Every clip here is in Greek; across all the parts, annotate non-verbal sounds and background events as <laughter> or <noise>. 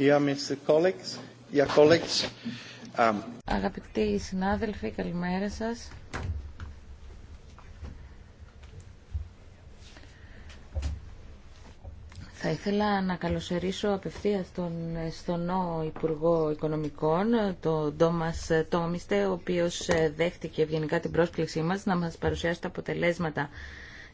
Um, Αγαπητοί συνάδελφοι, καλημέρα σας. Θα ήθελα να καλωσορίσω απευθείας τον στονό Υπουργό Οικονομικών, τον Ντόμας Τόμιστε, ο οποίος δέχτηκε ευγενικά την πρόσκλησή μας να μας παρουσιάσει τα αποτελέσματα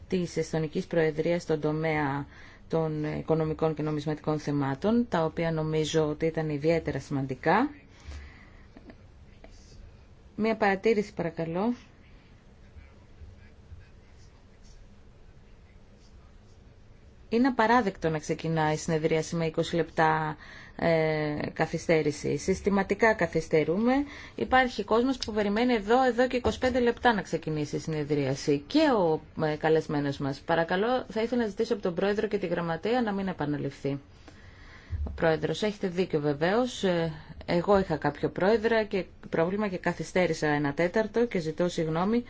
της Εστονικής Προεδρίας στον τομέα των οικονομικών και νομισματικών θεμάτων, τα οποία νομίζω ότι ήταν ιδιαίτερα σημαντικά. Μία παρατήρηση παρακαλώ. Είναι απαράδεκτο να ξεκινάει η συνεδρίαση με 20 λεπτά ε, καθυστέρηση. Συστηματικά καθυστερούμε. Υπάρχει κόσμο που περιμένει εδώ, εδώ και 25 λεπτά να ξεκινήσει η συνεδρίαση. Και ο ε, καλεσμένος μας. Παρακαλώ, θα ήθελα να ζητήσω από τον Πρόεδρο και τη Γραμματεία να μην επαναληφθεί. Ο πρόεδρο. έχετε δίκιο βεβαίω. Ε, εγώ είχα κάποιο πρόεδρα και πρόβλημα και καθυστέρησα ένα τέταρτο και ζητώ συγγνώμη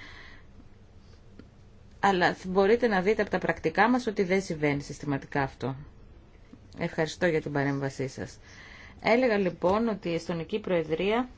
αλλά μπορείτε να δείτε από τα πρακτικά μας ότι δεν συμβαίνει συστηματικά αυτό. Ευχαριστώ για την παρέμβασή σας. Έλεγα λοιπόν ότι η Εστονική Προεδρία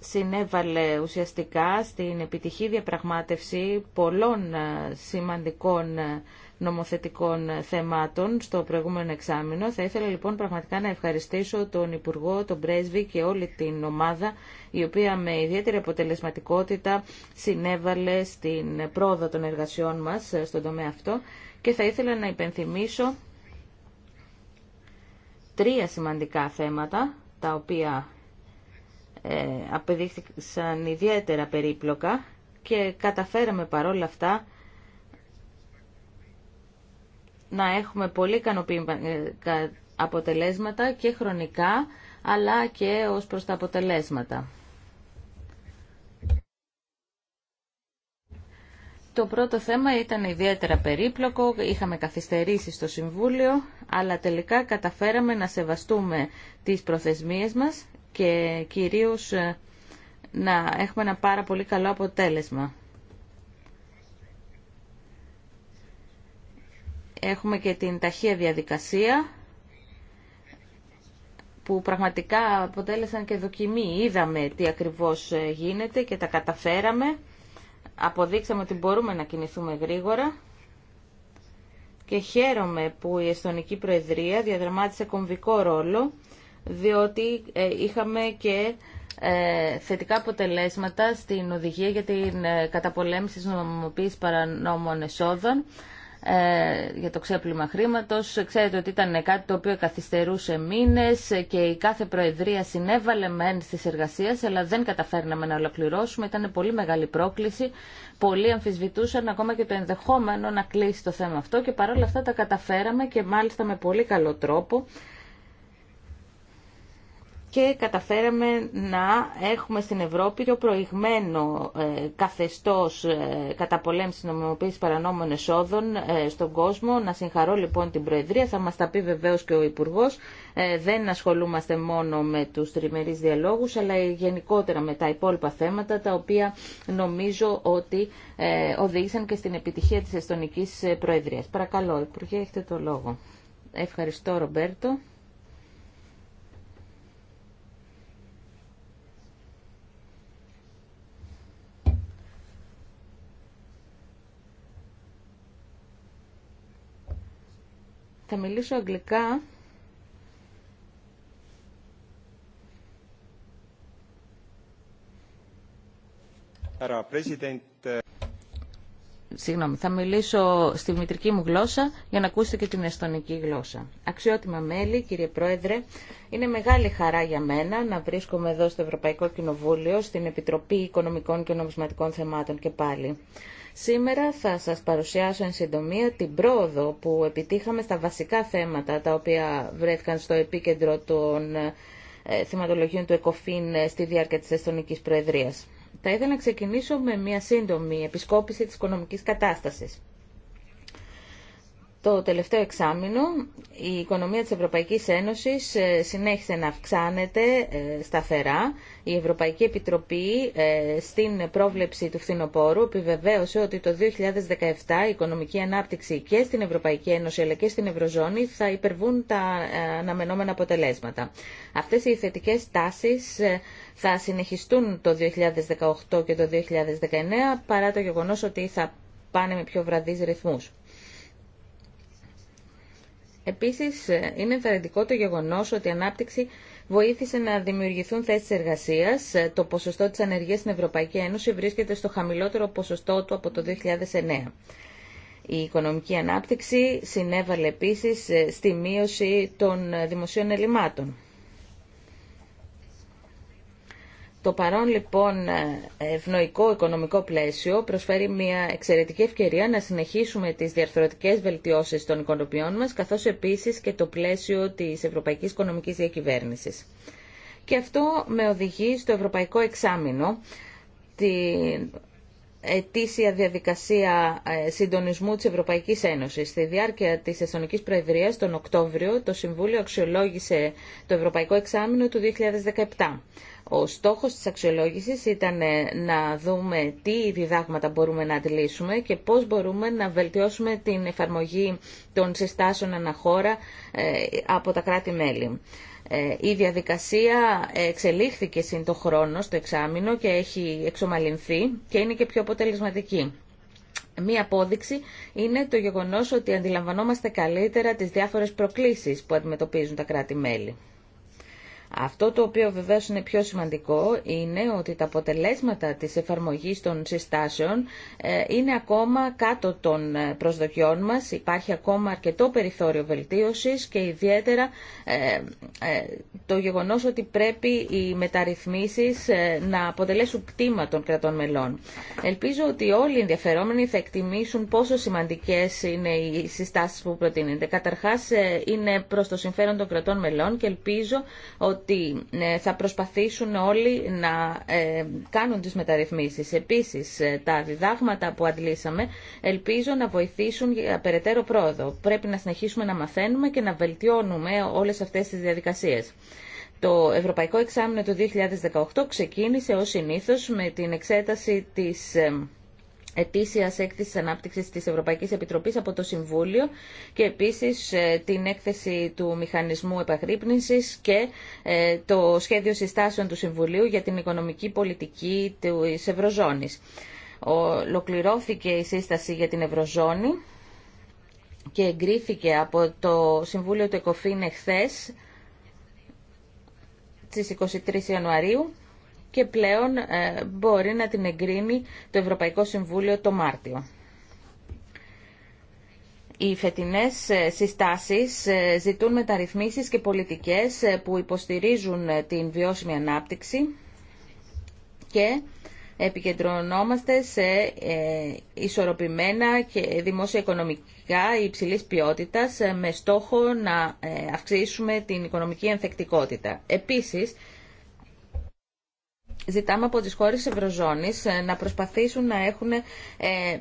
συνέβαλε ουσιαστικά στην επιτυχή διαπραγμάτευση πολλών ε, σημαντικών ε, νομοθετικών ε, θεμάτων στο προηγούμενο εξάμεινο. Θα ήθελα λοιπόν πραγματικά να ευχαριστήσω τον Υπουργό, τον Πρέσβη και όλη την ομάδα η οποία με ιδιαίτερη αποτελεσματικότητα συνέβαλε στην πρόοδο των εργασιών μας στον τομέα αυτό και θα ήθελα να υπενθυμίσω τρία σημαντικά θέματα, τα οποία ε, απεδείχθηκαν ιδιαίτερα περίπλοκα και καταφέραμε παρόλα αυτά να έχουμε πολύ ικανοποιημένα αποτελέσματα και χρονικά αλλά και ως προς τα αποτελέσματα. Το πρώτο θέμα ήταν ιδιαίτερα περίπλοκο, είχαμε καθυστερήσει στο Συμβούλιο, αλλά τελικά καταφέραμε να σεβαστούμε τις προθεσμίες μας και κυρίως ε, να έχουμε ένα πάρα πολύ καλό αποτέλεσμα. Έχουμε και την ταχεία διαδικασία που πραγματικά αποτέλεσαν και δοκιμή. Είδαμε τι ακριβώς ε, γίνεται και τα καταφέραμε. Αποδείξαμε ότι μπορούμε να κινηθούμε γρήγορα και χαίρομαι που η Εστονική Προεδρία διαδραμάτισε κομβικό ρόλο διότι ε, είχαμε και ε, θετικά αποτελέσματα στην οδηγία για την ε, καταπολέμηση της νομιμοποίησης παρανόμων εσόδων ε, για το ξέπλυμα χρήματος. Ξέρετε ότι ήταν κάτι το οποίο καθυστερούσε μήνες και η κάθε προεδρία συνέβαλε μεν στις εργασίες, αλλά δεν καταφέρναμε να ολοκληρώσουμε. Ήταν πολύ μεγάλη πρόκληση. Πολλοί αμφισβητούσαν ακόμα και το ενδεχόμενο να κλείσει το θέμα αυτό και παρόλα αυτά τα καταφέραμε και μάλιστα με πολύ καλό τρόπο και καταφέραμε να έχουμε στην Ευρώπη το προηγμένο ε, καθεστώς ε, καταπολέμησης νομιμοποίησης παρανόμων εσόδων ε, στον κόσμο. Να συγχαρώ λοιπόν την Προεδρία, θα μας τα πει βεβαίως και ο Υπουργός. Δεν ασχολούμαστε μόνο με τους τριμερείς διαλόγους, αλλά γενικότερα με τα υπόλοιπα θέματα, τα οποία νομίζω ότι οδήγησαν και στην επιτυχία της Εστονικής Προεδρίας. Παρακαλώ, Υπουργέ, έχετε το λόγο. Ευχαριστώ, Ρομπέρτο. Θα μιλήσω αγγλικά. Ε, Συγγνώμη, θα μιλήσω στη μητρική μου γλώσσα για να ακούσετε και την εστονική γλώσσα. Αξιότιμα μέλη, κύριε Πρόεδρε, είναι μεγάλη χαρά για μένα να βρίσκομαι εδώ στο Ευρωπαϊκό Κοινοβούλιο, στην Επιτροπή Οικονομικών και Νομισματικών Θεμάτων και πάλι. Σήμερα θα σας παρουσιάσω εν συντομία την πρόοδο που επιτύχαμε στα βασικά θέματα τα οποία βρέθηκαν στο επίκεντρο των ε, θεματολογίων του ΕΚΟΦΗΝ ε, στη διάρκεια της Εστονικής Προεδρίας. Θα ήθελα να ξεκινήσω με μια σύντομη επισκόπηση της οικονομικής κατάστασης. Το τελευταίο εξάμεινο η οικονομία της Ευρωπαϊκής Ένωσης ε, συνέχισε να αυξάνεται ε, σταθερά. Η Ευρωπαϊκή Επιτροπή ε, στην πρόβλεψη του φθινοπόρου επιβεβαίωσε ότι το 2017 η οικονομική ανάπτυξη και στην Ευρωπαϊκή Ένωση αλλά και στην Ευρωζώνη θα υπερβούν τα αναμενόμενα αποτελέσματα. Αυτές οι θετικές τάσεις θα συνεχιστούν το 2018 και το 2019 παρά το γεγονός ότι θα πάνε με πιο βραδείς ρυθμούς. Επίσης, ε, είναι ενθαρρυντικό το γεγονός ότι η ανάπτυξη βοήθησε να δημιουργηθούν θέσεις εργασίας. Ε, το ποσοστό της ανεργίας στην Ευρωπαϊκή Ένωση βρίσκεται στο χαμηλότερο ποσοστό του από το 2009. Η οικονομική ανάπτυξη συνέβαλε επίσης ε, στη μείωση των δημοσίων ελλημάτων. Το παρόν λοιπόν ε, ευνοϊκό οικονομικό πλαίσιο προσφέρει μια εξαιρετική ευκαιρία να συνεχίσουμε τις διαρθρωτικές βελτιώσεις των οικονομιών μας, καθώς επίσης και το πλαίσιο της Ευρωπαϊκής Οικονομικής Διακυβέρνησης. Και αυτό με οδηγεί στο Ευρωπαϊκό Εξάμεινο, ετήσια διαδικασία ε, συντονισμού της Ευρωπαϊκής Ένωσης. Στη διάρκεια της Εσθονικής Προεδρίας, τον Οκτώβριο, το Συμβούλιο αξιολόγησε το Ευρωπαϊκό Εξάμεινο του 2017. Ο στόχος της αξιολόγησης ήταν ε, να δούμε τι διδάγματα μπορούμε να αντιλήσουμε και πώς μπορούμε να βελτιώσουμε την εφαρμογή των συστάσεων αναχώρα ε, από τα κράτη-μέλη. Ε, η διαδικασία εξελίχθηκε συν το χρόνο στο εξάμεινο και έχει εξομαλυνθεί και είναι και πιο αποτελεσματική. Μία απόδειξη είναι το γεγονός ότι αντιλαμβανόμαστε καλύτερα τις διάφορες προκλήσεις που αντιμετωπίζουν τα κράτη-μέλη. Αυτό το οποίο βεβαίω είναι πιο σημαντικό είναι ότι τα αποτελέσματα της εφαρμογής των συστάσεων ε, είναι ακόμα κάτω των ε, προσδοκιών μας. Υπάρχει ακόμα αρκετό περιθώριο βελτίωσης και ιδιαίτερα ε, το γεγονός ότι πρέπει οι μεταρρυθμίσεις να αποτελέσουν κτήμα των κρατών μελών. Ελπίζω ότι όλοι οι ενδιαφερόμενοι θα εκτιμήσουν πόσο σημαντικές είναι οι συστάσεις που προτείνονται. Καταρχάς είναι προς το συμφέρον των κρατών μελών και ελπίζω ότι ότι ε, θα προσπαθήσουν όλοι να ε, κάνουν τις μεταρρυθμίσεις. Επίσης, ε, τα διδάγματα που αντλήσαμε ελπίζω να βοηθήσουν για περαιτέρω πρόοδο. Πρέπει να συνεχίσουμε να μαθαίνουμε και να βελτιώνουμε όλες αυτές τις διαδικασίες. Το Ευρωπαϊκό Εξάμεινο του 2018 ξεκίνησε ως συνήθως με την εξέταση της ετήσια έκθεση ανάπτυξη τη Ευρωπαϊκή Επιτροπή από το Συμβούλιο και επίση ε, την έκθεση του Μηχανισμού Επαγρύπνηση και ε, το σχέδιο συστάσεων του Συμβουλίου για την οικονομική πολιτική τη Ευρωζώνη. Ολοκληρώθηκε η σύσταση για την Ευρωζώνη και εγκρίθηκε από το Συμβούλιο του ΕΚΟΦΗΝ εχθές στις 23 Ιανουαρίου και πλέον ε, μπορεί να την εγκρίνει το Ευρωπαϊκό Συμβούλιο το Μάρτιο. Οι φετινές ε, συστάσεις ε, ζητούν μεταρρυθμίσεις και πολιτικές που υποστηρίζουν την βιώσιμη ανάπτυξη και επικεντρωνόμαστε σε ισορροπημένα και δημόσια οικονομικά υψηλής ποιότητας με στόχο να αυξήσουμε την οικονομική ανθεκτικότητα. Επίσης, ζητάμε από τις χώρες Ευρωζώνης ε, να προσπαθήσουν να έχουν ε,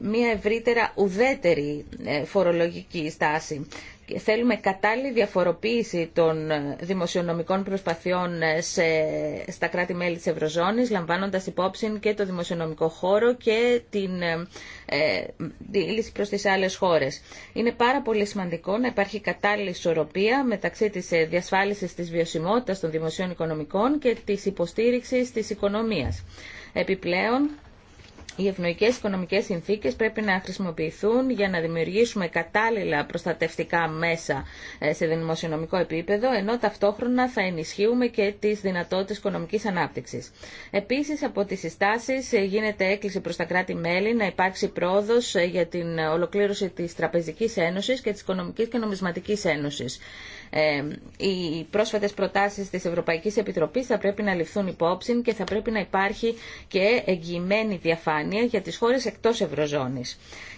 μια ευρύτερα ουδέτερη ε, φορολογική στάση θέλουμε κατάλληλη διαφοροποίηση των δημοσιονομικών προσπαθειών ε, σε, στα κράτη-μέλη της Ευρωζώνης, λαμβάνοντας υπόψη και το δημοσιονομικό χώρο και την ε, ε λύση προς τις άλλες χώρες. Είναι πάρα πολύ σημαντικό να υπάρχει κατάλληλη ισορροπία μεταξύ της ε, διασφάλισης της βιωσιμότητας των δημοσίων οικονομικών και της υποστήριξης της οικονομίας. Επιπλέον, οι ευνοϊκέ οικονομικές συνθήκε πρέπει να χρησιμοποιηθούν για να δημιουργήσουμε κατάλληλα προστατευτικά μέσα ε, σε δημοσιονομικό επίπεδο, ενώ ταυτόχρονα θα ενισχύουμε και τις δυνατότητες οικονομικής ανάπτυξης. Επίσης, από τις συστάσεις ε, γίνεται έκκληση προς τα κράτη-μέλη να υπάρξει πρόοδο ε, για την ολοκλήρωση τη Τραπεζική Ένωση και τη οικονομική και νομισματική Ένωση οι πρόσφατες προτάσεις της Ευρωπαϊκής Επιτροπής θα πρέπει να ληφθούν υπόψη και θα πρέπει να υπάρχει και εγγυημένη διαφάνεια για τις χώρες εκτός Ευρωζώνης.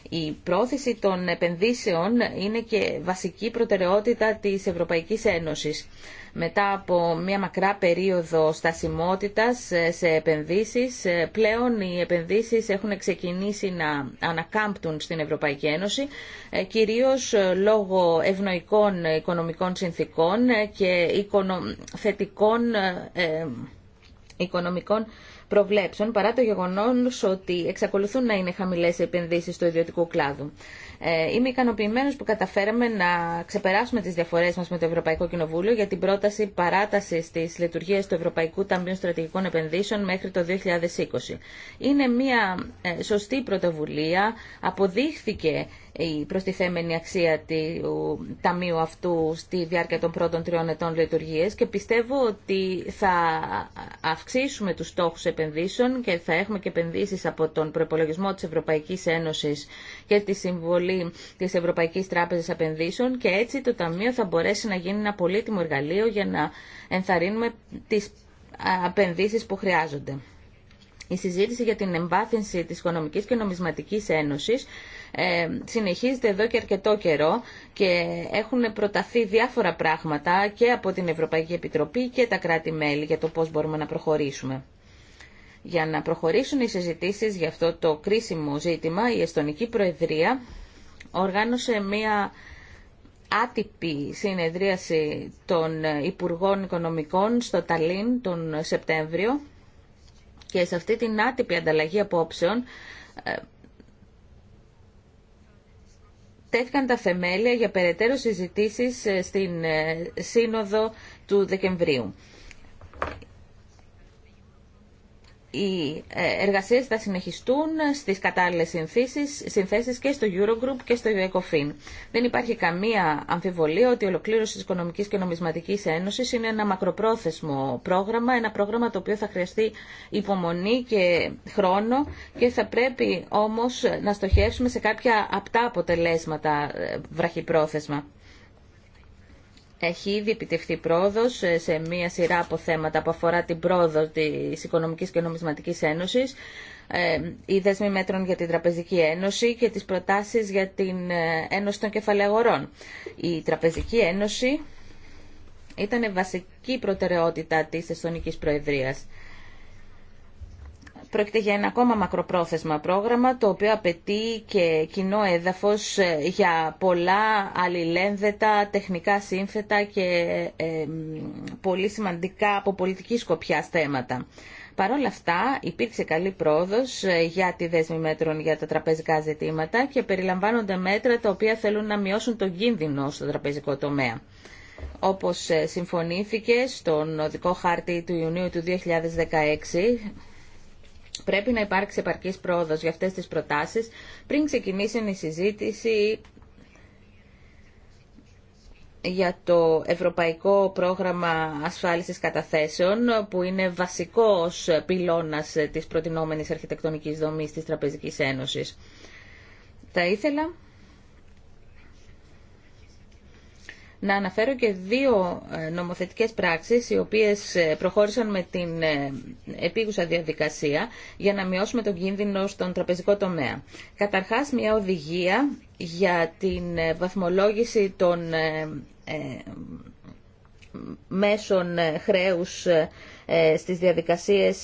Η πρόθεση των επενδύσεων είναι και βασική προτεραιότητα της Ευρωπαϊκής Ένωσης. Μετά από μια μακρά περίοδο στασιμότητας σε επενδύσεις, ε, πλέον οι επενδύσεις έχουν ξεκινήσει να ανακάμπτουν στην Ευρωπαϊκή Ένωση, ε, κυρίως ε, λόγω ευνοϊκών οικονομικών συνθήκων και θετικών οικονομικών προβλέψεων, παρά το γεγονό ότι εξακολουθούν να είναι χαμηλές οι επενδύσεις του ιδιωτικού κλάδου. Ε, είμαι ικανοποιημένο που καταφέραμε να ξεπεράσουμε τι διαφορέ μα με το Ευρωπαϊκό Κοινοβούλιο για την πρόταση παράταση τη λειτουργία του Ευρωπαϊκού Ταμείου Στρατηγικών Επενδύσεων μέχρι το 2020. Είναι μια ε, σωστή πρωτοβουλία. Αποδείχθηκε η προστιθέμενη αξία του ταμείου αυτού στη διάρκεια των πρώτων τριών ετών λειτουργίες και πιστεύω ότι θα αυξήσουμε τους στόχους επενδύσεων και θα έχουμε και επενδύσεις από τον προπολογισμό της Ευρωπαϊκής Ένωσης και τη συμβολή της Ευρωπαϊκής Τράπεζας Επενδύσεων και έτσι το Ταμείο θα μπορέσει να γίνει ένα πολύτιμο εργαλείο για να ενθαρρύνουμε τις επενδύσεις που χρειάζονται. Η συζήτηση για την εμβάθυνση της Οικονομικής και Νομισματικής Ένωσης ε, συνεχίζεται εδώ και αρκετό καιρό και έχουν προταθεί διάφορα πράγματα και από την Ευρωπαϊκή Επιτροπή και τα κράτη-μέλη για το πώς μπορούμε να προχωρήσουμε. Για να προχωρήσουν οι συζητήσεις για αυτό το κρίσιμο ζήτημα, η Εστονική Προεδρία οργάνωσε μία άτυπη συνεδρίαση των Υπουργών Οικονομικών στο Ταλίν τον Σεπτέμβριο και σε αυτή την άτυπη ανταλλαγή απόψεων ε, τέθηκαν τα θεμέλια για περαιτέρω συζητήσεις ε, στην ε, Σύνοδο του Δεκεμβρίου οι ε, εργασίες θα συνεχιστούν στις κατάλληλες συνθέσεις, και στο Eurogroup και στο ECOFIN. Δεν υπάρχει καμία αμφιβολία ότι η ολοκλήρωση της Οικονομικής και Νομισματικής Ένωσης είναι ένα μακροπρόθεσμο πρόγραμμα, ένα πρόγραμμα το οποίο θα χρειαστεί υπομονή και χρόνο και θα πρέπει όμως να στοχεύσουμε σε κάποια απτά αποτελέσματα ε, βραχυπρόθεσμα. Έχει ήδη επιτευχθεί πρόοδο ε, σε μία σειρά από θέματα που αφορά την πρόοδο της Οικονομικής και Νομισματικής Ένωσης, ε, οι δέσμοι μέτρων για την Τραπεζική Ένωση και τις προτάσεις για την ε, Ένωση των Κεφαλαίων Η Τραπεζική Ένωση ήταν βασική προτεραιότητα της Εσθονική Προεδρίας. Πρόκειται για ένα ακόμα μακροπρόθεσμα πρόγραμμα, το οποίο απαιτεί και κοινό έδαφος ε, για πολλά αλληλένδετα, τεχνικά σύνθετα και ε, πολύ σημαντικά από πολιτική σκοπιά θέματα. Παρ' όλα αυτά υπήρξε καλή πρόοδος ε, για τη δέσμη μέτρων για τα τραπεζικά ζητήματα και περιλαμβάνονται μέτρα τα οποία θέλουν να μειώσουν τον κίνδυνο στο τραπεζικό τομέα. Όπως ε, συμφωνήθηκε στον οδικό χάρτη του Ιουνίου του 2016, Πρέπει να υπάρξει επαρκή πρόοδο για αυτές τις προτάσεις πριν ξεκινήσει η συζήτηση για το Ευρωπαϊκό Πρόγραμμα Ασφάλισης Καταθέσεων, που είναι βασικός πυλώνας της προτινόμενης αρχιτεκτονικής δομής της Τραπεζικής Ένωσης. Θα ήθελα να αναφέρω και δύο ε, νομοθετικές πράξεις οι οποίες ε, προχώρησαν με την ε, επίγουσα διαδικασία για να μειώσουμε τον κίνδυνο στον τραπεζικό τομέα. Καταρχάς μια οδηγία για την βαθμολόγηση των μέσων χρέους στις διαδικασίες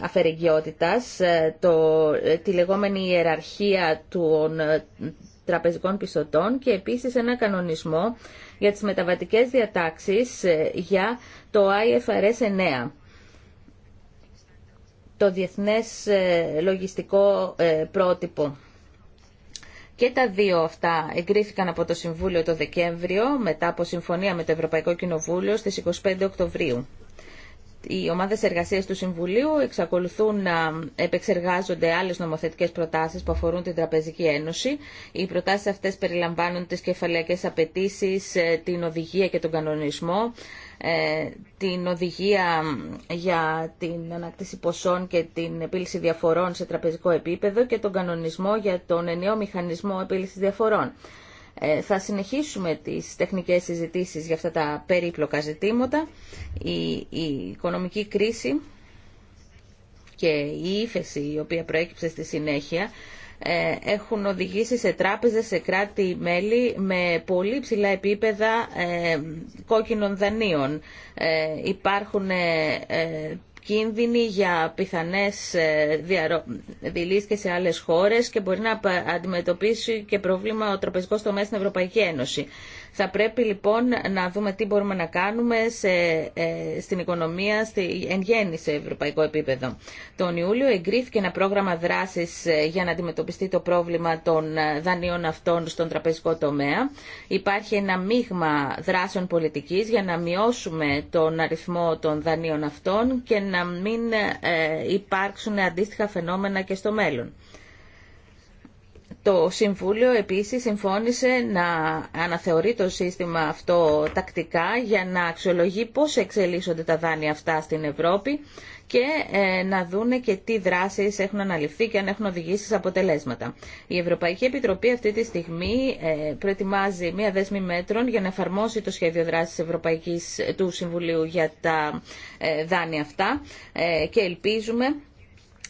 αφαιρεγγιότητας, το, τη λεγόμενη ιεραρχία των τραπεζικών πιστωτών και επίσης ένα κανονισμό για τις μεταβατικές διατάξεις ε, για το IFRS 9 το διεθνές ε, λογιστικό ε, πρότυπο. Και τα δύο αυτά εγκρίθηκαν από το Συμβούλιο το Δεκέμβριο μετά από συμφωνία με το Ευρωπαϊκό Κοινοβούλιο στις 25 Οκτωβρίου οι ομάδες εργασίας του Συμβουλίου εξακολουθούν να επεξεργάζονται άλλες νομοθετικές προτάσεις που αφορούν την Τραπεζική Ένωση. Οι προτάσεις αυτές περιλαμβάνουν τις κεφαλαιακές απαιτήσει, ε, την οδηγία και τον κανονισμό, ε, την οδηγία για την ανακτήση ποσών και την επίλυση διαφορών σε τραπεζικό επίπεδο και τον κανονισμό για τον ενιαίο μηχανισμό επίλυσης διαφορών. Ε, θα συνεχίσουμε τις τεχνικές συζητήσεις για αυτά τα περίπλοκα ζητήματα. Η, η οικονομική κρίση και η ύφεση η οποία προέκυψε στη συνέχεια ε, έχουν οδηγήσει σε τράπεζες, σε κράτη-μέλη με πολύ ψηλά επίπεδα ε, κόκκινων δανείων. Υπάρχουν κίνδυνοι για πιθανές ε, δηλήσεις και σε άλλες χώρες και μπορεί να αντιμετωπίσει και πρόβλημα ο τραπεζικός τομέας στην Ευρωπαϊκή Ένωση. Θα πρέπει λοιπόν να δούμε τι μπορούμε να κάνουμε σε, ε, στην οικονομία στη, εν γέννη σε ευρωπαϊκό επίπεδο. Τον Ιούλιο εγκρίθηκε ένα πρόγραμμα δράσης ε, για να αντιμετωπιστεί το πρόβλημα των ε, δανείων αυτών στον τραπεζικό τομέα. Υπάρχει ένα μείγμα δράσεων πολιτικής για να μειώσουμε τον αριθμό των δανείων αυτών και να μην υπάρξουν αντίστοιχα φαινόμενα και στο μέλλον. Το Συμβούλιο επίσης συμφώνησε να αναθεωρεί το σύστημα αυτό τακτικά για να αξιολογεί πώς εξελίσσονται τα δάνεια αυτά στην Ευρώπη και ε, να δούνε και τι δράσεις έχουν αναλυφθεί και αν έχουν οδηγήσει σε αποτελέσματα. Η Ευρωπαϊκή Επιτροπή αυτή τη στιγμή ε, προετοιμάζει μία δέσμη μέτρων για να εφαρμόσει το σχέδιο δράσης Ευρωπαϊκής του Συμβουλίου για τα ε, δάνεια αυτά και ελπίζουμε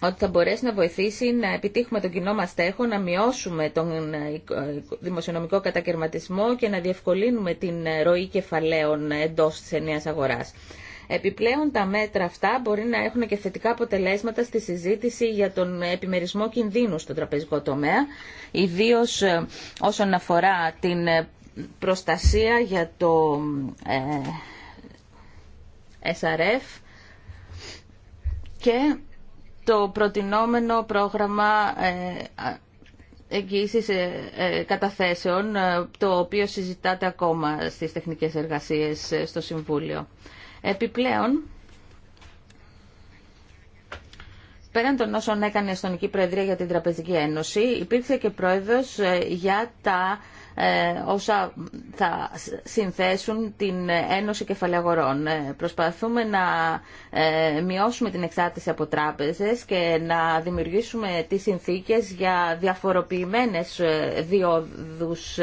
ότι θα μπορέσει να βοηθήσει να επιτύχουμε τον κοινό μας στέχο, να μειώσουμε τον ε, ε, δημοσιονομικό κατακαιρματισμό και να διευκολύνουμε την ε, ροή κεφαλαίων εντός της ενιαίας αγοράς. Επιπλέον τα μέτρα αυτά μπορεί να έχουν και θετικά αποτελέσματα στη συζήτηση για τον επιμερισμό κινδύνου στον τραπεζικό τομέα, ιδίως όσον αφορά την προστασία για το SRF και το προτινόμενο πρόγραμμα ε, εγγύησης ε, ε, καταθέσεων, το οποίο συζητάται ακόμα στις τεχνικές εργασίες στο Συμβούλιο. Επιπλέον, Πέραν των όσων έκανε η Εστονική Προεδρία για την Τραπεζική Ένωση, υπήρξε και πρόεδρος για τα ε, όσα θα συνθέσουν την Ένωση Κεφαλαιαγορών. Ε, προσπαθούμε να ε, μειώσουμε την εξάρτηση από τράπεζες και να δημιουργήσουμε τις συνθήκες για διαφοροποιημένες διόδους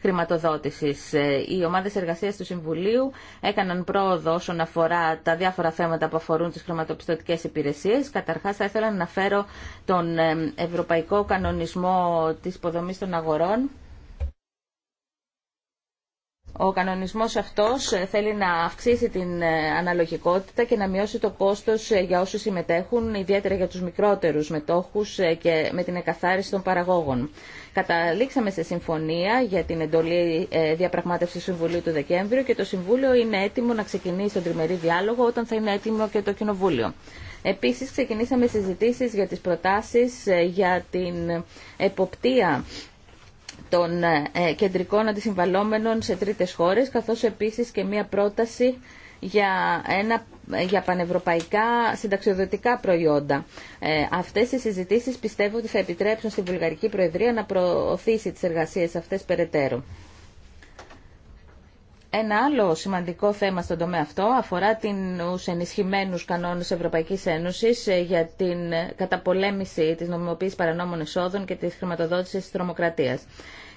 χρηματοδότησης. Οι ομάδες εργασίας του Συμβουλίου έκαναν πρόοδο όσον αφορά τα διάφορα θέματα που αφορούν τις χρηματοπιστωτικές υπηρεσίες. Καταρχάς θα ήθελα να αναφέρω τον Ευρωπαϊκό Κανονισμό της Υποδομής των Αγορών ο κανονισμός αυτός ε, θέλει να αυξήσει την ε, αναλογικότητα και να μειώσει το κόστος ε, για όσους συμμετέχουν, ιδιαίτερα για τους μικρότερους μετόχους και με την εκαθάριση των παραγόγων. Καταλήξαμε σε συμφωνία για την εντολή διαπραγμάτευση Συμβουλίου του Δεκέμβριου και το Συμβούλιο είναι έτοιμο να ξεκινήσει τον τριμερή διάλογο όταν θα είναι έτοιμο και το Κοινοβούλιο. Επίσης ξεκινήσαμε συζητήσεις για τις προτάσεις για την εποπτεία των ε, ε, κεντρικών αντισυμβαλόμενων σε τρίτες χώρες, καθώς επίσης και μία πρόταση για, ένα, ε, για πανευρωπαϊκά συνταξιοδοτικά προϊόντα. Ε, αυτές οι συζητήσεις πιστεύω ότι θα επιτρέψουν στην Βουλγαρική Προεδρία να προωθήσει τις εργασίες αυτές περαιτέρω. Ένα άλλο σημαντικό θέμα στον τομέα αυτό αφορά τους ενισχυμένους κανόνες Ευρωπαϊκής Ένωσης ε, για την καταπολέμηση της νομιμοποίησης παρανόμων εσόδων και της χρηματοδότησης της τρομοκρατίας.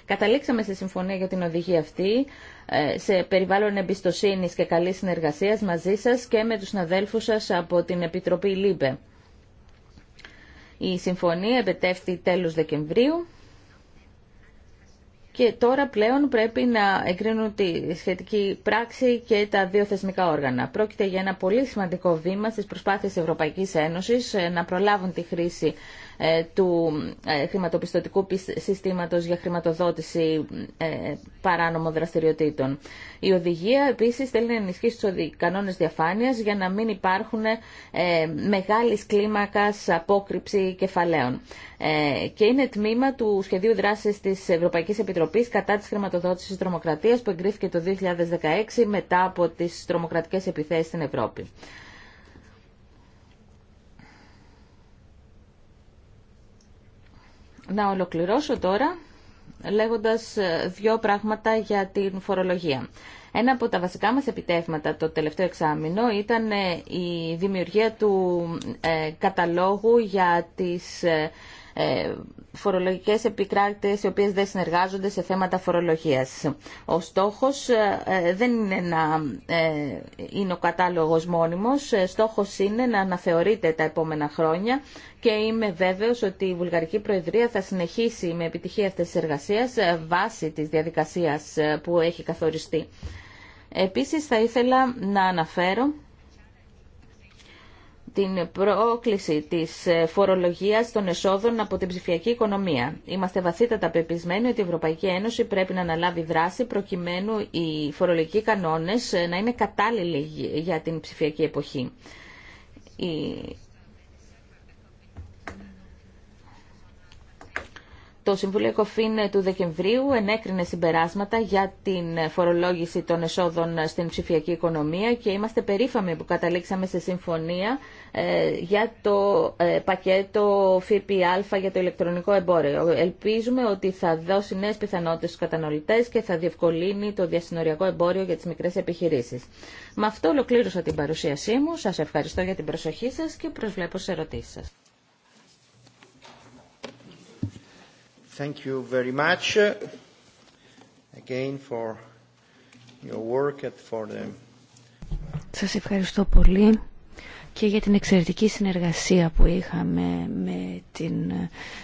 Καταλήξαμε στη συμφωνία για την οδηγία αυτή ε, σε περιβάλλον εμπιστοσύνης και καλή συνεργασία μαζί σα και με του συναδέλφου σα από την Επιτροπή ΛΥΜΠΕ. Η συμφωνία επετεύχθη τέλος Δεκεμβρίου και τώρα πλέον πρέπει να εγκρίνουν τη σχετική πράξη και τα δύο θεσμικά όργανα. Πρόκειται για ένα πολύ σημαντικό βήμα στις προσπάθειες Ευρωπαϊκής Ένωσης ε, να προλάβουν τη χρήση ε, του ε, χρηματοπιστωτικού συστήματος για χρηματοδότηση ε, παράνομων δραστηριοτήτων. Η οδηγία επίσης θέλει να ενισχύσει τους κανόνες διαφάνειας για να μην υπάρχουν μεγάλης κλίμακας απόκρυψη κεφαλαίων. Και είναι τμήμα του σχεδίου δράσης της Ευρωπαϊκής Επιτροπής κατά της χρηματοδότησης της τρομοκρατίας που εγκρίθηκε το 2016 μετά από τις τρομοκρατικές επιθέσεις στην Ευρώπη. Να ολοκληρώσω τώρα λέγοντας ε, δύο πράγματα για την φορολογία. Ένα από τα βασικά μας επιτεύγματα το τελευταίο εξάμεινο ήταν ε, η δημιουργία του ε, καταλόγου για τις ε, φορολογικές επικράτες οι οποίες δεν συνεργάζονται σε θέματα φορολογίας. Ο στόχος ε, ε, δεν είναι να είναι ο κατάλογος μόνιμος, στόχος είναι να αναθεωρείται τα επόμενα χρόνια και είμαι βέβαιος ότι η Βουλγαρική Προεδρία θα συνεχίσει με επιτυχία αυτές τις εργασίες βάσει της διαδικασίας που έχει καθοριστεί. Επίσης θα ήθελα να αναφέρω την πρόκληση της ε, φορολογίας των εσόδων από την ψηφιακή οικονομία. Είμαστε βαθύτατα πεπισμένοι ότι η Ευρωπαϊκή Ένωση πρέπει να αναλάβει δράση προκειμένου οι φορολογικοί κανόνες ε, να είναι κατάλληλοι για την ψηφιακή εποχή. Το Συμβουλίο Κοφίν του Δεκεμβρίου ενέκρινε συμπεράσματα για την φορολόγηση των εσόδων στην ψηφιακή οικονομία και είμαστε περήφαμοι που καταλήξαμε σε συμφωνία ε, για το ε, πακέτο ΦΠΑ για το ηλεκτρονικό εμπόριο. Ελπίζουμε ότι θα δώσει νέε πιθανότητε στου καταναλωτές και θα διευκολύνει το διασυνοριακό εμπόριο για τι μικρέ επιχειρήσει. Με αυτό ολοκλήρωσα την παρουσίασή μου. σα ευχαριστώ για την προσοχή σα και προσβλέπω σε ερωτήσει σα. Thank you very much again for your work and for them. Σας ευχαριστώ πολύ και για την εξαιρετική συνεργασία που είχαμε με, την,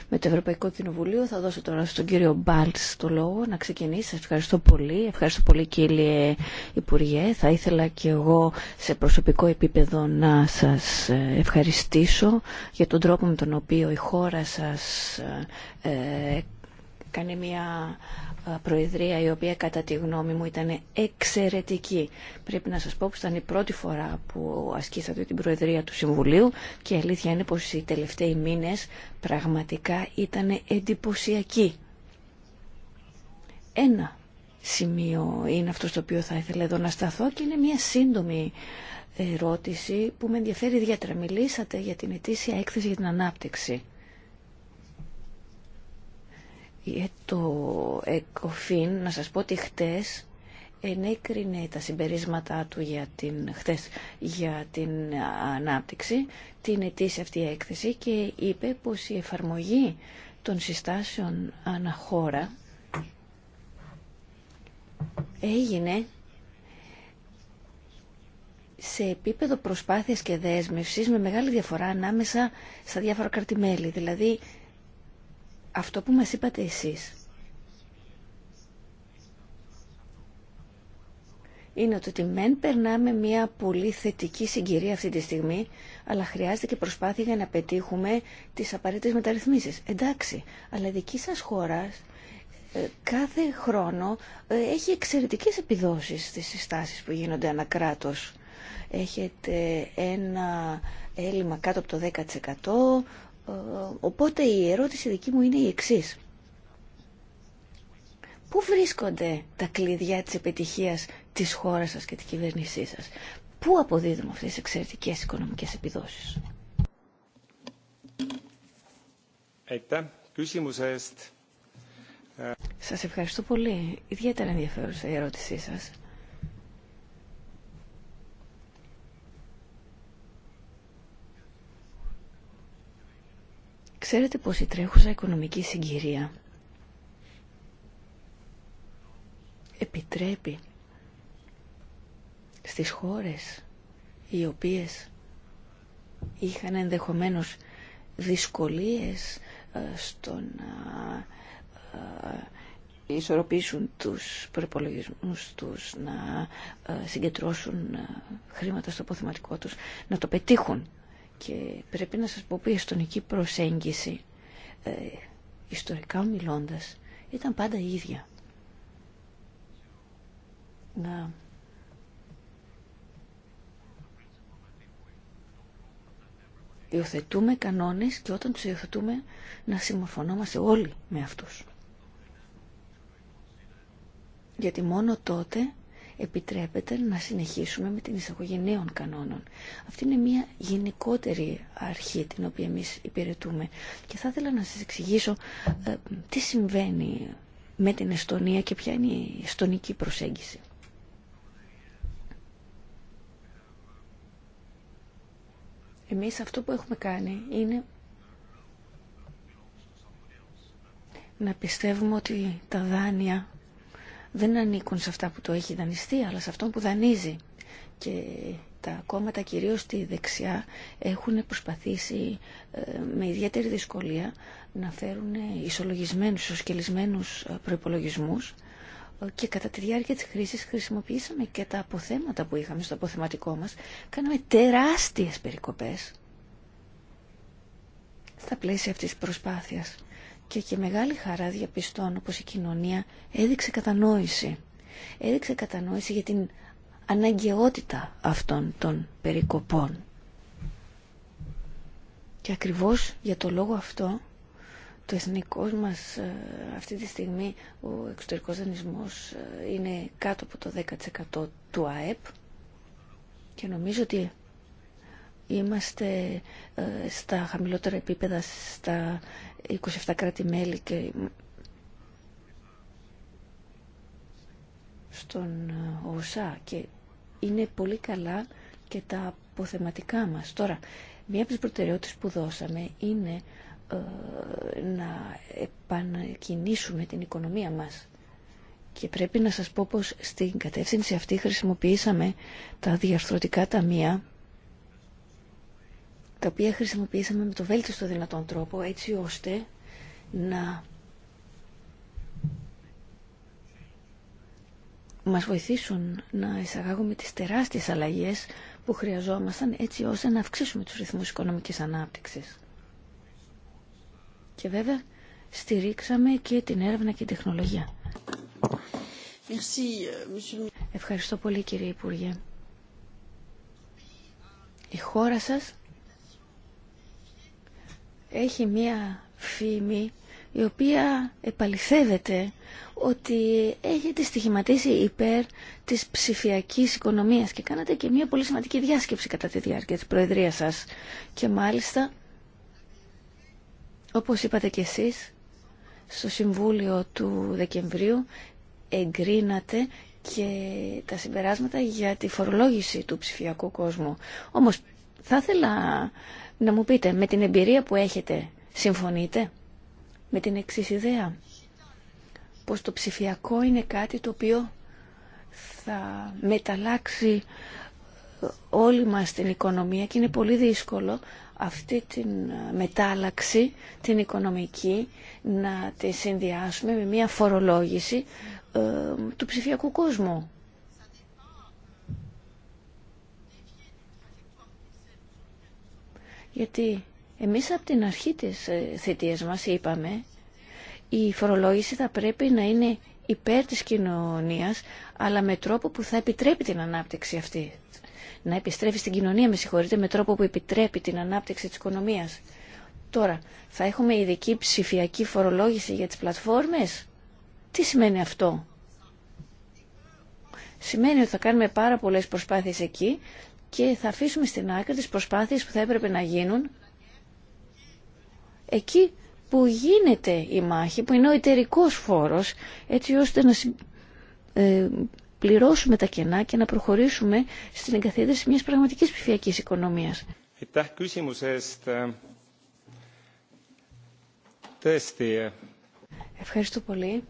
το Ευρωπαϊκό Κοινοβουλίο. Θα δώσω τώρα στον κύριο Μπάλτς το λόγο να ξεκινήσει. Σας ευχαριστώ πολύ. Ευχαριστώ πολύ κύριε Υπουργέ. Θα ήθελα και εγώ σε προσωπικό επίπεδο να σας ε, ευχαριστήσω για τον τρόπο με τον οποίο η χώρα σας ε, Κάνει μια ε, προεδρία η οποία κατά τη γνώμη μου ήταν εξαιρετική. Πρέπει να σας πω πως ήταν η πρώτη φορά που ασκήσατε την προεδρία του Συμβουλίου και η αλήθεια είναι πως οι τελευταίοι μήνες πραγματικά ήταν εντυπωσιακοί. Ένα σημείο είναι αυτό στο οποίο θα ήθελα εδώ να σταθώ και είναι μια σύντομη ερώτηση που με ενδιαφέρει ιδιαίτερα. Μιλήσατε για την ετήσια έκθεση για την ανάπτυξη. Ε, το ΕΚΟΦΗΝ να σας πω ότι χτες ενέκρινε τα συμπερίσματά του για την, χτες, για την ανάπτυξη, την ετήσια αυτή έκθεση και είπε πως η εφαρμογή των συστάσεων αναχώρα έγινε σε επίπεδο προσπάθειας και δέσμευσης με μεγάλη διαφορά ανάμεσα στα διάφορα κρατημέλη. Δηλαδή αυτό που μας είπατε εσείς είναι ότι μεν περνάμε μια πολύ θετική συγκυρία αυτή τη στιγμή, αλλά χρειάζεται και προσπάθεια για να πετύχουμε τις απαραίτητες μεταρρυθμίσεις. Εντάξει, αλλά η δική σας χώρα ε, κάθε χρόνο ε, έχει εξαιρετικές επιδόσεις στις συστάσεις που γίνονται κράτος. Έχετε ένα έλλειμμα κάτω από το ε, οπότε η ερώτηση δική μου είναι η εξής. Πού βρίσκονται τα κλειδιά της επιτυχίας της χώρας σας και της κυβέρνησής σας. Πού αποδίδουμε αυτές τις εξαιρετικές οικονομικές επιδόσεις. Σας ευχαριστώ πολύ. Ιδιαίτερα ενδιαφέρουσα η ερώτησή σας. Ξέρετε πως η τρέχουσα οικονομική συγκυρία επιτρέπει στις χώρες οι οποίες είχαν ενδεχομένως δυσκολίες ε, στο να ε, ισορροπήσουν τους προπολογισμούς τους, να ε, συγκεντρώσουν χρήματα στο αποθεματικό τους, να το πετύχουν και πρέπει να σας πω που η αστωνική προσέγγιση ε, ιστορικά μιλώντας ήταν πάντα η ίδια. Να υιοθετούμε κανόνες και όταν τους υιοθετούμε να συμμορφωνόμαστε όλοι με αυτούς. Γιατί μόνο τότε επιτρέπεται να συνεχίσουμε με την εισαγωγή νέων κανόνων. Αυτή είναι μια γενικότερη αρχή την οποία εμείς υπηρετούμε και θα ήθελα να σας εξηγήσω ε, τι συμβαίνει με την Εστονία και ποια είναι η εστονική προσέγγιση. Εμείς αυτό που έχουμε κάνει είναι να πιστεύουμε ότι τα δάνεια δεν ανήκουν σε αυτά που το έχει δανειστεί, αλλά σε αυτό που δανείζει. Και τα κόμματα, κυρίως στη δεξιά, έχουν προσπαθήσει ε, με ιδιαίτερη δυσκολία να φέρουν ισολογισμένους, ισοσκελισμένους ε, προϋπολογισμούς ε, και κατά τη διάρκεια της χρήσης χρησιμοποιήσαμε και τα αποθέματα που είχαμε στο αποθεματικό μας. Κάναμε τεράστιες περικοπές στα πλαίσια αυτής της προσπάθειας και και μεγάλη χαρά διαπιστώνω πως η κοινωνία έδειξε κατανόηση. Έδειξε κατανόηση για την αναγκαιότητα αυτών των περικοπών. Και ακριβώς για το λόγο αυτό το εθνικό μας ε, αυτή τη στιγμή ο εξωτερικός δανεισμός ε, είναι κάτω από το 10% του ΑΕΠ και νομίζω ότι Είμαστε ε, στα χαμηλότερα επίπεδα στα 27 κράτη-μέλη και στον ε, ΟΣΑ και είναι πολύ καλά και τα αποθεματικά μας. Τώρα, μία από τις προτεραιότητες που δώσαμε είναι ε, να επανακινήσουμε την οικονομία μας. Και πρέπει να σας πω πως στην κατεύθυνση αυτή χρησιμοποιήσαμε τα διαρθρωτικά ταμεία τα οποία χρησιμοποιήσαμε με το βέλτιστο δυνατόν τρόπο έτσι ώστε να μας βοηθήσουν να εισαγάγουμε τις τεράστιες αλλαγές που χρειαζόμασταν έτσι ώστε να αυξήσουμε τους ρυθμούς οικονομικής ανάπτυξης. Και βέβαια στηρίξαμε και την έρευνα και την τεχνολογία. Euh, Ευχαριστώ πολύ κύριε Υπουργέ. Η χώρα σας έχει μία φήμη η οποία επαληθεύεται ότι έχετε στοιχηματίσει υπέρ της ψηφιακής οικονομίας και κάνατε και μία πολύ σημαντική διάσκεψη κατά τη διάρκεια της Προεδρίας σας. Και μάλιστα, όπως είπατε και εσείς, στο Συμβούλιο του Δεκεμβρίου εγκρίνατε και τα συμπεράσματα για τη φορολόγηση του ψηφιακού κόσμου. Όμως θα ήθελα να μου πείτε, με την εμπειρία που έχετε, συμφωνείτε με την εξή ιδέα, πως το ψηφιακό είναι κάτι το οποίο θα μεταλλάξει ε, όλη μας την οικονομία και είναι πολύ δύσκολο αυτή την ε, μετάλλαξη, την οικονομική, να τη συνδυάσουμε με μια φορολόγηση ε, του ψηφιακού κόσμου. Γιατί εμείς από την αρχή της ε, θητείας μας είπαμε η φορολόγηση θα πρέπει να είναι υπέρ της κοινωνίας αλλά με τρόπο που θα επιτρέπει την ανάπτυξη αυτή. Να επιστρέφει στην κοινωνία, με συγχωρείτε, με τρόπο που επιτρέπει την ανάπτυξη της οικονομίας. Τώρα, θα έχουμε ειδική ψηφιακή φορολόγηση για τις πλατφόρμες. Τι σημαίνει αυτό. Σημαίνει ότι θα κάνουμε πάρα πολλές προσπάθειες εκεί και θα αφήσουμε στην άκρη τις προσπάθειες που θα έπρεπε να γίνουν εκεί που γίνεται η μάχη, που είναι ο εταιρικό φόρος, έτσι ώστε να ε, πληρώσουμε τα κενά και να προχωρήσουμε στην εγκαθίδρυση μιας πραγματικής ψηφιακή οικονομίας. Ευχαριστώ πολύ.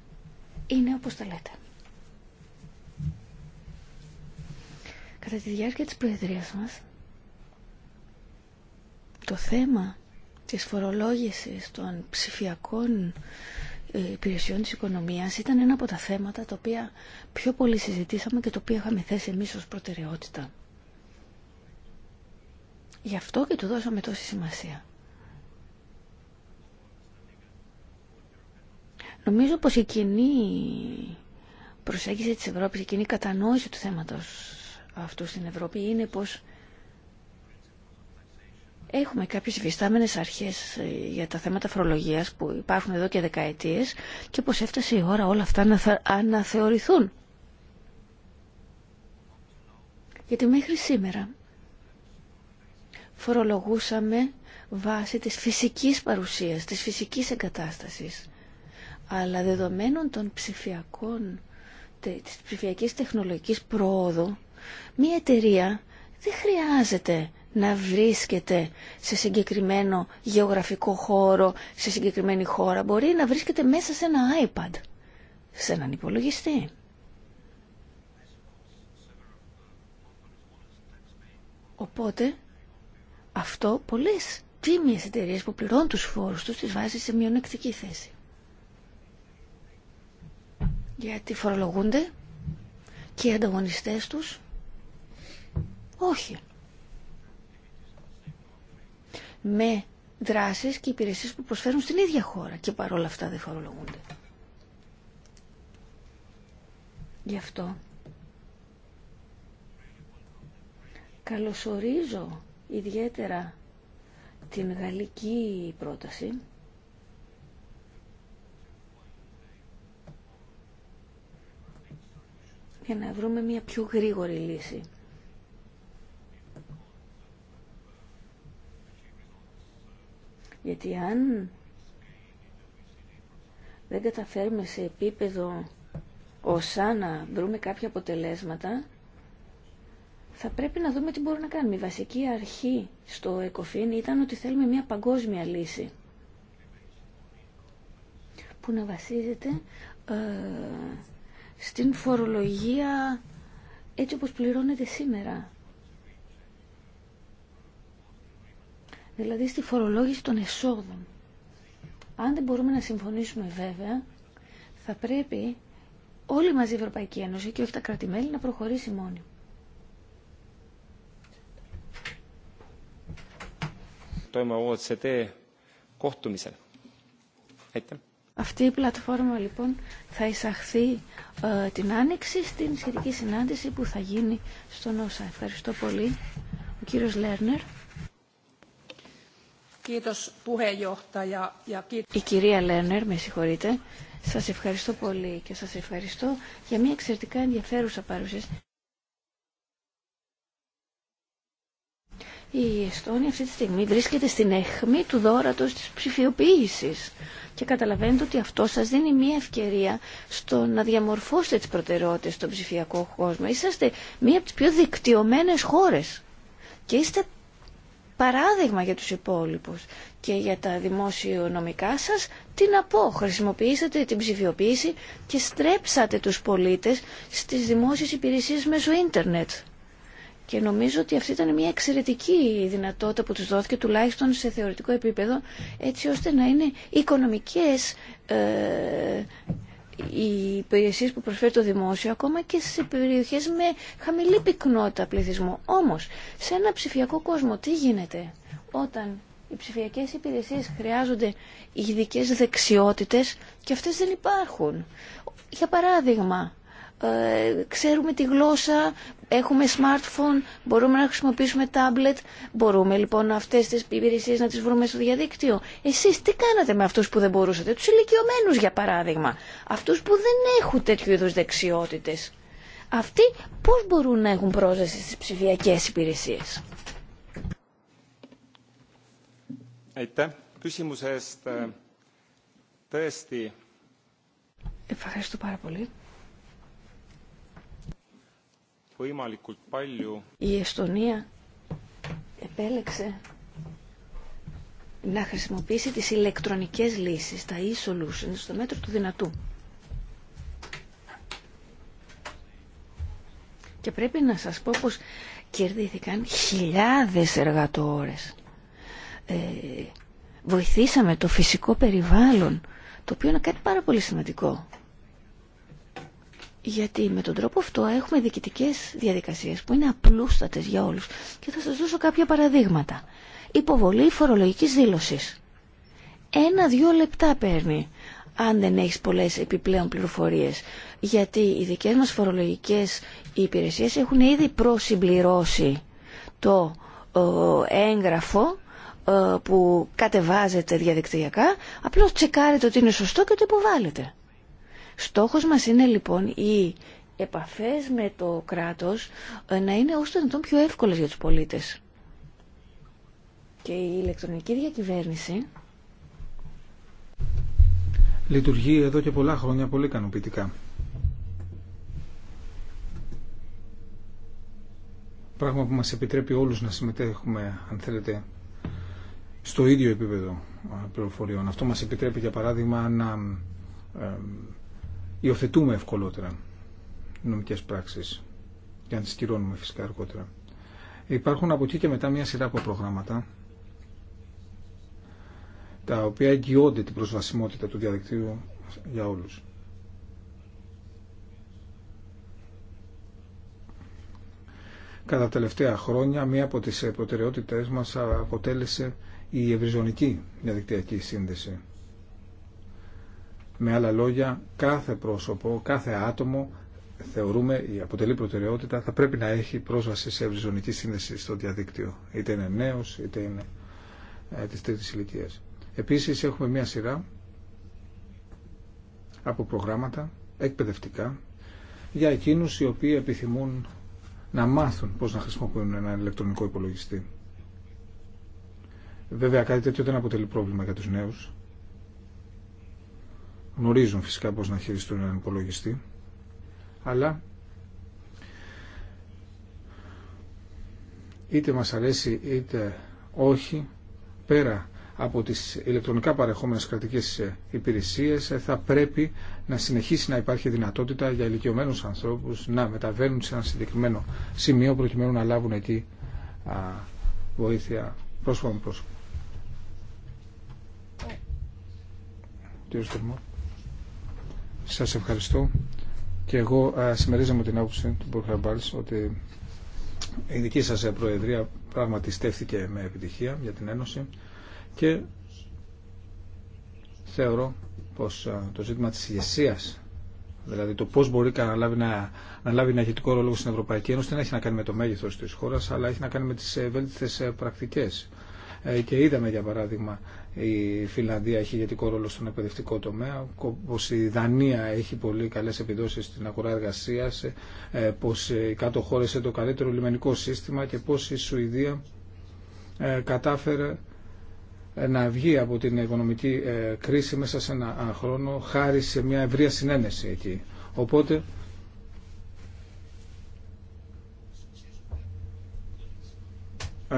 Είναι όπως το λέτε. Κατά τη διάρκεια της Προεδρίας μας, το θέμα της φορολόγησης των ψηφιακών ε, υπηρεσιών της οικονομίας ήταν ένα από τα θέματα τα οποία πιο πολύ συζητήσαμε και το οποίο είχαμε θέσει εμείς ως προτεραιότητα. Γι' αυτό και του δώσαμε τόση σημασία. Νομίζω πως η κοινή προσέγγιση της Ευρώπης, η κοινή κατανόηση του θέματος αυτούς στην Ευρώπη είναι πως Έχουμε κάποιες υφιστάμενες αρχές ε, για τα θέματα φορολογίας που υπάρχουν εδώ και δεκαετίες και πως έφτασε η ώρα όλα αυτά να αναθεωρηθούν. Γιατί μέχρι σήμερα φορολογούσαμε βάσει της φυσικής παρουσίας, της φυσικής εγκατάστασης. Αλλά δεδομένων των ψηφιακών, της ψηφιακής τεχνολογικής πρόοδου, Μία εταιρεία δεν χρειάζεται να βρίσκεται σε συγκεκριμένο γεωγραφικό χώρο, σε συγκεκριμένη χώρα. Μπορεί να βρίσκεται μέσα σε ένα iPad, σε έναν υπολογιστή. Οπότε, αυτό πολλές τίμιες εταιρείε που πληρώνουν τους φόρους τους τις βάζει σε μειονεκτική θέση. Γιατί φορολογούνται και οι ανταγωνιστές τους όχι. Με δράσεις και υπηρεσίες που προσφέρουν στην ίδια χώρα και παρόλα αυτά δεν φορολογούνται. Γι' αυτό καλωσορίζω ιδιαίτερα την γαλλική πρόταση για να βρούμε μια πιο γρήγορη λύση. Γιατί αν δεν καταφέρουμε σε επίπεδο όσα να βρούμε κάποια αποτελέσματα, θα πρέπει να δούμε τι μπορούμε να κάνουμε. Η βασική αρχή στο ΕΚΟΦΗΝ ήταν ότι θέλουμε μια παγκόσμια λύση που να βασίζεται ε, στην φορολογία έτσι όπως πληρώνεται σήμερα. δηλαδή στη φορολόγηση των εσόδων. Αν δεν μπορούμε να συμφωνήσουμε βέβαια, θα πρέπει όλη μαζί η Ευρωπαϊκή Ένωση και όχι τα κρατημέλη να προχωρήσει μόνοι. Αυτή η πλατφόρμα λοιπόν θα εισαχθεί ε, την άνοιξη στην σχετική συνάντηση που θα γίνει στον ΩΣΑ. Ευχαριστώ πολύ. Ο κύριος Λέρνερ. Η κυρία Λένερ, με συγχωρείτε, σας ευχαριστώ πολύ και σας ευχαριστώ για μια εξαιρετικά ενδιαφέρουσα παρουσίαση. Η Εστόνια αυτή τη στιγμή βρίσκεται στην αιχμή του δόρατος της ψηφιοποίησης και καταλαβαίνετε ότι αυτό σας δίνει μια ευκαιρία στο να διαμορφώσετε τις προτεραιότητες στον ψηφιακό κόσμο. Είσαστε μία από τις πιο δικτυωμένες χώρες και είστε παράδειγμα για τους υπόλοιπους και για τα δημοσιονομικά σας, τι να πω, χρησιμοποιήσατε την ψηφιοποίηση και στρέψατε τους πολίτες στις δημόσιες υπηρεσίες μέσω ίντερνετ. Και νομίζω ότι αυτή ήταν μια εξαιρετική δυνατότητα που τους δόθηκε, τουλάχιστον σε θεωρητικό επίπεδο, έτσι ώστε να είναι οικονομικές ε, οι υπηρεσίε που προσφέρει το δημόσιο ακόμα και σε περιοχές με χαμηλή πυκνότητα πληθυσμού. Όμως, σε ένα ψηφιακό κόσμο τι γίνεται όταν οι ψηφιακές υπηρεσίε χρειάζονται ειδικέ δεξιότητες και αυτές δεν υπάρχουν. Για παράδειγμα, ε, ξέρουμε τη γλώσσα, έχουμε smartphone, μπορούμε να χρησιμοποιήσουμε tablet. Μπορούμε λοιπόν αυτές τις υπηρεσίε να τις βρούμε στο διαδίκτυο. Εσείς τι κάνατε με αυτούς που δεν μπορούσατε, τους ηλικιωμένους για παράδειγμα, αυτούς που δεν έχουν τέτοιου είδους δεξιότητες. Αυτοί πώς μπορούν να έχουν πρόσβαση στις ψηφιακές υπηρεσίες. Ευχαριστώ πάρα πολύ. Η Εστονία επέλεξε να χρησιμοποιήσει τις ηλεκτρονικές λύσεις, τα e-solutions, στο μέτρο του δυνατού. Και πρέπει να σας πω πως κερδίθηκαν χιλιάδες εργατόρες. Ε, βοηθήσαμε το φυσικό περιβάλλον, το οποίο είναι κάτι πάρα πολύ σημαντικό. Γιατί με τον τρόπο αυτό έχουμε διοικητικές διαδικασίες που είναι απλούστατες για όλους. Και θα σας δώσω κάποια παραδείγματα. Υποβολή φορολογικής δήλωσης. Ένα-δύο λεπτά παίρνει αν δεν έχεις πολλές επιπλέον πληροφορίες. Γιατί οι δικές μας φορολογικές υπηρεσίες έχουν ήδη προσυμπληρώσει το έγγραφο που κατεβάζεται διαδικτυακά, απλώς τσεκάρετε ότι είναι σωστό και το υποβάλλετε. Στόχος μας είναι λοιπόν οι επαφές με το κράτος ε, να είναι όσο το πιο εύκολες για τους πολίτες. Και η ηλεκτρονική διακυβέρνηση λειτουργεί εδώ και πολλά χρόνια πολύ ικανοποιητικά. Πράγμα που μας επιτρέπει όλους να συμμετέχουμε, αν θέλετε, στο ίδιο επίπεδο ε, πληροφοριών. Αυτό μας επιτρέπει, για παράδειγμα, να ε, υιοθετούμε ευκολότερα νομικές πράξεις και να τι κυρώνουμε φυσικά αργότερα. Υπάρχουν από εκεί και μετά μια σειρά από προγράμματα τα οποία εγγυώνται την προσβασιμότητα του διαδικτύου για όλους. Κατά τα τελευταία χρόνια, μία από τις προτεραιότητες μας αποτέλεσε η ευρυζωνική διαδικτυακή σύνδεση. Με άλλα λόγια, κάθε πρόσωπο, κάθε άτομο θεωρούμε η αποτελεί προτεραιότητα θα πρέπει να έχει πρόσβαση σε ευρυζωνική σύνδεση στο διαδίκτυο. Είτε είναι νέος, είτε είναι ε, της τρίτης ηλικίας. Επίσης έχουμε μια σειρά από προγράμματα εκπαιδευτικά για εκείνους οι οποίοι επιθυμούν να μάθουν πώς να χρησιμοποιούν ένα ηλεκτρονικό υπολογιστή. Βέβαια κάτι τέτοιο δεν αποτελεί πρόβλημα για τους νέους γνωρίζουν φυσικά πώς να χειριστούν έναν υπολογιστή, αλλά είτε μας αρέσει είτε όχι, πέρα από τις ηλεκτρονικά παρεχόμενες κρατικές ε, υπηρεσίες ε, θα πρέπει να συνεχίσει να υπάρχει δυνατότητα για ηλικιωμένου ανθρώπους να μεταβαίνουν σε ένα συγκεκριμένο σημείο προκειμένου να λάβουν εκεί βοήθεια Πρόσφατο πρόσωπο. Ε. Κύριε σας ευχαριστώ. Και εγώ συμμερίζομαι την άποψη του Μπορχαμπάλς ότι η δική σας ε, προεδρία πράγματι στέφθηκε με επιτυχία για την Ένωση και θεωρώ πως το ζήτημα της ηγεσία, δηλαδή το πώς μπορεί να λάβει, να, να λάβει ένα ηγετικό ρόλο στην Ευρωπαϊκή Ένωση δεν έχει να κάνει με το μέγεθος της χώρας αλλά έχει να κάνει με τις ευέλτιστες ε, πρακτικές ε, και είδαμε για παράδειγμα η Φιλανδία έχει ηγετικό ρόλο στον εκπαιδευτικό τομέα, πως η Δανία έχει πολύ καλές επιδόσεις στην αγορά εργασίας, ε, πως οι κάτω το καλύτερο λιμενικό σύστημα και πως η Σουηδία ε, κατάφερε να βγει από την οικονομική κρίση μέσα σε ένα χρόνο χάρη σε μια ευρεία συνένεση εκεί. Οπότε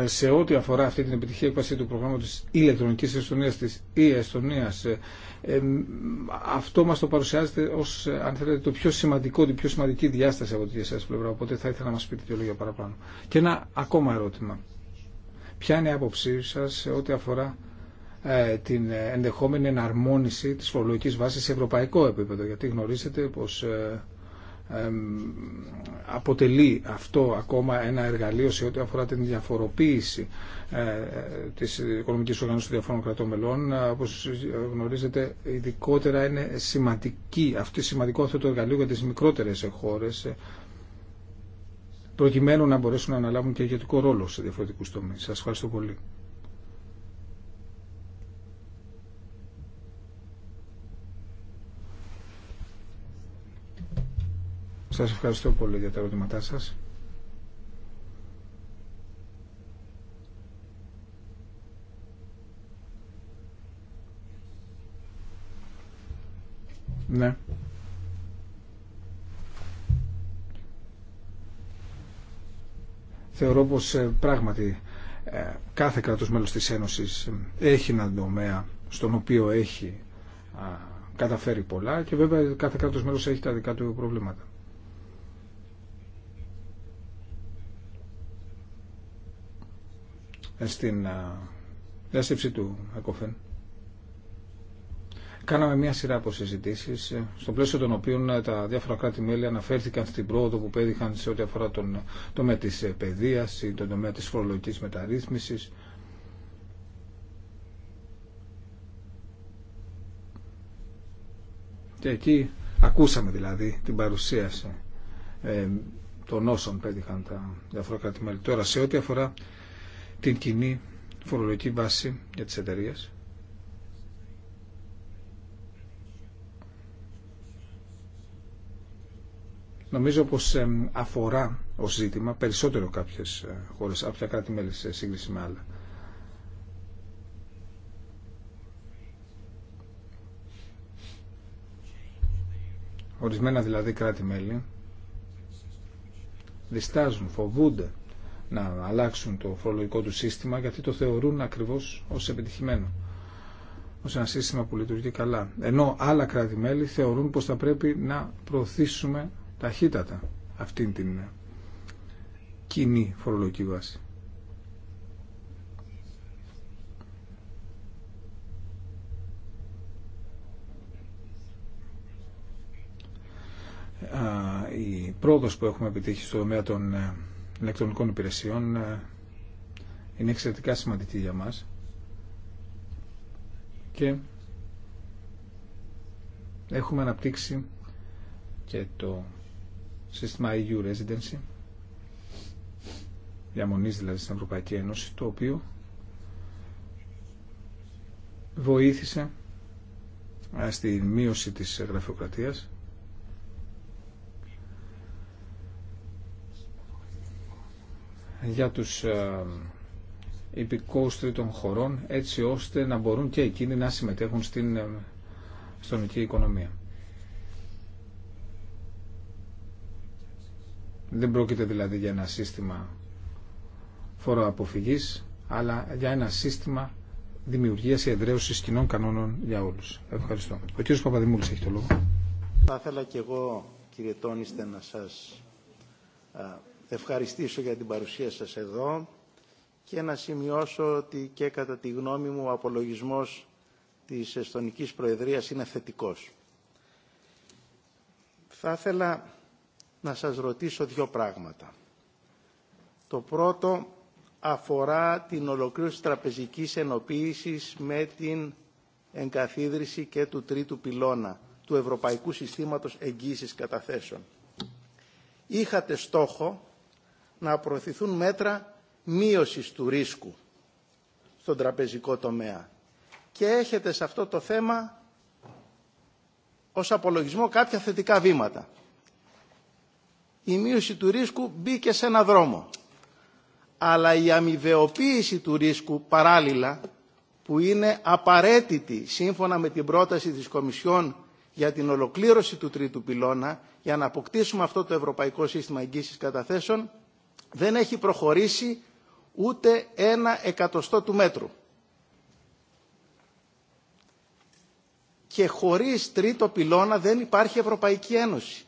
σε ό,τι αφορά αυτή την επιτυχία έκβαση του προγράμματος ηλεκτρονικής εστονίας της ή εστονίας ε, ε, αυτό μας το παρουσιάζεται ως ε, αν θέλετε το πιο σημαντικό, την πιο σημαντική διάσταση από τη δική σας πλευρά οπότε θα ήθελα να μας πείτε δύο λόγια παραπάνω και ένα ακόμα ερώτημα ποια είναι η άποψή σας σε ό,τι αφορά την ενδεχόμενη εναρμόνιση της φορολογικής βάσης σε ευρωπαϊκό επίπεδο γιατί γνωρίζετε πως αποτελεί αυτό ακόμα ένα εργαλείο σε ό,τι αφορά την διαφοροποίηση ε, της οικονομικής οργάνωσης των διαφόρων κρατών μελών. Ε, όπως γνωρίζετε, ειδικότερα είναι σημαντική, αυτή, σημαντικό αυτό το εργαλείο για τις μικρότερες χώρες ε, προκειμένου να μπορέσουν να αναλάβουν και ηγετικό ρόλο σε διαφορετικούς τομείς. Σας ευχαριστώ πολύ. Σας ευχαριστώ πολύ για τα ερωτήματά σας. Ναι. Θεωρώ πως ε, πράγματι ε, κάθε κράτος μέλος της Ένωσης ε, έχει έναν τομέα στον οποίο έχει καταφέρει πολλά και βέβαια κάθε κράτος μέλος έχει τα δικά του προβλήματα. στην διάσκεψη του ΕΚΟΦΕΝ κάναμε μια σειρά από συζητήσει, ε, στο πλαίσιο των οποίων ε, τα διάφορα κράτη-μέλη αναφέρθηκαν στην πρόοδο που πέδιχαν σε ό,τι αφορά τον ε, τομέα τη παιδεία ή τον τομέα τη φορολογική μεταρρύθμιση. Και εκεί ακούσαμε δηλαδή την παρουσίαση των όσων πέτυχαν τα διάφορα κράτη-μέλη. Τώρα, σε ό,τι αφορά την κοινή φορολογική βάση για τις εταιρείε. Νομίζω πως ε, αφορά ο ζήτημα περισσότερο κάποιες ε, χώρες, κάποια κράτη-μέλη σε σύγκριση με άλλα. Ορισμένα δηλαδή κράτη-μέλη διστάζουν, φοβούνται να αλλάξουν το φορολογικό του σύστημα γιατί το θεωρούν ακριβώς ως επιτυχημένο ως ένα σύστημα που λειτουργεί καλά. Ενώ άλλα κράτη-μέλη θεωρούν πως θα πρέπει να προωθήσουμε ταχύτατα αυτήν την κοινή φορολογική βάση. Η πρόοδος που έχουμε επιτύχει στο δομέα των ε, ηλεκτρονικών υπηρεσιών ε, είναι εξαιρετικά σημαντική για μας και έχουμε αναπτύξει και το σύστημα EU Residency διαμονής δηλαδή στην Ευρωπαϊκή Ένωση το οποίο βοήθησε ε, στη μείωση της γραφειοκρατίας για τους ε, υπηκόους τρίτων χωρών έτσι ώστε να μπορούν και εκείνοι να συμμετέχουν στην ε, στονική οικονομία. Δεν πρόκειται δηλαδή για ένα σύστημα φοροαποφυγής, αλλά για ένα σύστημα δημιουργίας ή εδραίωσης κοινών κανόνων για όλους. Ευχαριστώ. Ο κ. Παπαδημούλης έχει το λόγο. Θα ήθελα και εγώ, κύριε Τόνιστε, να ευχαριστήσω για την παρουσία σας εδώ και να σημειώσω ότι και κατά τη γνώμη μου ο απολογισμός της Εστονικής Προεδρίας είναι θετικός. Θα ήθελα να σας ρωτήσω δύο πράγματα. Το πρώτο αφορά την ολοκλήρωση τραπεζικής ενοποίησης με την εγκαθίδρυση και του τρίτου πυλώνα του Ευρωπαϊκού Συστήματος Εγγύησης Καταθέσεων. Είχατε στόχο να προωθηθούν μέτρα μείωσης του ρίσκου στον τραπεζικό τομέα. Και έχετε σε αυτό το θέμα ως απολογισμό κάποια θετικά βήματα. Η μείωση του ρίσκου μπήκε σε ένα δρόμο. Αλλά η αμοιβεοποίηση του ρίσκου παράλληλα που είναι απαραίτητη σύμφωνα με την πρόταση της Κομισιόν για την ολοκλήρωση του τρίτου πυλώνα για να αποκτήσουμε αυτό το Ευρωπαϊκό Σύστημα Εγγύησης Καταθέσεων δεν έχει προχωρήσει ούτε ένα εκατοστό του μέτρου. Και χωρίς τρίτο πυλώνα δεν υπάρχει Ευρωπαϊκή Ένωση.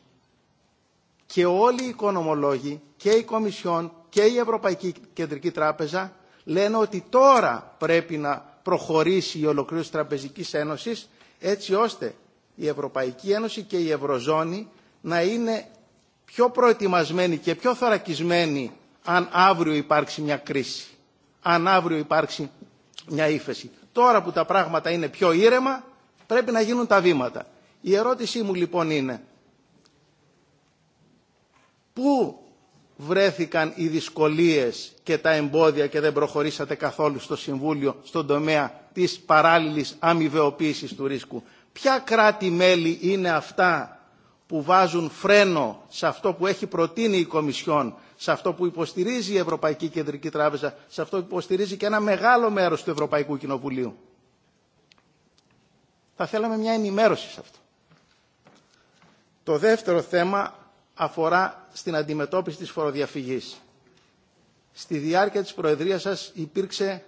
Και όλοι οι οικονομολόγοι και η Κομισιόν και η Ευρωπαϊκή Κεντρική Τράπεζα λένε ότι τώρα πρέπει να προχωρήσει η ολοκλήρωση Τραπεζικής Ένωσης έτσι ώστε η Ευρωπαϊκή Ένωση και η Ευρωζώνη να είναι πιο προετοιμασμένοι και πιο θωρακισμένοι αν αύριο υπάρξει μια κρίση, αν αύριο υπάρξει μια ύφεση. Τώρα που τα πράγματα είναι πιο ήρεμα, πρέπει να γίνουν τα βήματα. Η ερώτησή μου λοιπόν είναι, πού βρέθηκαν οι δυσκολίες και τα εμπόδια και δεν προχωρήσατε καθόλου στο Συμβούλιο στον τομέα της παράλληλης αμοιβεοποίησης του ρίσκου. Ποια κράτη-μέλη είναι αυτά που βάζουν φρένο σε αυτό που έχει προτείνει η Κομισιόν, σε αυτό που υποστηρίζει η Ευρωπαϊκή Κεντρική Τράπεζα, σε αυτό που υποστηρίζει και ένα μεγάλο μέρος του Ευρωπαϊκού Κοινοβουλίου. Θα θέλαμε μια ενημέρωση σε αυτό. Το δεύτερο θέμα αφορά στην αντιμετώπιση της φοροδιαφυγής. Στη διάρκεια της Προεδρίας σας υπήρξε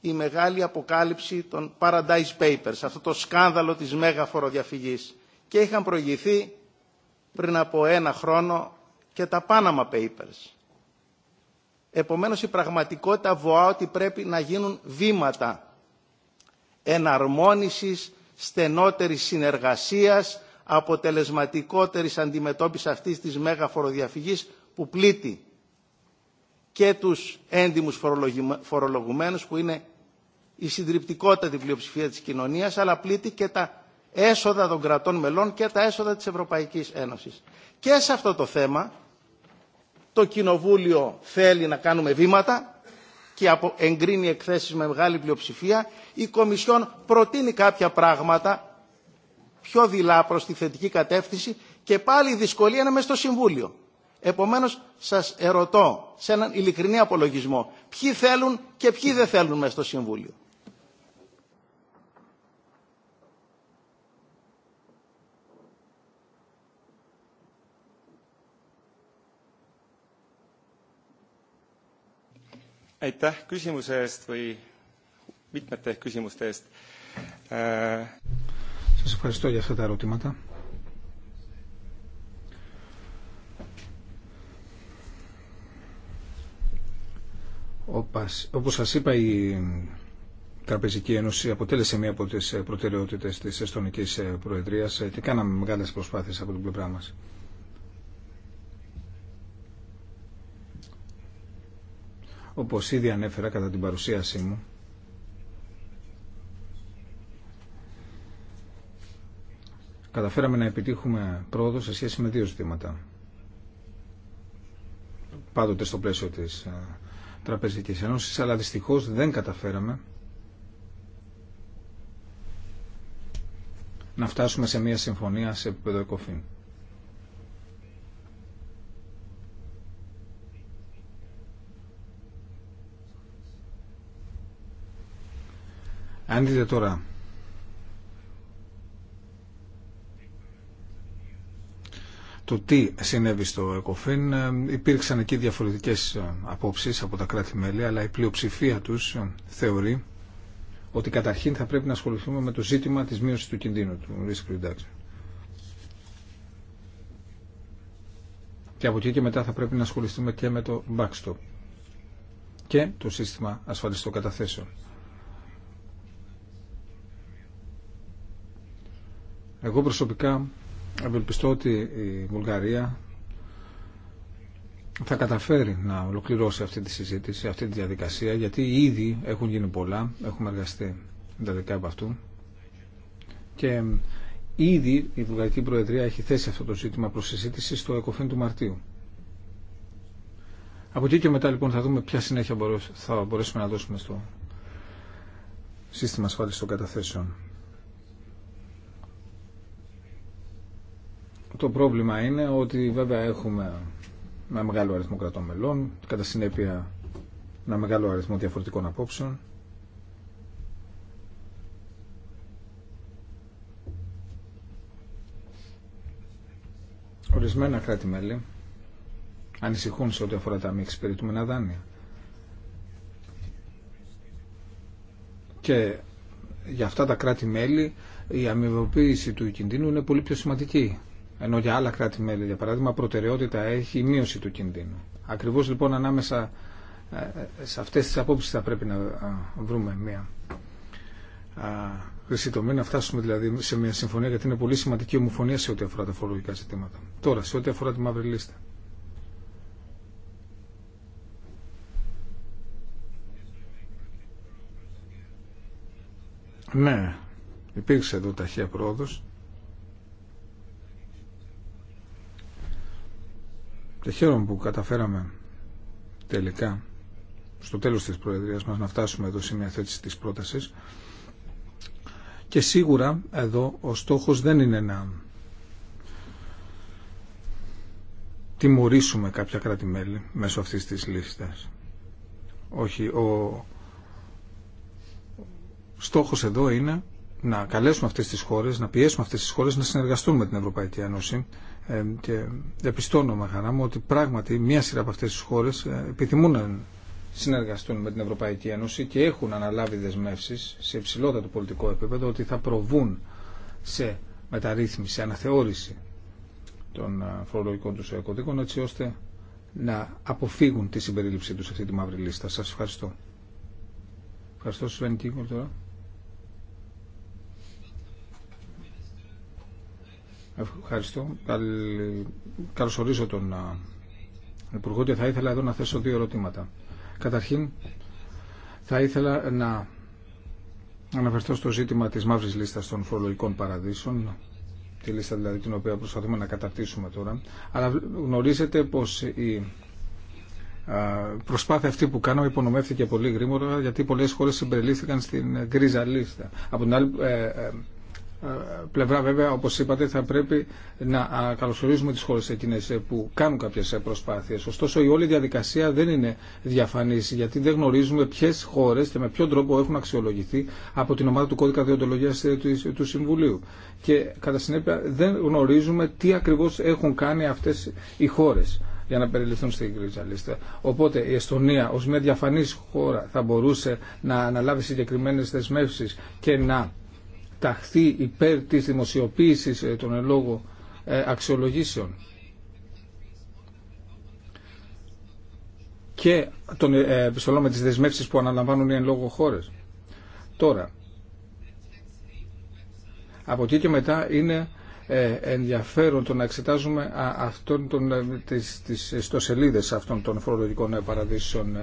η μεγάλη αποκάλυψη των Paradise Papers, αυτό το σκάνδαλο της μέγα φοροδιαφυγής και είχαν προηγηθεί πριν από ένα χρόνο και τα Panama Papers. Επομένως η πραγματικότητα βοά ότι πρέπει να γίνουν βήματα εναρμόνισης, στενότερης συνεργασίας, αποτελεσματικότερης αντιμετώπισης αυτής της μέγα φοροδιαφυγής που πλήττει και τους έντιμους φορολογουμένους που είναι η συντριπτικότατη πλειοψηφία της κοινωνίας αλλά πλήττει και τα έσοδα των κρατών μελών και τα έσοδα της Ευρωπαϊκής Ένωσης. Και σε αυτό το θέμα το Κοινοβούλιο θέλει να κάνουμε βήματα και από εγκρίνει εκθέσεις με μεγάλη πλειοψηφία. Η Κομισιόν προτείνει κάποια πράγματα πιο δειλά προς τη θετική κατεύθυνση και πάλι η δυσκολία είναι μέσα στο Συμβούλιο. Επομένως, σας ερωτώ σε έναν ειλικρινή απολογισμό, ποιοι θέλουν και ποιοι δεν θέλουν μέσα στο Συμβούλιο. aitäh äh, Σας ευχαριστώ για αυτά τα ερωτήματα. Όπως σας είπα, η Τραπεζική Ένωση αποτέλεσε μία από τις προτεραιότητες της Εστονικής Προεδρίας ε, και κάναμε μεγάλες προσπάθειες από την πλευρά μας. όπως ήδη ανέφερα κατά την παρουσίασή μου, καταφέραμε να επιτύχουμε πρόοδο σε σχέση με δύο ζητήματα. Πάντοτε στο πλαίσιο της ε, Τραπεζικής Ένωσης, αλλά δυστυχώς δεν καταφέραμε να φτάσουμε σε μια συμφωνία σε επίπεδο εκοφή. Αν δείτε τώρα το τι συνέβη στο ΕΚΟΦΗΝ ε, υπήρξαν εκεί διαφορετικές ε, απόψεις από τα κράτη-μέλη αλλά η πλειοψηφία τους ε, θεωρεί ότι καταρχήν θα πρέπει να ασχοληθούμε με το ζήτημα της μείωσης του κινδύνου του risk reduction. Και από εκεί και μετά θα πρέπει να ασχοληθούμε και με το backstop και το σύστημα ασφαλιστικών καταθέσεων. Εγώ προσωπικά ευελπιστώ ότι η Βουλγαρία θα καταφέρει να ολοκληρώσει αυτή τη συζήτηση, αυτή τη διαδικασία, γιατί ήδη έχουν γίνει πολλά, έχουμε εργαστεί εντατικά από αυτού και ήδη η Βουλγαρική Προεδρία έχει θέσει αυτό το ζήτημα προς συζήτηση στο ΕΚΟΦΗΝ του Μαρτίου. Από εκεί και μετά λοιπόν θα δούμε ποια συνέχεια θα μπορέσουμε να δώσουμε στο σύστημα ασφάλισης των καταθέσεων. Το πρόβλημα είναι ότι βέβαια έχουμε ένα μεγάλο αριθμό κρατών μελών, κατά συνέπεια ένα μεγάλο αριθμό διαφορετικών απόψεων. Ορισμένα κράτη-μέλη ανησυχούν σε ό,τι αφορά τα μη εξυπηρετούμενα δάνεια. Και για αυτά τα κράτη-μέλη η αμοιβοποίηση του κινδύνου είναι πολύ πιο σημαντική ενώ για άλλα κράτη-μέλη, για παράδειγμα, προτεραιότητα έχει η μείωση του κινδύνου. Ακριβώς λοιπόν ανάμεσα ε, σε αυτές τις απόψεις θα πρέπει να ε, βρούμε μία χρυσή τομή, να φτάσουμε δηλαδή σε μία συμφωνία, γιατί είναι πολύ σημαντική ομοφωνία σε ό,τι αφορά τα φορολογικά ζητήματα. Τώρα, σε ό,τι αφορά τη μαύρη λίστα. Ναι, υπήρξε εδώ ταχεία πρόοδος Και χαίρομαι που καταφέραμε τελικά στο τέλος της Προεδρίας μας να φτάσουμε εδώ σε μια θέση της πρότασης και σίγουρα εδώ ο στόχος δεν είναι να τιμωρήσουμε κάποια κράτη-μέλη μέσω αυτής της λίστας. Όχι, ο στόχος εδώ είναι να καλέσουμε αυτές τις χώρες, να πιέσουμε αυτές τις χώρες να συνεργαστούν με την Ευρωπαϊκή Ένωση και διαπιστώνω με χαρά μου ότι πράγματι μία σειρά από αυτές τις χώρες ε, επιθυμούν να συνεργαστούν με την Ευρωπαϊκή Ένωση και έχουν αναλάβει δεσμεύσεις σε υψηλότατο πολιτικό επίπεδο ότι θα προβούν σε μεταρρύθμιση, σε αναθεώρηση των ε, φορολογικών τους οικοδίκων έτσι ώστε να αποφύγουν τη συμπερίληψή τους σε αυτή τη μαύρη λίστα. Σας ευχαριστώ. Ευχαριστώ Κίγκολ Ευχαριστώ. Καλωσορίζω τον Υπουργό και θα ήθελα εδώ να θέσω δύο ερωτήματα. Καταρχήν, θα ήθελα να αναφερθώ στο ζήτημα της μαύρης λίστας των φορολογικών παραδείσων, τη λίστα δηλαδή την οποία προσπαθούμε να καταρτήσουμε τώρα, αλλά γνωρίζετε πως η προσπάθεια αυτή που κάναμε υπονομεύθηκε πολύ γρήγορα γιατί πολλές χώρες συμπεριλήφθηκαν στην γκρίζα λίστα. Από την άλλη, ε, ε, πλευρά βέβαια όπως είπατε θα πρέπει να καλωσορίζουμε τις χώρες εκείνες ε, που κάνουν κάποιες ε, προσπάθειες. Ωστόσο η όλη διαδικασία δεν είναι διαφανής γιατί δεν γνωρίζουμε ποιες χώρες και με ποιον τρόπο έχουν αξιολογηθεί από την ομάδα του κώδικα διοντολογίας ε, του Συμβουλίου. Και κατά συνέπεια δεν γνωρίζουμε τι ακριβώς έχουν κάνει αυτές οι χώρες για να περιληφθούν στην κρίτσα λίστα. Οπότε η Εστονία ως μια διαφανής χώρα θα μπορούσε να αναλάβει συγκεκριμένες δεσμεύσεις και να ταχθεί υπέρ της δημοσιοποίησης ε, των ελόγων ε, αξιολογήσεων και των επιστολών με τις δεσμεύσεις που αναλαμβάνουν οι εν λόγω χώρες. Τώρα, από εκεί και μετά είναι ε, ενδιαφέρον το να εξετάζουμε αυτόν τον ε, τις, τις ιστοσελίδες αυτών των φορολογικών ε, παραδείσεων.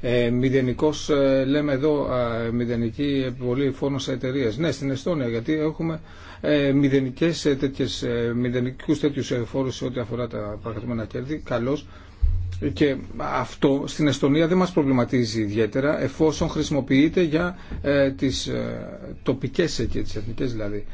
Ε, μηδενικός, λέμε εδώ, μηδενική επιβολή φόνο σε εταιρείε. Ναι, στην Εστόνια, γιατί έχουμε ε, μηδενικές, τέτοιες, μηδενικούς τέτοιους φόρους σε ό,τι αφορά τα παρακατωμένα κέρδη. Καλώς και αυτό στην Εστονία δεν μας προβληματίζει ιδιαίτερα εφόσον χρησιμοποιείται για ε, τις ε, τοπικές και τις εθνικές δηλαδή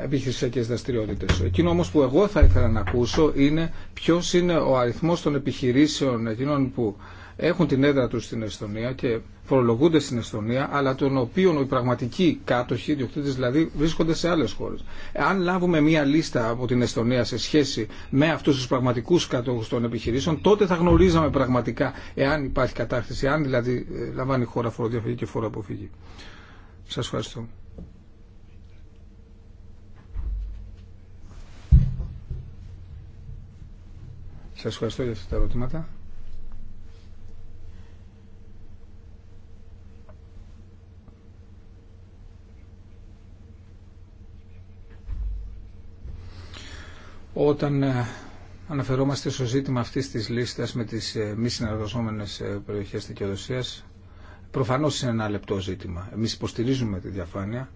ε, επιχειρησιακές δραστηριότητες. Εκείνο όμως που εγώ θα ήθελα να ακούσω είναι ποιος είναι ο αριθμός των επιχειρήσεων εκείνων που έχουν την έδρα τους στην Εστονία και φορολογούνται στην Εστονία, αλλά των οποίων οι πραγματικοί κάτοχοι, διοκτήτες δηλαδή, βρίσκονται σε άλλες χώρες. Αν λάβουμε μία λίστα από την Εστονία σε σχέση με αυτούς τους πραγματικούς κάτοχους των επιχειρήσεων, τότε θα γνωρίζαμε πραγματικά εάν υπάρχει κατάκτηση, αν δηλαδή ε, λαμβάνει η χώρα φοροδιαφυγή και φοροαποφυγή. Σας ευχαριστώ. Σας ευχαριστώ για αυτά τα ερωτήματα. όταν ε, αναφερόμαστε στο ζήτημα αυτής της λίστας με τις ε, μη συνεργαζόμενες ε, περιοχές δικαιοδοσίας, προφανώς είναι ένα λεπτό ζήτημα. Εμείς υποστηρίζουμε τη διαφάνεια,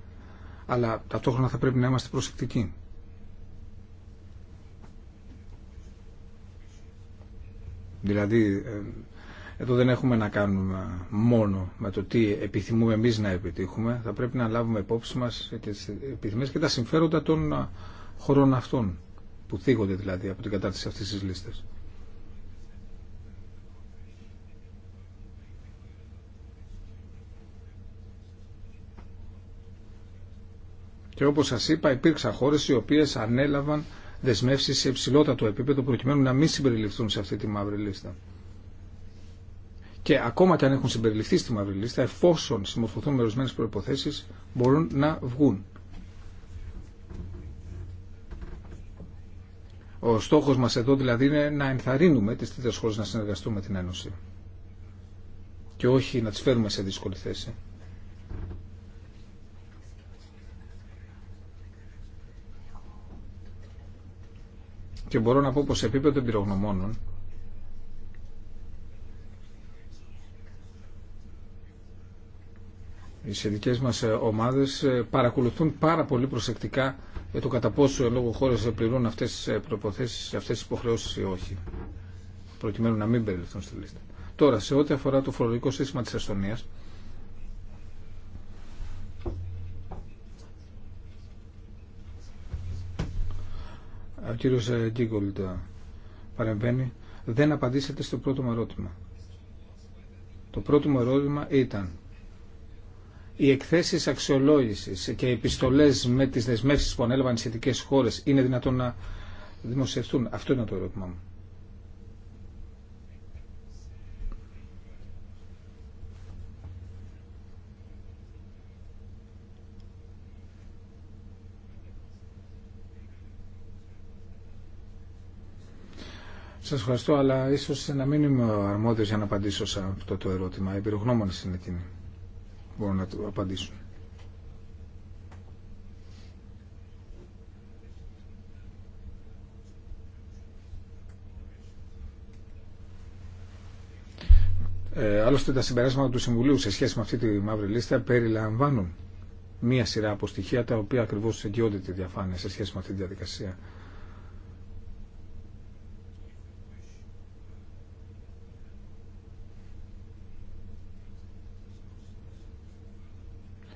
αλλά ταυτόχρονα θα πρέπει να είμαστε προσεκτικοί. Δηλαδή, εδώ δεν έχουμε να κάνουμε μόνο με το τι επιθυμούμε εμείς να επιτύχουμε. Θα πρέπει να λάβουμε υπόψη μας και τις επιθυμίες και τα συμφέροντα των χωρών αυτών που θίγονται δηλαδή από την κατάρτιση αυτής της λίστας. Και όπως σας είπα υπήρξαν χώρες οι οποίες ανέλαβαν δεσμεύσεις σε υψηλότατο επίπεδο προκειμένου να μην συμπεριληφθούν σε αυτή τη μαύρη λίστα. Και ακόμα και αν έχουν συμπεριληφθεί στη μαύρη λίστα, εφόσον συμμορφωθούν με ορισμένε προποθέσει, μπορούν να βγουν. Ο στόχος μας εδώ δηλαδή είναι να ενθαρρύνουμε τις τέτοιες χώρες να συνεργαστούν με την Ένωση και όχι να τις φέρουμε σε δύσκολη θέση. Και μπορώ να πω πως σε επίπεδο εμπειρογνωμόνων οι σχετικές μας ομάδες ε, παρακολουθούν πάρα πολύ προσεκτικά για το κατά πόσο λόγω χώρε πληρώνουν αυτέ τι ε, προποθέσει, αυτέ τι υποχρεώσει ή όχι. Προκειμένου να μην περιληφθούν στη λίστα. Τώρα, σε ό,τι αφορά το φορολογικό σύστημα τη Εστονία, ο κύριο ε, Γκίγκολντ ε, παρεμβαίνει, δεν απαντήσατε στο πρώτο μου ερώτημα. Το πρώτο μου ερώτημα ήταν οι εκθέσει αξιολόγηση και οι επιστολέ με τι δεσμεύσει που ανέλαβαν οι σχετικέ χώρε είναι δυνατόν να δημοσιευτούν. Αυτό είναι το ερώτημά μου. Σας ευχαριστώ, αλλά ίσως να μην είμαι αρμόδιος για να απαντήσω σε αυτό το ερώτημα. Οι είναι εκείνοι μπορούν να του απαντήσουν. Ε, άλλωστε τα συμπεράσματα του Συμβουλίου σε σχέση με αυτή τη μαύρη λίστα περιλαμβάνουν μία σειρά από στοιχεία τα οποία ακριβώς εγγυώνται τη διαφάνεια σε σχέση με αυτή τη διαδικασία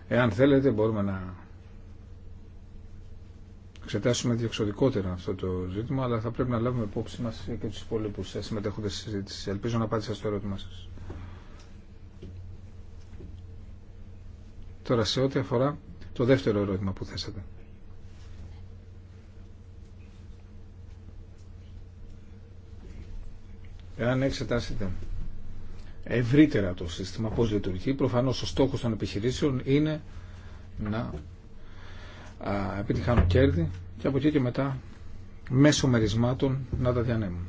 Εάν θέλετε μπορούμε να εξετάσουμε διεξοδικότερα αυτό το ζήτημα, αλλά θα πρέπει να λάβουμε υπόψη μας και τους υπόλοιπους ε, συμμετέχοντες στη συζήτηση. Ελπίζω να απάντησα στο ερώτημα σας. Τώρα σε ό,τι αφορά το δεύτερο ερώτημα που θέσατε. Εάν εξετάσετε ευρύτερα το σύστημα, πώς λειτουργεί. Προφανώς ο στόχος των επιχειρήσεων είναι να επιτυχάνουν κέρδη και από εκεί και μετά μέσω μερισμάτων να τα διανέμουν.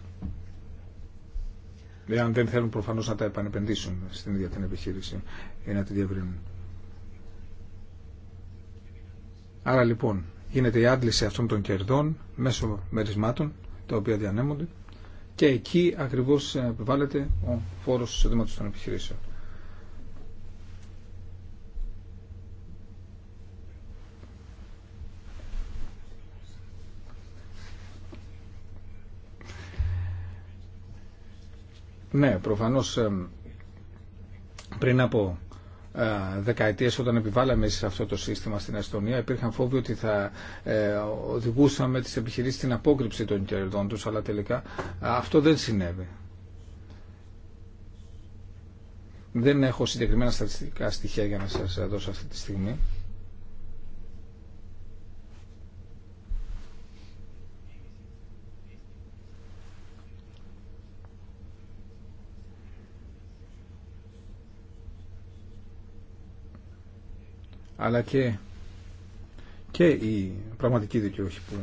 Εάν δεν θέλουν προφανώς να τα επανεπενδύσουν στην ίδια την επιχείρηση ή να τη διαβρύνουν. Άρα λοιπόν γίνεται η άντληση αυτών των κερδών μέσω μερισμάτων τα οποία διανέμονται και εκεί ακριβώς ε, επιβάλλεται ο φόρος εισοδήματος των επιχειρήσεων. Ναι, προφανώς ε, πριν από ε, δεκαετίες όταν επιβάλαμε σε αυτό το σύστημα στην Αστονία υπήρχαν φόβοι ότι θα ε, οδηγούσαμε τις επιχειρήσεις στην απόκρυψη των κερδών τους αλλά τελικά ε, αυτό δεν συνέβη. Δεν έχω συγκεκριμένα στατιστικά στοιχεία για να σας δώσω αυτή τη στιγμή. αλλά και η πραγματική δικαιούχοι που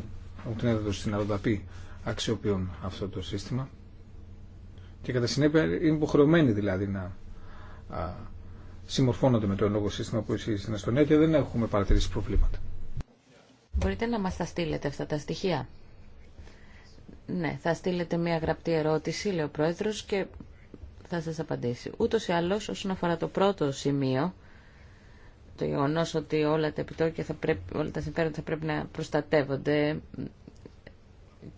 έχουν στην αρρονταπή αξιοποιούν αυτό το σύστημα και κατά συνέπεια είναι υποχρεωμένοι δηλαδή να συμμορφώνονται με το λόγο σύστημα που ισχύει στην Αστονία και δεν έχουμε παρατηρήσει προβλήματα. Μπορείτε να μας τα στείλετε αυτά τα στοιχεία. Ναι, θα στείλετε μια γραπτή ερώτηση, λέει ο Πρόεδρος, και θα σας απαντήσει. Ούτως ή άλλως, όσον αφορά το πρώτο σημείο, το γεγονό ότι όλα τα επιτόκια θα πρέπει, όλα τα συμφέροντα θα πρέπει να προστατεύονται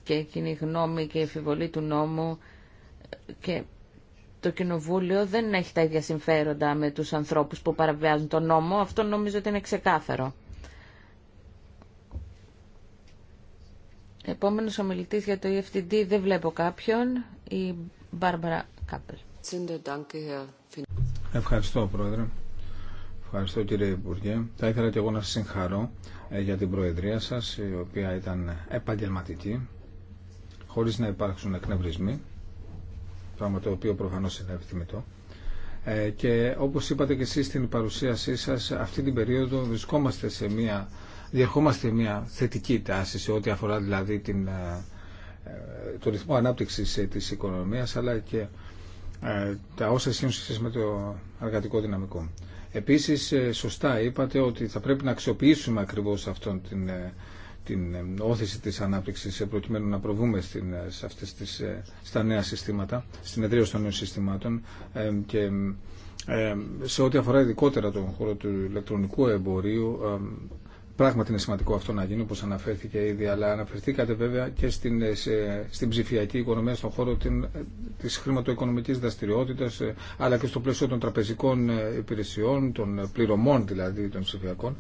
και εκείνη η γνώμη και η εφηβολή του νόμου και το κοινοβούλιο δεν έχει τα ίδια συμφέροντα με τους ανθρώπους που παραβιάζουν τον νόμο. Αυτό νομίζω ότι είναι ξεκάθαρο. Επόμενος ομιλητής για το EFTD δεν βλέπω κάποιον. Η Μπάρμπαρα Κάπελ. Ευχαριστώ, Πρόεδρε. Ευχαριστώ κύριε Υπουργέ. Θα ήθελα και εγώ να σας συγχαρώ ε, για την Προεδρία σας, η οποία ήταν επαγγελματική, χωρίς να υπάρξουν εκνευρισμοί, πράγμα το οποίο προφανώς είναι επιθυμητό. Ε, και όπως είπατε και εσείς στην παρουσίασή σας, αυτή την περίοδο βρισκόμαστε σε μια, διερχόμαστε μια θετική τάση σε ό,τι αφορά δηλαδή την, ε, το ρυθμό ανάπτυξης της οικονομίας, αλλά και τα όσα σύνουσες με το εργατικό δυναμικό. Επίσης ε, σωστά είπατε ότι θα πρέπει να αξιοποιήσουμε ακριβώς αυτόν την, ε, την ε, όθηση της ανάπτυξης προκειμένου να προβούμε στην, σε αυτές τις, στα νέα συστήματα, στην εδρίωση των νέων συστημάτων και σε ό,τι αφορά ειδικότερα τον χώρο του ηλεκτρονικού εμπορίου Πράγματι είναι σημαντικό αυτό να γίνει, όπω αναφέρθηκε ήδη, αλλά αναφερθήκατε βέβαια και στην, ε, στην ψηφιακή οικονομία, στον χώρο τη ε, χρηματοοικονομική δραστηριότητα, ε, αλλά και στο πλαίσιο των τραπεζικών υπηρεσιών, των πληρωμών δηλαδή των ψηφιακών.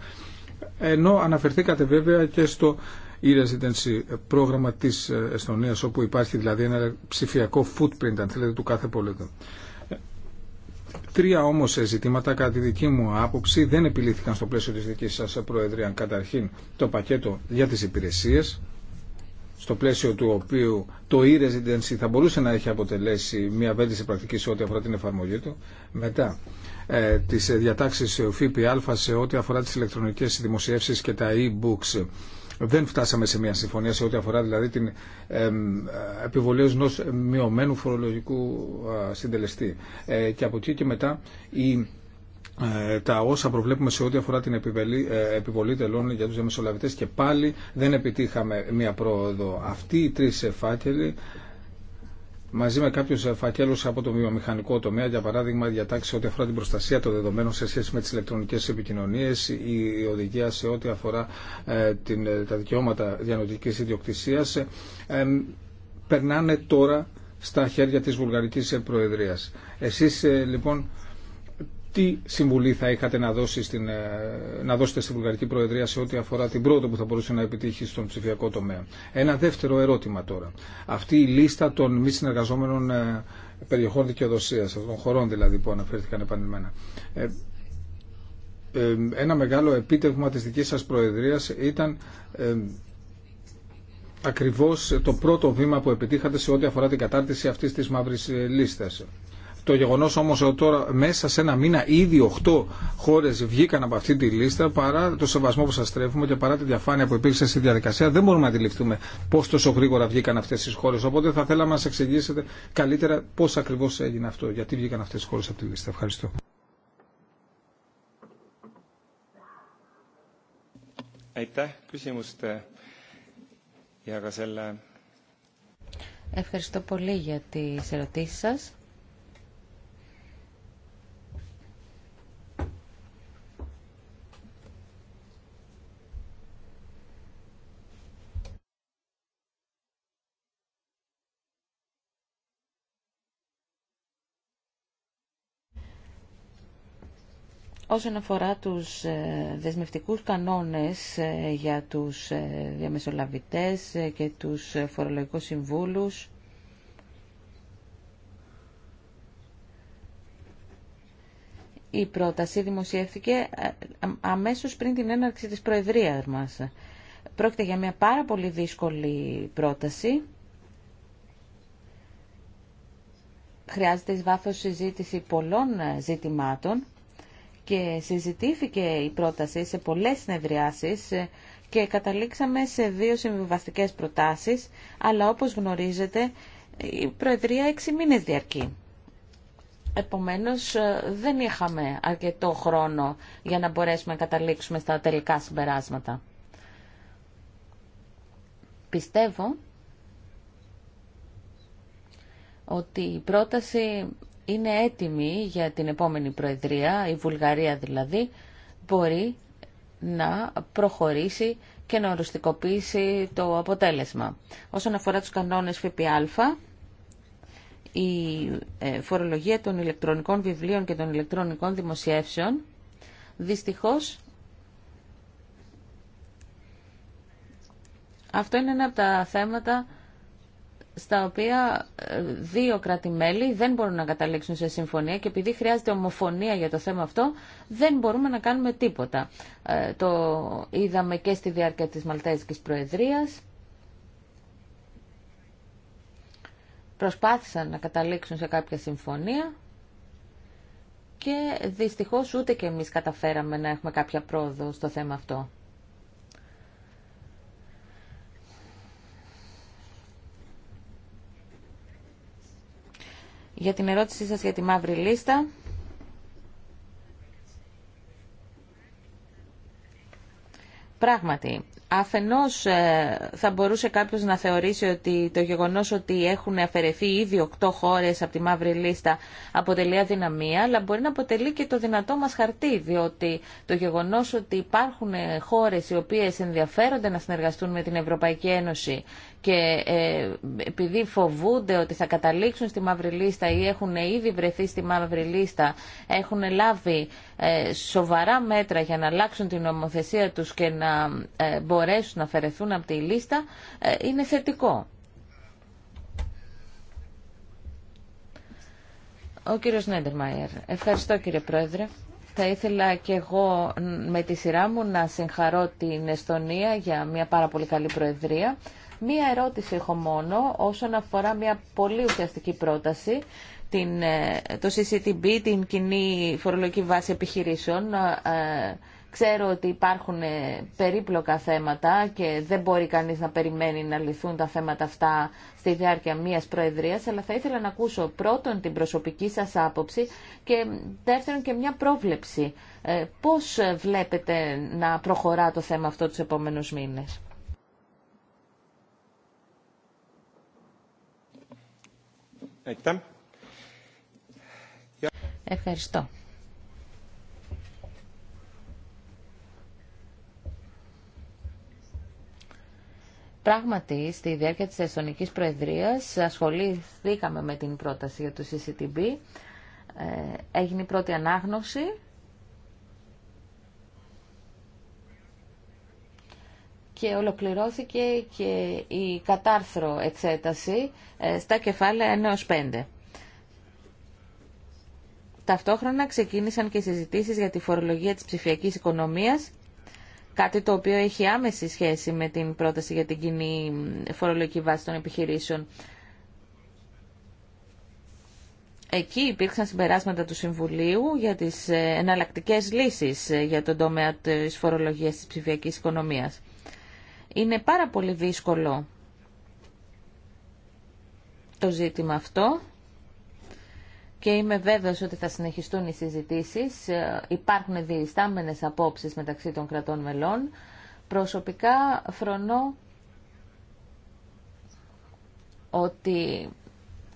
Ενώ αναφερθήκατε βέβαια και στο e-residency πρόγραμμα της Εστονίας, όπου υπάρχει δηλαδή ένα ψηφιακό footprint, αν θέλετε, του κάθε πολίτη. Τρία όμως ζητήματα κατά τη δική μου άποψη δεν επιλύθηκαν στο πλαίσιο της δικής σας Προεδρία. Καταρχήν το πακέτο για τις υπηρεσίες, στο πλαίσιο του οποίου το e-residency θα μπορούσε να έχει αποτελέσει μια βέλτιση πρακτική σε ό,τι αφορά την εφαρμογή του. Μετά, ε, τις διατάξεις ΦΠΑ σε ό,τι αφορά τι ηλεκτρονικέ δημοσιεύσει και τα e-books δεν φτάσαμε σε μια συμφωνία σε ό,τι αφορά δηλαδή την επιβολή ενό μειωμένου φορολογικού συντελεστή. Ε, και από εκεί και μετά η ε, τα όσα προβλέπουμε σε ό,τι αφορά την επιβολή, ε, επιβολή τελών για τους διαμεσολαβητές και πάλι δεν επιτύχαμε μία πρόοδο. Αυτοί οι τρεις φάκελοι μαζί με κάποιου φακέλου από το βιομηχανικό τομέα, για παράδειγμα, διατάξει ό,τι αφορά την προστασία των δεδομένων σε σχέση με τι ηλεκτρονικέ επικοινωνίε, η οδηγία σε ό,τι αφορά ε, την, ε, τα δικαιώματα διανοητική ιδιοκτησία, ε, περνάνε τώρα στα χέρια της Βουλγαρικής Προεδρίας. Εσείς λοιπόν τι συμβουλή θα είχατε να, δώσει στην, ε, να δώσετε στην Βουλγαρική Προεδρία σε ό,τι αφορά την πρώτη που θα μπορούσε να επιτύχει στον ψηφιακό τομέα. Ένα δεύτερο ερώτημα τώρα. Αυτή η λίστα των μη συνεργαζόμενων ε, περιοχών δικαιοδοσίας, των χωρών δηλαδή που αναφέρθηκαν επανειλημμένα. Ε, ένα μεγάλο επίτευγμα της δικής σας Προεδρίας ήταν ακριβώς το πρώτο βήμα που επιτύχατε σε ό,τι αφορά την κατάρτιση αυτής της μαύρης λίστας. Το γεγονός όμως ότι τώρα μέσα σε ένα μήνα ήδη 8 χώρες βγήκαν από αυτή τη λίστα παρά το σεβασμό που σας τρέφουμε και παρά τη διαφάνεια που υπήρξε στη διαδικασία δεν μπορούμε να αντιληφθούμε πώς τόσο γρήγορα βγήκαν αυτές τις χώρες. Οπότε θα θέλαμε να σας εξηγήσετε καλύτερα πώς ακριβώς έγινε αυτό, γιατί βγήκαν αυτές τις χώρες από τη λίστα. Ευχαριστώ. Ευχαριστώ πολύ για τις ερωτήσεις σας. Όσον αφορά τους ε, δεσμευτικούς κανόνες ε, για τους ε, διαμεσολαβητές και τους φορολογικούς συμβούλους, η πρόταση δημοσιεύθηκε αμέσως πριν την έναρξη της Προεδρίας μας. Πρόκειται για μια πάρα πολύ δύσκολη πρόταση. Χρειάζεται εις βάθος συζήτηση πολλών ζητημάτων και συζητήθηκε η πρόταση σε πολλές συνεδριάσεις και καταλήξαμε σε δύο συμβιβαστικές προτάσεις, αλλά όπως γνωρίζετε η Προεδρία έξι μήνες διαρκεί. Επομένως δεν είχαμε αρκετό χρόνο για να μπορέσουμε να καταλήξουμε στα τελικά συμπεράσματα. Πιστεύω ότι η πρόταση είναι έτοιμη για την επόμενη Προεδρία, η Βουλγαρία δηλαδή, μπορεί να προχωρήσει και να οριστικοποιήσει το αποτέλεσμα. Όσον αφορά τους κανόνες ΦΠΑ, η ε, φορολογία των ηλεκτρονικών βιβλίων και των ηλεκτρονικών δημοσιεύσεων δυστυχώς αυτό είναι ένα από τα θέματα στα οποία ε, δύο κράτη-μέλη δεν μπορούν να καταλήξουν σε συμφωνία και επειδή χρειάζεται ομοφωνία για το θέμα αυτό, δεν μπορούμε να κάνουμε τίποτα. Ε, το είδαμε και στη διάρκεια της Μαλτέζικης Προεδρίας. Προσπάθησαν να καταλήξουν σε κάποια συμφωνία και δυστυχώς ούτε και εμείς καταφέραμε να έχουμε κάποια πρόοδο στο θέμα αυτό. Για την ερώτησή σας για τη μαύρη λίστα. Πράγματι, αφενός ε, θα μπορούσε κάποιος να θεωρήσει ότι το γεγονός ότι έχουν αφαιρεθεί ήδη 8 χώρες από τη μαύρη λίστα αποτελεί αδυναμία, αλλά μπορεί να αποτελεί και το δυνατό μας χαρτί, διότι το γεγονός ότι υπάρχουν ε, χώρες οι οποίες ενδιαφέρονται να συνεργαστούν με την Ευρωπαϊκή Ένωση και ε, επειδή φοβούνται ότι θα καταλήξουν στη μαύρη λίστα ή έχουν ήδη βρεθεί στη μαύρη λίστα, έχουν λάβει ε, σοβαρά μέτρα για να αλλάξουν την νομοθεσία τους και να ε, μπορέσουν να αφαιρεθούν από τη λίστα, είναι θετικό. Ο κύριος Νέντερμαϊερ. Ευχαριστώ κύριε Πρόεδρε. Θα ήθελα και εγώ με τη σειρά μου να συγχαρώ την Εστονία για μια πάρα πολύ καλή προεδρία. Μία ερώτηση έχω μόνο όσον αφορά μια πολύ ουσιαστική πρόταση, την, ε, το CCTB, την κοινή φορολογική βάση επιχειρήσεων. Ε, ξέρω ότι υπάρχουν ε, περίπλοκα θέματα και δεν μπορεί κανείς να περιμένει να λυθούν τα θέματα αυτά στη διάρκεια μιας προεδρίας, αλλά θα ήθελα να ακούσω πρώτον την προσωπική σας άποψη και δεύτερον και μια πρόβλεψη. Πώς βλέπετε να προχωρά το θέμα αυτό τους επόμενους μήνες. Ευχαριστώ. Πράγματι, στη διάρκεια της Εστονικής Προεδρίας ασχολήθηκαμε με την πρόταση για το CCTB. Ε, έγινε η πρώτη ανάγνωση και ολοκληρώθηκε και η κατάρθρο εξέταση ε, στα κεφάλαια 1 5. Ταυτόχρονα ξεκίνησαν και συζητήσεις για τη φορολογία της ψηφιακής οικονομίας, κάτι το οποίο έχει άμεση σχέση με την πρόταση για την κοινή φορολογική βάση των επιχειρήσεων. Εκεί υπήρξαν συμπεράσματα του Συμβουλίου για τις ε, εναλλακτικές λύσεις ε, για τον τομέα της φορολογίας της ψηφιακής οικονομίας. Είναι πάρα πολύ δύσκολο το ζήτημα αυτό και είμαι βέβαιος ότι θα συνεχιστούν οι συζητήσεις. Ε, υπάρχουν διεστάμενες απόψεις μεταξύ των κρατών μελών. Προσωπικά φρονώ ότι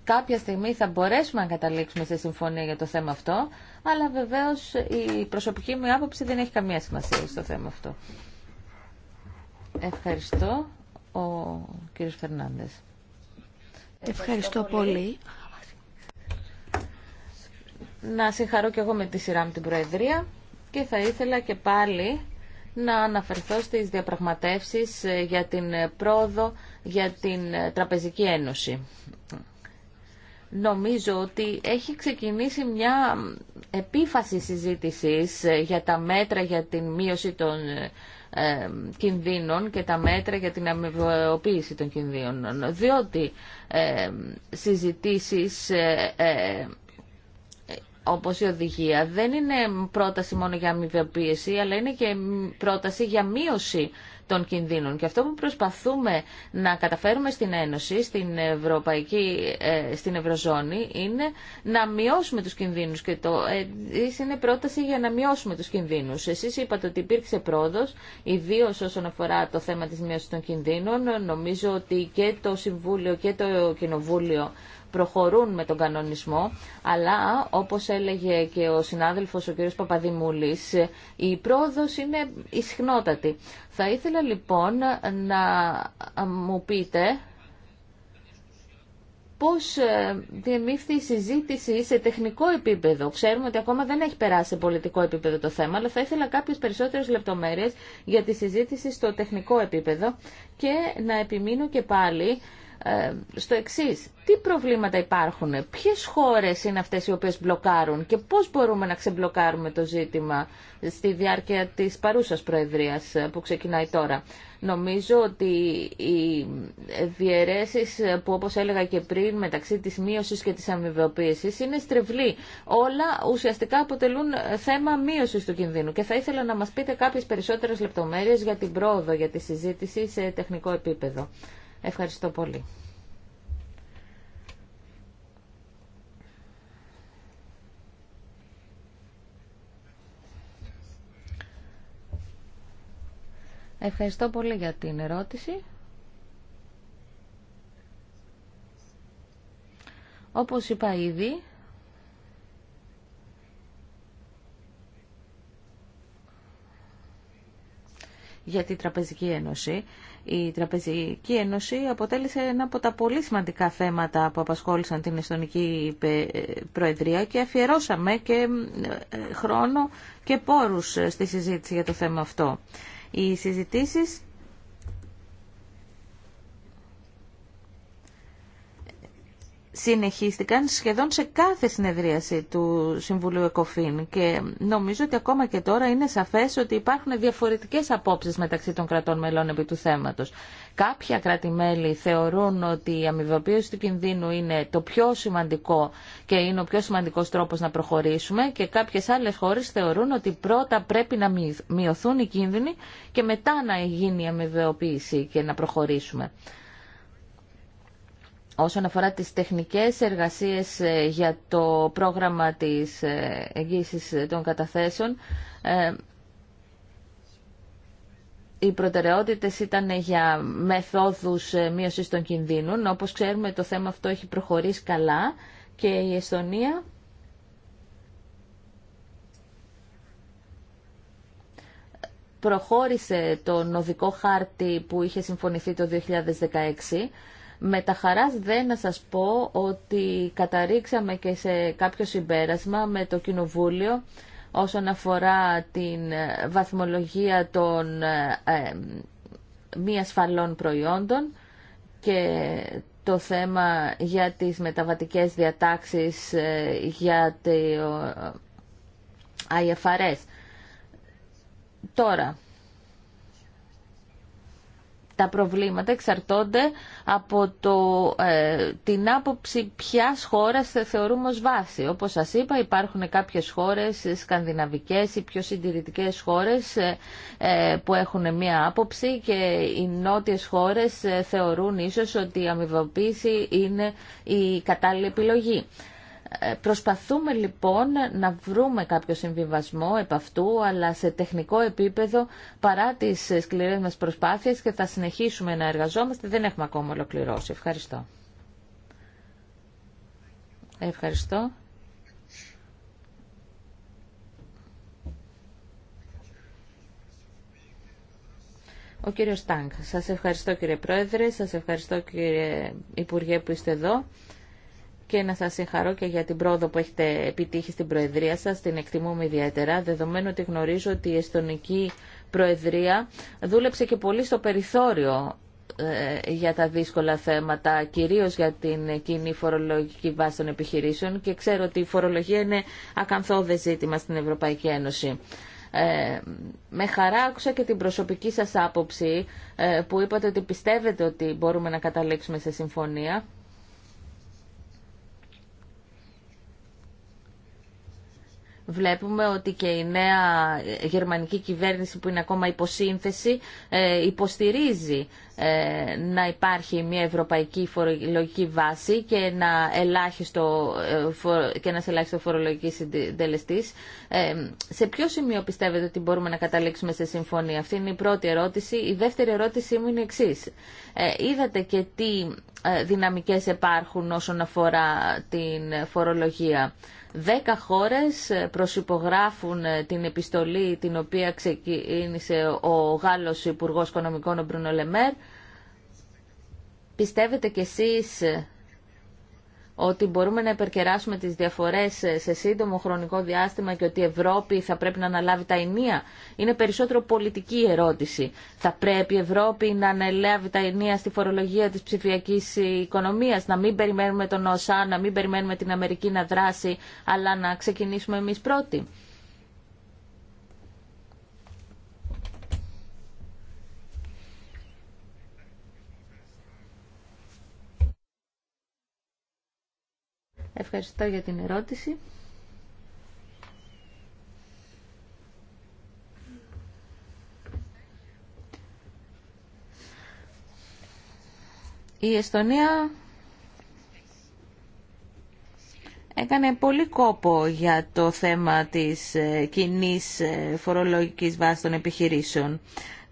κάποια στιγμή θα μπορέσουμε να καταλήξουμε σε συμφωνία για το θέμα αυτό, αλλά βεβαίως η προσωπική μου άποψη δεν έχει καμία σημασία στο θέμα αυτό. Ευχαριστώ, ο κύριος Φερνάνδες. Ευχαριστώ πολύ. Να συγχαρώ και εγώ με τη σειρά μου την Προεδρία και θα ήθελα και πάλι να αναφερθώ στις διαπραγματεύσεις ε, για την πρόοδο για την ε, Τραπεζική Ένωση. Νομίζω ότι έχει ξεκινήσει μια επίφαση συζήτησης ε, για τα μέτρα για την μείωση των κινδύνων και τα μέτρα για την αμοιβοποίηση των κινδύνων. Διότι συζητήσεις ε, ε, όπως η οδηγία δεν είναι πρόταση μόνο για αμοιβοποίηση αλλά είναι και πρόταση για μείωση των Και αυτό που προσπαθούμε να καταφέρουμε στην Ένωση, στην, Ευρωπαϊκή, ε, στην Ευρωζώνη, είναι να μειώσουμε τους κινδύνους. Και το ε, είναι πρόταση για να μειώσουμε τους κινδύνους. Εσείς είπατε ότι υπήρξε πρόοδος, ιδίω όσον αφορά το θέμα της μείωσης των κινδύνων. Νομίζω ότι και το Συμβούλιο και το Κοινοβούλιο προχωρούν με τον κανονισμό, αλλά όπως έλεγε και ο συνάδελφος ο κ. Παπαδημούλης, η πρόοδος είναι ισχνότατη. Θα ήθελα λοιπόν να μου πείτε πώς ε, διεμήφθη η συζήτηση σε τεχνικό επίπεδο. Ξέρουμε ότι ακόμα δεν έχει περάσει σε πολιτικό επίπεδο το θέμα, αλλά θα ήθελα κάποιες περισσότερες λεπτομέρειες για τη συζήτηση στο τεχνικό επίπεδο και να επιμείνω και πάλι ε, στο εξή. Τι προβλήματα υπάρχουν, ποιε χώρε είναι αυτέ οι οποίε μπλοκάρουν και πώ μπορούμε να ξεμπλοκάρουμε το ζήτημα στη διάρκεια τη παρούσα Προεδρία που ξεκινάει τώρα. Νομίζω ότι οι διαιρέσει που όπω έλεγα και πριν μεταξύ τη μείωση και τη αμοιβοποίηση είναι στρεβλή. Όλα ουσιαστικά αποτελούν θέμα μείωση του κινδύνου και θα ήθελα να μα πείτε κάποιε περισσότερε λεπτομέρειε για την πρόοδο για τη συζήτηση σε τεχνικό επίπεδο. Ευχαριστώ πολύ. Ευχαριστώ πολύ για την ερώτηση. Όπως είπα ήδη, για την Τραπεζική Ένωση η Τραπεζική Ένωση αποτέλεσε ένα από τα πολύ σημαντικά θέματα που απασχόλησαν την Εστονική Προεδρία και αφιερώσαμε και ε, χρόνο και πόρους ε, στη συζήτηση για το θέμα αυτό. Οι συνεχίστηκαν σχεδόν σε κάθε συνεδρίαση του Συμβουλίου ΕΚΟΦΗΝ και νομίζω ότι ακόμα και τώρα είναι σαφές ότι υπάρχουν διαφορετικές απόψεις μεταξύ των κρατών μελών επί του θέματος. Κάποια κράτη-μέλη θεωρούν ότι η αμοιβοποίηση του κινδύνου είναι το πιο σημαντικό και είναι ο πιο σημαντικός τρόπος να προχωρήσουμε και κάποιες άλλες χώρες θεωρούν ότι πρώτα πρέπει να μειωθούν οι κίνδυνοι και μετά να γίνει η αμοιβοποίηση και να προχωρήσουμε όσον αφορά τις τεχνικές εργασίες ε, για το πρόγραμμα της ε, εγγύησης των καταθέσεων, ε, οι προτεραιότητες ήταν για μεθόδους μείωσης των κινδύνων. Όπως ξέρουμε το θέμα αυτό έχει προχωρήσει καλά και η Εστονία προχώρησε τον οδικό χάρτη που είχε συμφωνηθεί το 2016 με τα χαράς δεν να σας πω ότι καταρρίξαμε και σε κάποιο συμπέρασμα με το Κοινοβούλιο όσον αφορά την βαθμολογία των ε, μη ασφαλών προϊόντων και το θέμα για τις μεταβατικές διατάξεις ε, για το ε, ε, IFRS. Τώρα, τα προβλήματα εξαρτώνται από το, ε, την άποψη ποια χώρα θεωρούμε ως βάση. Όπως σας είπα υπάρχουν κάποιες χώρες ε, σκανδιναβικές ή πιο συντηρητικές χώρες ε, που έχουν μία άποψη και οι νότιες χώρες θεωρούν ίσως ότι η αμοιβοποίηση είναι η κατάλληλη επιλογή. Ε, προσπαθούμε λοιπόν να βρούμε κάποιο συμβιβασμό επ' αυτού, αλλά σε τεχνικό επίπεδο, παρά τις σκληρές μας προσπάθειες και θα συνεχίσουμε να εργαζόμαστε, δεν έχουμε ακόμα ολοκληρώσει. Ευχαριστώ. Ευχαριστώ. Ο κύριος Τάγκ. Σας ευχαριστώ κύριε Πρόεδρε, σας ευχαριστώ κύριε Υπουργέ που είστε εδώ και να σας συγχαρώ και για την πρόοδο που έχετε επιτύχει στην Προεδρία σας. Την εκτιμούμε ιδιαίτερα, δεδομένου ότι γνωρίζω ότι η Εστονική Προεδρία δούλεψε και πολύ στο περιθώριο ε, για τα δύσκολα θέματα, κυρίως για την κοινή φορολογική βάση των επιχειρήσεων και ξέρω ότι η φορολογία είναι ακαθόδε ζήτημα στην Ευρωπαϊκή Ένωση. Ε, με χαρά άκουσα και την προσωπική σας άποψη ε, που είπατε ότι πιστεύετε ότι μπορούμε να καταλήξουμε σε συμφωνία βλέπουμε ότι και η νέα γερμανική κυβέρνηση που είναι ακόμα υποσύνθεση ε, υποστηρίζει ε, να υπάρχει μια ευρωπαϊκή φορολογική βάση και να ελάχιστο, ε, και ένας ελάχιστο φορολογική συντελεστής. σε ποιο σημείο πιστεύετε ότι μπορούμε να καταλήξουμε σε συμφωνία. Αυτή είναι η πρώτη ερώτηση. Η δεύτερη ερώτησή μου είναι εξή. είδατε και τι δυναμικές υπάρχουν όσον αφορά την φορολογία. Δέκα χώρες προσυπογράφουν ε, την επιστολή την οποία ξεκίνησε ο Γάλλος Υπουργός Οικονομικών ο Μπρουνολεμέρ. Πιστεύετε κι εσείς ότι μπορούμε να υπερκεράσουμε τις διαφορές σε σύντομο χρονικό διάστημα και ότι η Ευρώπη θα πρέπει να αναλάβει τα ενία. Είναι περισσότερο πολιτική ερώτηση. Θα πρέπει η Ευρώπη να αναλάβει τα ενία στη φορολογία της ψηφιακής οικονομίας, να μην περιμένουμε τον ΩΣΑ, να μην περιμένουμε την Αμερική να δράσει, αλλά να ξεκινήσουμε εμείς πρώτοι. Ευχαριστώ για την ερώτηση. Η Εστονία έκανε πολύ κόπο για το θέμα της ε, κοινή ε, φορολογικής βάσης των επιχειρήσεων.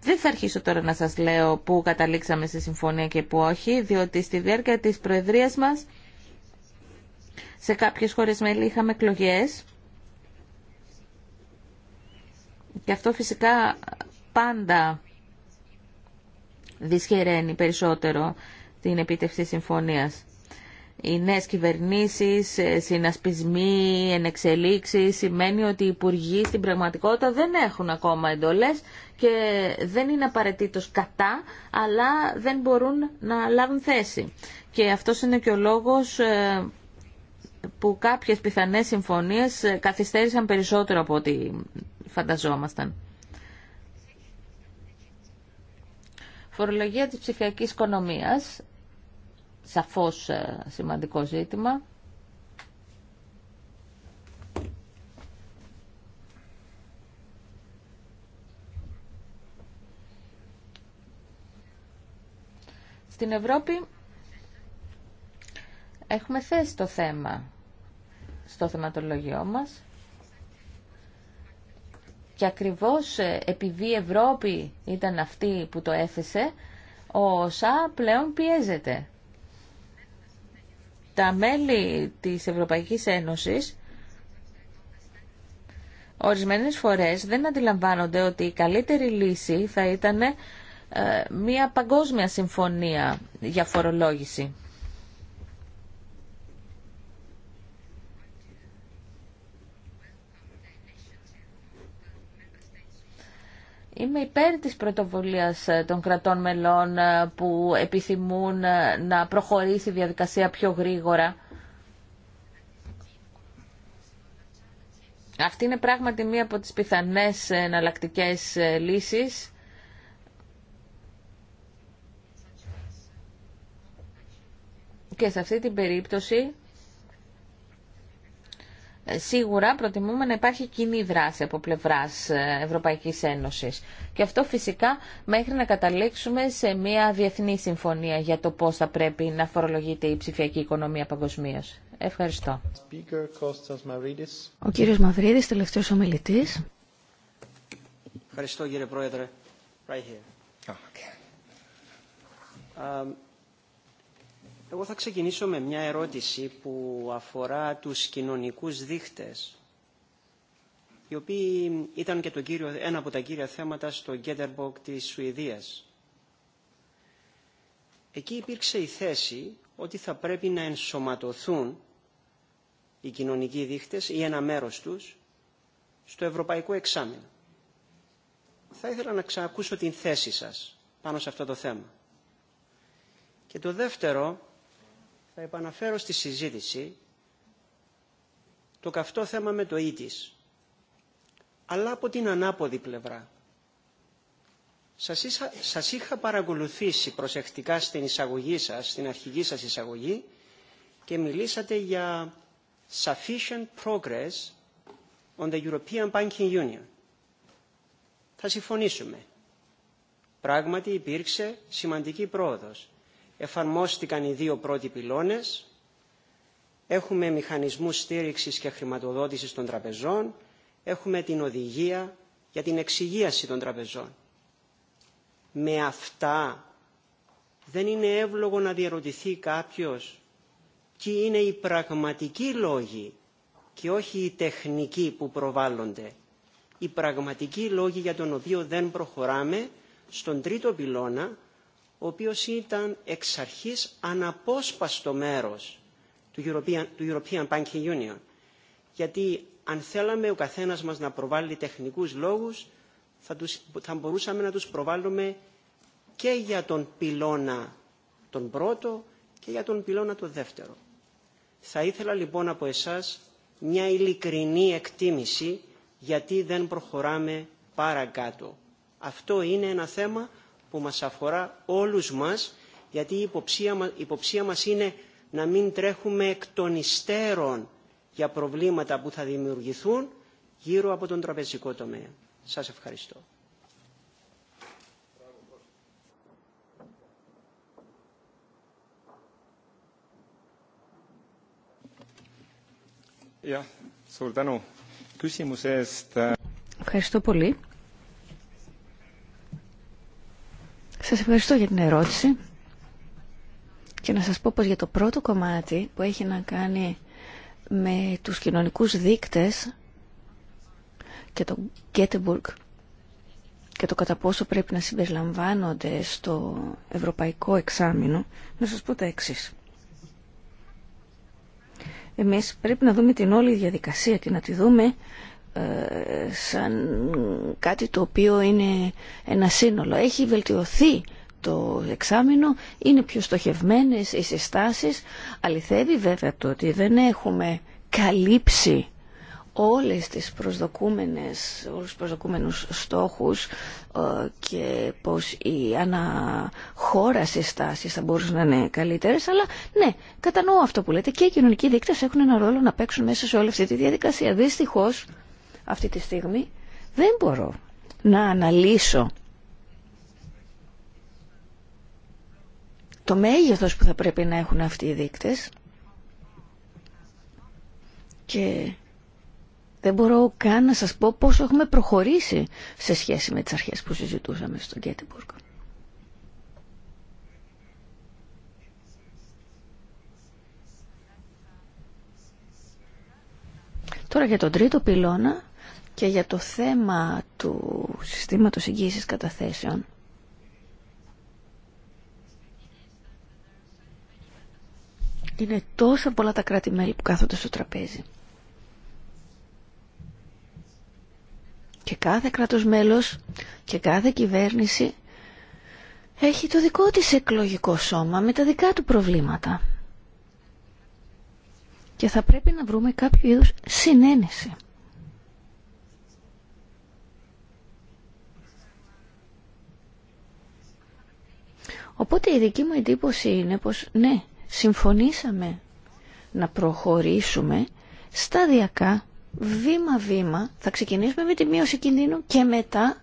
Δεν θα αρχίσω τώρα να σας λέω πού καταλήξαμε στη συμφωνία και πού όχι, διότι στη διάρκεια της Προεδρίας μας σε κάποιες χώρες μέλη είχαμε εκλογέ. Και αυτό φυσικά πάντα δυσχεραίνει περισσότερο την επίτευξη συμφωνίας. Οι νέες κυβερνήσεις, συνασπισμοί, ενεξελίξεις σημαίνει ότι οι υπουργοί στην πραγματικότητα δεν έχουν ακόμα εντολές και δεν είναι απαραίτητος κατά, αλλά δεν μπορούν να λάβουν θέση. Και αυτός είναι και ο λόγος ε, που κάποιες πιθανές συμφωνίες ε, καθυστέρησαν περισσότερο από ό,τι φανταζόμασταν. Φορολογία της ψηφιακής οικονομίας, σαφώς ε, σημαντικό ζήτημα. Στην Ευρώπη έχουμε θέσει το θέμα στο θεματολογιό μας και ακριβώς ε, επειδή η Ευρώπη ήταν αυτή που το έθεσε, ο ΣΑ πλέον πιέζεται. Τα μέλη της Ευρωπαϊκής Ένωσης ορισμένες φορές δεν αντιλαμβάνονται ότι η καλύτερη λύση θα ήταν ε, μια παγκόσμια συμφωνία για φορολόγηση. Είμαι υπέρ της πρωτοβουλίας ε, των κρατών μελών ε, που επιθυμούν ε, να προχωρήσει η διαδικασία πιο γρήγορα. Αυτή είναι πράγματι μία από τις πιθανές εναλλακτικέ λύσεις. Και σε αυτή την περίπτωση σίγουρα προτιμούμε να υπάρχει κοινή δράση από πλευράς ε, Ευρωπαϊκής Ένωσης. Και αυτό φυσικά μέχρι να καταλήξουμε σε μια διεθνή συμφωνία για το πώς θα πρέπει να φορολογείται η ψηφιακή οικονομία παγκοσμίω. Ευχαριστώ. Ο κύριος Μαυρίδης, τελευταίος ομιλητής. Ευχαριστώ κύριε Πρόεδρε. Right oh, um, εγώ θα ξεκινήσω με μια ερώτηση που αφορά τους κοινωνικούς δείχτες, οι οποίοι ήταν και το κύριο, ένα από τα κύρια θέματα στο Γκέντερμποκ της Σουηδίας. Εκεί υπήρξε η θέση ότι θα πρέπει να ενσωματωθούν οι κοινωνικοί δείχτες ή ένα μέρος τους στο ευρωπαϊκό εξάμεινο. Θα ήθελα να ξακούσω την θέση σας πάνω σε αυτό το θέμα. Και το δεύτερο θα επαναφέρω στη συζήτηση το καυτό θέμα με το ήτης. αλλά από την ανάποδη πλευρά. Σας είχα, παρακολουθήσει προσεκτικά στην εισαγωγή σας, στην αρχική σας εισαγωγή και μιλήσατε για sufficient progress on the European Banking Union. Θα συμφωνήσουμε. Πράγματι υπήρξε σημαντική πρόοδος εφαρμόστηκαν οι δύο πρώτοι πυλώνες. Έχουμε μηχανισμούς στήριξης και χρηματοδότησης των τραπεζών. Έχουμε την οδηγία για την εξυγίαση των τραπεζών. Με αυτά δεν είναι εύλογο να διαρωτηθεί κάποιος τι είναι οι πραγματικοί λόγοι και όχι οι τεχνικοί που προβάλλονται. Οι πραγματικοί λόγοι για τον οποίο δεν προχωράμε στον τρίτο πυλώνα ο οποίος ήταν εξ αρχής αναπόσπαστο μέρος του European, του European Banking Union. Γιατί αν θέλαμε ο καθένας μας να προβάλλει τεχνικούς λόγους, θα, θα μπορούσαμε να τους προβάλλουμε και για τον πυλώνα τον πρώτο και για τον πυλώνα τον δεύτερο. Θα ήθελα λοιπόν από εσάς μια ειλικρινή εκτίμηση γιατί δεν προχωράμε παρακάτω. Αυτό είναι ένα θέμα που μας αφορά όλους μας, γιατί η υποψία, μας είναι να μην τρέχουμε εκ των υστέρων για προβλήματα που θα δημιουργηθούν γύρω από τον τραπεζικό τομέα. Σας ευχαριστώ. Äh, ευχαριστώ πολύ. Σας ευχαριστώ για την ερώτηση και να σας πω πως για το πρώτο κομμάτι που έχει να κάνει με τους κοινωνικούς δείκτες και το Γκέτεμπουργκ και το κατά πόσο πρέπει να συμπεριλαμβάνονται στο ευρωπαϊκό εξάμεινο, να σας πω τα εξή. Εμείς πρέπει να δούμε την όλη διαδικασία και να τη δούμε ε, σαν κάτι το οποίο είναι ένα σύνολο. Έχει βελτιωθεί το εξάμεινο, είναι πιο στοχευμένες οι συστάσεις. Αληθεύει βέβαια το ότι δεν έχουμε καλύψει όλες τις προσδοκούμενες, όλους τους προσδοκούμενους στόχους ε, και πως η αναχώραση στάσεις θα μπορούσαν να είναι καλύτερες, αλλά ναι, κατανοώ αυτό που λέτε και οι κοινωνικοί δείκτες έχουν ένα ρόλο να παίξουν μέσα σε όλη αυτή τη διαδικασία. Δυστυχώς, αυτή τη στιγμή δεν μπορώ να αναλύσω το μέγεθος που θα πρέπει να έχουν αυτοί οι δείκτες και δεν μπορώ καν να σας πω πόσο έχουμε προχωρήσει σε σχέση με τις αρχές που συζητούσαμε στο Γκέτεμπουργκ. Τώρα για τον τρίτο πυλώνα και για το θέμα του συστήματος εγγύησης καταθέσεων, είναι τόσα πολλά τα κράτη-μέλη που κάθονται στο τραπέζι. Και κάθε κράτος μέλος και κάθε κυβέρνηση έχει το δικό της εκλογικό σώμα με τα δικά του προβλήματα. Και θα πρέπει να βρούμε κάποιο είδους συνένεση. Οπότε η δική μου εντύπωση είναι πως ναι, συμφωνήσαμε να προχωρήσουμε σταδιακά, βήμα-βήμα, θα ξεκινήσουμε με τη μείωση κινδύνου και μετά,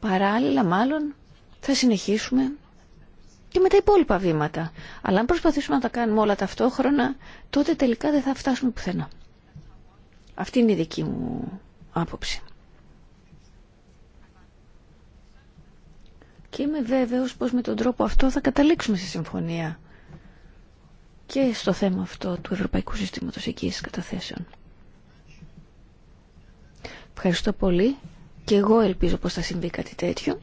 παράλληλα μάλλον, θα συνεχίσουμε και με τα υπόλοιπα βήματα. Αλλά αν προσπαθήσουμε να τα κάνουμε όλα ταυτόχρονα, τότε τελικά δεν θα φτάσουμε πουθενά. Αυτή είναι η δική μου άποψη. και είμαι βέβαιος πως με τον τρόπο αυτό θα καταλήξουμε σε συμφωνία και στο θέμα αυτό του Ευρωπαϊκού Συστήματος Εγγύησης Καταθέσεων. Ευχαριστώ πολύ και εγώ ελπίζω πως θα συμβεί κάτι τέτοιο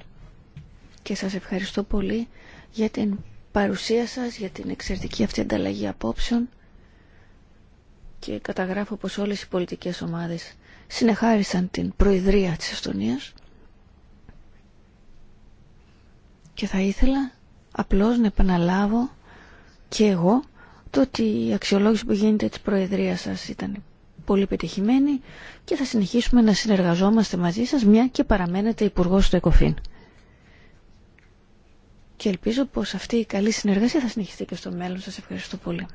και σας ευχαριστώ πολύ για την παρουσία σας, για την εξαιρετική αυτή ανταλλαγή απόψεων και καταγράφω πως όλες οι πολιτικές ομάδες συνεχάρισαν την Προεδρία της Εστονίας και θα ήθελα απλώς να επαναλάβω και εγώ το ότι η αξιολόγηση που γίνεται της Προεδρίας σας ήταν πολύ πετυχημένη και θα συνεχίσουμε να συνεργαζόμαστε μαζί σας μια και παραμένετε υπουργό του ΕΚΟΦΗΝ. Και ελπίζω πως αυτή η καλή συνεργασία θα συνεχιστεί και στο μέλλον. Σας ευχαριστώ πολύ.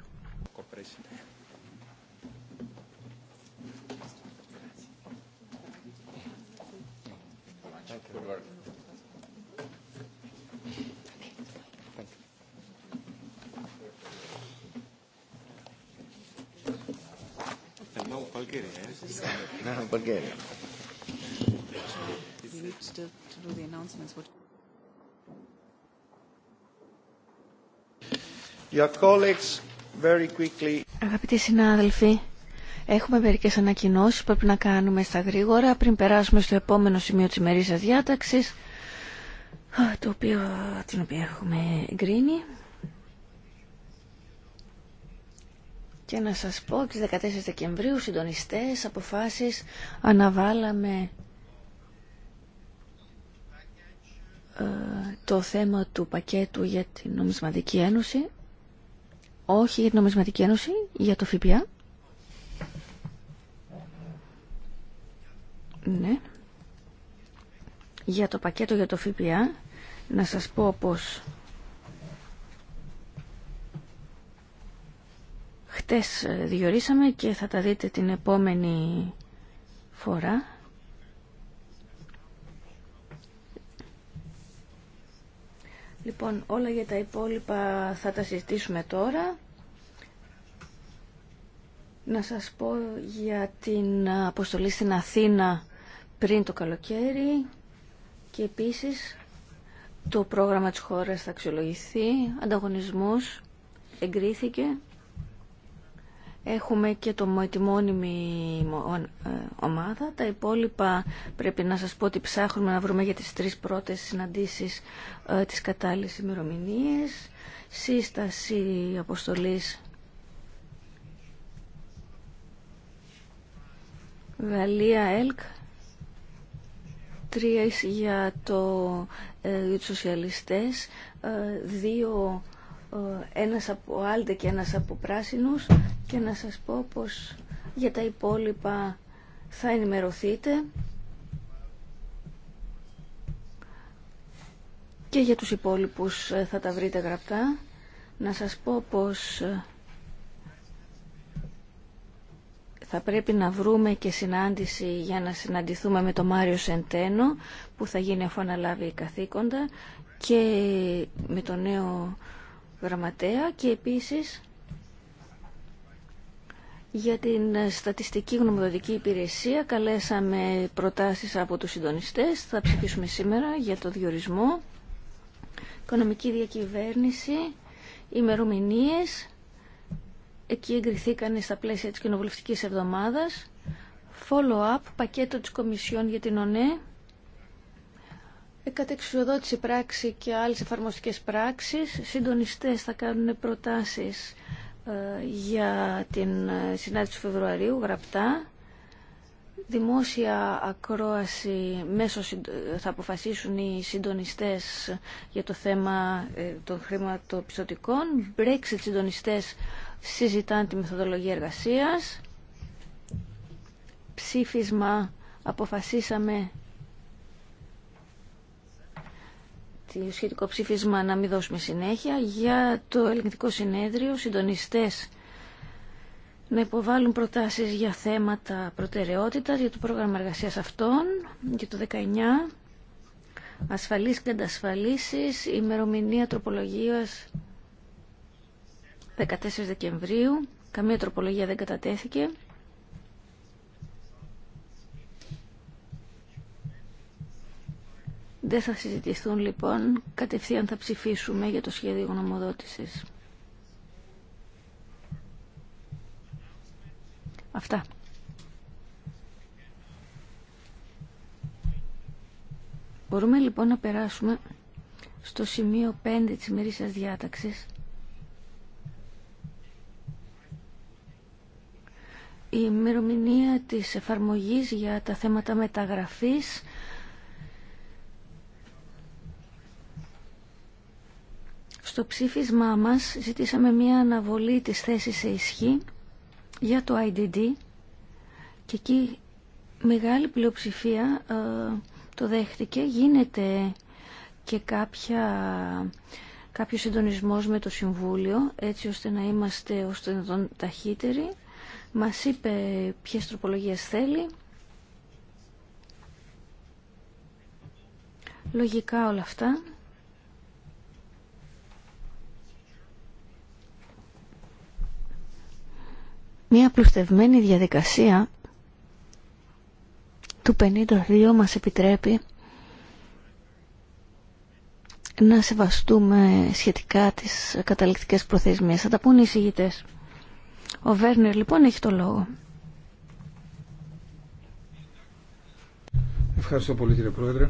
Αγαπητοί συνάδελφοι, έχουμε μερικέ ανακοινώσει που πρέπει να κάνουμε στα γρήγορα πριν περάσουμε στο επόμενο σημείο τη ημερήσια διάταξη, την οποία έχουμε εγκρίνει. Και να σας πω, τις 14 Δεκεμβρίου συντονιστές αποφάσεις αναβάλαμε ε, το θέμα του πακέτου για την νομισματική ένωση όχι για την νομισματική ένωση για το ΦΠΑ ναι για το πακέτο για το ΦΠΑ να σας πω πως Χτες ε, διορίσαμε και θα τα δείτε την επόμενη φορά. Λοιπόν, όλα για τα υπόλοιπα θα τα συζητήσουμε τώρα. Να σας πω για την αποστολή στην Αθήνα πριν το καλοκαίρι και επίσης το πρόγραμμα της χώρας θα αξιολογηθεί, ανταγωνισμός εγκρίθηκε Έχουμε και το, τη μόνιμη ε, ομάδα. Τα υπόλοιπα πρέπει να σας πω ότι ψάχνουμε να βρούμε για τις τρεις πρώτες συναντήσεις ε, τις κατάλληλες ημερομηνίε. Σύσταση αποστολής Γαλλία, ΕΛΚ. Τρία για, το, ε, για ε, δύο ε, ένας από Άλτε και ένας από Πράσινους και να σας πω πως για τα υπόλοιπα θα ενημερωθείτε και για τους υπόλοιπους ε, θα τα βρείτε γραπτά. Να σας πω πως ε, θα πρέπει να βρούμε και συνάντηση για να συναντηθούμε με τον Μάριο Σεντένο που θα γίνει αφού αναλάβει η καθήκοντα και με τον νέο γραμματέα και επίσης για την στατιστική γνωμοδοτική υπηρεσία καλέσαμε προτάσεις από τους συντονιστές. Θα ψηφίσουμε σήμερα για το διορισμό, οικονομική διακυβέρνηση, ημερομηνίες. Εκεί εγκριθήκαν στα πλαίσια της κοινοβουλευτικής εβδομάδας. Follow-up, πακέτο της Κομισιόν για την ΟΝΕ. Εκατεξιοδότηση πράξη και άλλες εφαρμοστικές πράξεις. Συντονιστές θα κάνουν προτάσεις ε, για την ε, συνάντηση του Φεβρουαρίου, γραπτά. Δημόσια ακρόαση μέσω θα αποφασίσουν οι συντονιστές για το θέμα ε, των χρηματοπιστωτικών. Brexit συντονιστές συζητάνε τη μεθοδολογία εργασίας. Ψήφισμα αποφασίσαμε το σχετικό ψήφισμα να μην δώσουμε συνέχεια. Για το ελεγκτικό συνέδριο, συντονιστές να υποβάλουν προτάσεις για θέματα προτεραιότητας για το πρόγραμμα εργασίας αυτών για το 19 ασφαλής και αντασφαλίσεις ημερομηνία τροπολογίας 14 Δεκεμβρίου καμία τροπολογία δεν κατατέθηκε Δεν θα συζητηθούν λοιπόν, κατευθείαν θα ψηφίσουμε για το σχέδιο γνωμοδότησης. Αυτά. Μπορούμε λοιπόν να περάσουμε στο σημείο 5 της ημερήσιας διάταξης. Η ημερομηνία της εφαρμογής για τα θέματα μεταγραφής Στο ψήφισμά μας ζητήσαμε μία αναβολή της θέσης σε ισχύ για το IDD και εκεί μεγάλη πλειοψηφία ε, το δέχτηκε. Γίνεται και κάποια, κάποιο συντονισμός με το Συμβούλιο έτσι ώστε να είμαστε ως τον ταχύτεροι. Μας είπε ποιες τροπολογίες θέλει. Λογικά όλα αυτά. μια πλουστευμένη διαδικασία του 52 μας επιτρέπει να σεβαστούμε σχετικά τις καταληκτικές προθεσμίες. Θα τα πούν οι εισηγητές. Ο Βέρνερ λοιπόν έχει το λόγο. Ευχαριστώ πολύ κύριε Πρόεδρε.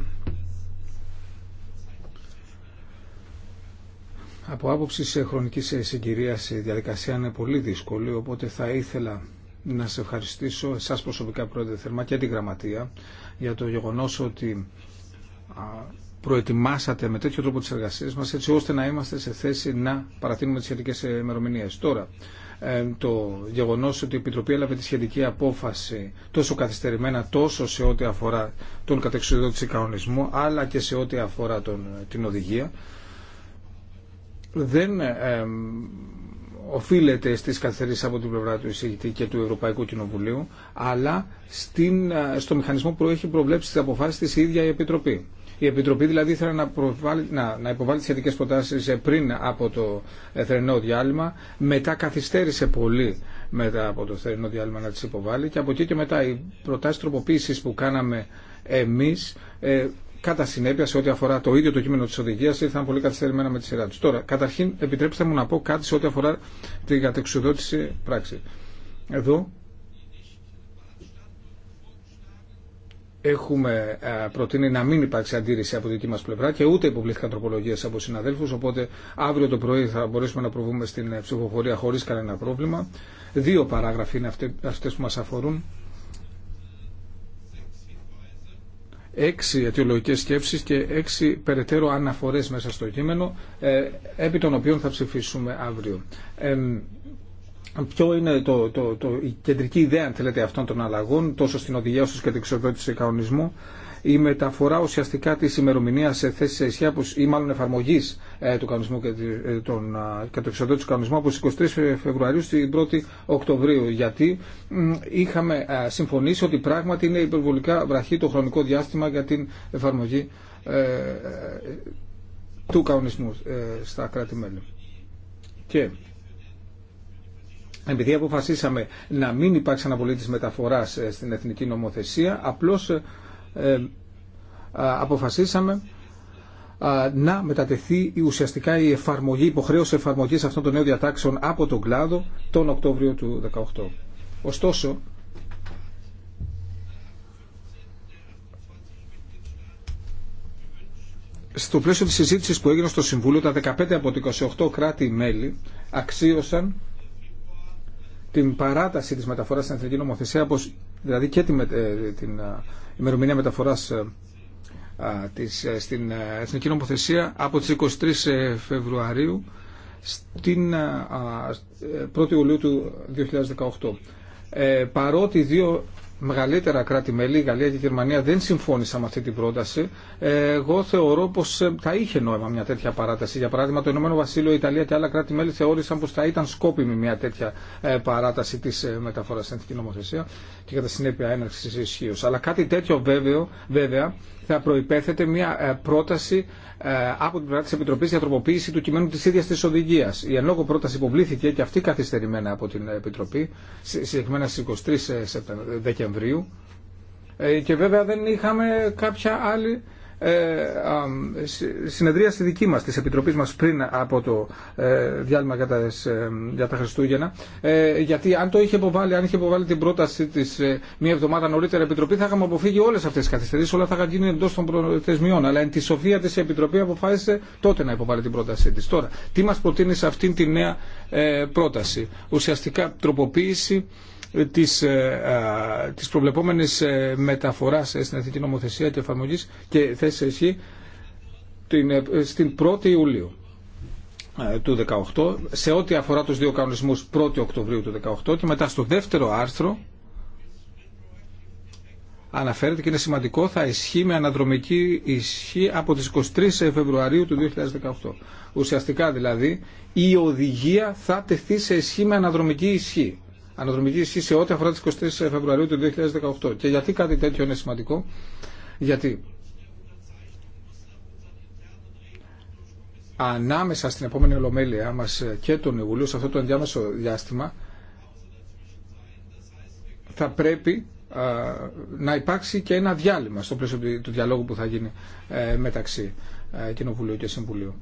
από άποψη σε χρονικής συγκυρία, η διαδικασία είναι πολύ δύσκολη, οπότε θα ήθελα να σε ευχαριστήσω εσάς προσωπικά πρόεδρε Θερμά και την Γραμματεία για το γεγονός ότι προετοιμάσατε με τέτοιο τρόπο τις εργασίες μας έτσι ώστε να είμαστε σε θέση να παρατείνουμε τις σχετικές ημερομηνίε. Τώρα, ε, το γεγονός ότι η Επιτροπή έλαβε τη σχετική απόφαση τόσο καθυστερημένα τόσο σε ό,τι αφορά τον κατεξοδότηση κανονισμού αλλά και σε ό,τι αφορά τον, την οδηγία δεν οφείλεται στις καθυστερήσεις από την πλευρά του εισηγητή και του Ευρωπαϊκού Κοινοβουλίου, αλλά στην, ε, στο μηχανισμό που έχει προβλέψει τις αποφάσεις της ίδια η Επιτροπή. Η Επιτροπή δηλαδή ήθελε να, να, να υποβάλει τι σχετικέ προτάσει ε, πριν από το ε, θερινό διάλειμμα. Μετά καθυστέρησε πολύ μετά από το θερινό διάλειμμα να τις υποβάλει. Και από εκεί και μετά οι προτάσει τροποποίησης που κάναμε εμείς ε, Κατά συνέπεια, σε ό,τι αφορά το ίδιο το κείμενο τη οδηγία, ήρθαν πολύ καθυστερημένα με τη σειρά του. Τώρα, καταρχήν, επιτρέψτε μου να πω κάτι σε ό,τι αφορά την κατεξουδότηση πράξη. Εδώ έχουμε ε, προτείνει να μην υπάρξει αντίρρηση από δική μα πλευρά και ούτε υποβλήθηκαν τροπολογίε από συναδέλφου. Οπότε αύριο το πρωί θα μπορέσουμε να προβούμε στην ψηφοφορία χωρί κανένα πρόβλημα. Δύο παράγραφοι είναι αυτέ που μα αφορούν. έξι αιτιολογικές σκέψεις και έξι περαιτέρω αναφορές μέσα στο κείμενο, ε, επί των οποίων θα ψηφίσουμε αύριο. Ποιο είναι το, το, το, η κεντρική ιδέα, αν θέλετε, αυτών των αλλαγών, τόσο στην οδηγία όσο και την εξοδότηση κανονισμού η μεταφορά ουσιαστικά τη ημερομηνία σε θέση σε ισχύ ή μάλλον εφαρμογή ε, του κανονισμού και ε, των κατεξοδότων του κανονισμού από τι 23 Φεβρουαρίου στην 1η Οκτωβρίου. Γιατί είχαμε συμφωνήσει ότι πράγματι είναι υπερβολικά βραχή το χρονικό διάστημα για την εφαρμογή ε, του κανονισμού στα κράτη-μέλη. Και επειδή αποφασίσαμε να μην υπάρξει αναβολή της μεταφοράς στην εθνική νομοθεσία, απλώς ε, αποφασίσαμε να μετατεθεί ουσιαστικά η εφαρμογή, υποχρέωση εφαρμογή αυτών των νέων διατάξεων από τον κλάδο τον Οκτώβριο του 2018. Ωστόσο, στο πλαίσιο της συζήτησης που έγινε στο Συμβούλιο, τα 15 από 28 κράτη-μέλη αξίωσαν την παράταση της μεταφοράς στην εθνική νομοθεσία δηλαδή και ε, την, ε, ημερομηνία μεταφοράς ε, της, στην Εθνική Νομοθεσία από τις 23 Φεβρουαρίου στην 1η Ιουλίου του 2018. Ε, παρότι δύο μεγαλύτερα κράτη-μέλη, η Γαλλία και η Γερμανία, δεν συμφώνησαν με αυτή την πρόταση, εγώ θεωρώ πω ε, θα είχε νόημα μια τέτοια παράταση. Για παράδειγμα, το Ηνωμένο Βασίλειο, η Ιταλία και άλλα κράτη-μέλη θεώρησαν πω θα ήταν σκόπιμη μια τέτοια ε, παράταση τη ε, μεταφορά στην εθνική νομοθεσία και κατά συνέπεια έναρξη ισχύω. Αλλά κάτι τέτοιο βέβαιο, βέβαια θα προπέθεται μια πρόταση ε, από την πλευρά τη Επιτροπή για τροποποίηση του κειμένου τη ίδια τη οδηγία. Η εν λόγω πρόταση υποβλήθηκε και αυτή καθυστερημένα από την Επιτροπή, συγκεκριμένα στι 23 ε, Δεκεμβρίου. Ε, και βέβαια δεν είχαμε κάποια άλλη ε, συνεδρία στη δική μας, της Επιτροπής μας πριν από το ε, διάλειμμα για τα ε, Χριστούγεννα γιατί αν το είχε υποβάλει, αν είχε υποβάλει την πρόταση της μία εβδομάδα νωρίτερα Επιτροπή θα είχαμε αποφύγει όλες αυτές τις καθυστερήσεις, όλα θα είχαν γίνει εντός των προθεσμιών αλλά εν τη σοφία της Επιτροπή αποφάσισε τότε να υποβάλει την πρότασή της. Τώρα, τι μας προτείνει σε αυτήν τη νέα πρόταση. Ουσιαστικά τροποποίηση της, ε, της προβλεπόμενης ε, μεταφοράς ε, στην Εθνική Νομοθεσία και εφαρμογής και θέση ισχύ στην 1η Ιουλίου του 18 σε ό,τι αφορά τους δύο κανονισμούς 1η Οκτωβρίου του 18 και μετά στο δεύτερο άρθρο αναφέρεται και είναι σημαντικό θα ισχύει με αναδρομική ισχύ από τις 23 Φεβρουαρίου του 2018. Ουσιαστικά δηλαδή η οδηγία θα τεθεί σε ισχύ με αναδρομική ισχύ αναδρομική ισχύ σε ό,τι αφορά τι 23 Φεβρουαρίου του 2018. Και γιατί κάτι τέτοιο είναι σημαντικό, γιατί ανάμεσα στην επόμενη ολομέλειά μας και τον Ιουλίου, σε αυτό το ενδιάμεσο διάστημα, θα πρέπει να υπάρξει και ένα διάλειμμα στο πλαίσιο του διαλόγου που θα γίνει ε, μεταξύ ε, Κοινοβουλίου και Συμβουλίου.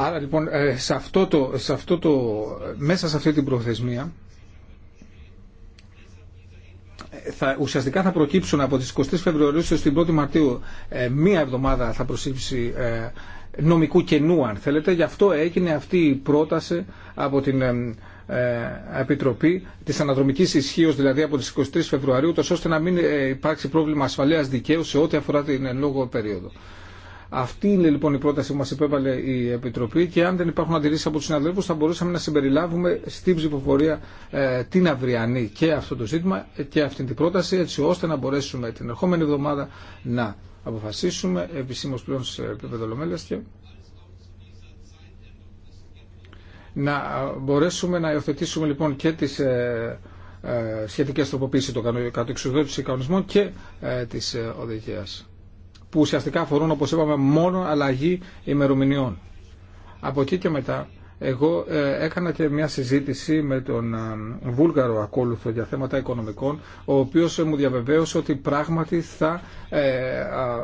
Άρα λοιπόν ε, σε αυτό το, σε αυτό το, μέσα σε αυτή την προθεσμία ε, θα, ουσιαστικά θα προκύψουν από τις 23 Φεβρουαρίου έως την 1η Μαρτίου ε, μία εβδομάδα θα προσύψει ε, νομικού κενού αν θέλετε γι' αυτό έγινε αυτή η πρόταση από την ε, ε Επιτροπή τη αναδρομική ισχύω, δηλαδή από τι 23 Φεβρουαρίου, ώστε να μην υπάρξει πρόβλημα ασφαλείας δικαίου σε ό,τι αφορά την λόγο περίοδο. Αυτή είναι λοιπόν η πρόταση που μα υπέβαλε η Επιτροπή και αν δεν υπάρχουν αντιρρήσει από του συναδέλφου θα μπορούσαμε να συμπεριλάβουμε στην ψηφοφορία ε, την αυριανή και αυτό το ζήτημα και αυτή την πρόταση έτσι ώστε να μπορέσουμε την ερχόμενη εβδομάδα να αποφασίσουμε επισήμω πλέον σε επίπεδο και να μπορέσουμε να υιοθετήσουμε λοιπόν και τι ε, ε, σχετικές τροποποίησεις των κατοξιδότησης και ε, της ε, οδηγίας που ουσιαστικά αφορούν, όπως είπαμε, μόνο αλλαγή ημερομηνιών. Από εκεί και μετά, εγώ ε, έκανα και μια συζήτηση με τον ε, Βούλγαρο ακόλουθο για θέματα οικονομικών, ο οποίος μου διαβεβαίωσε ότι πράγματι θα ε,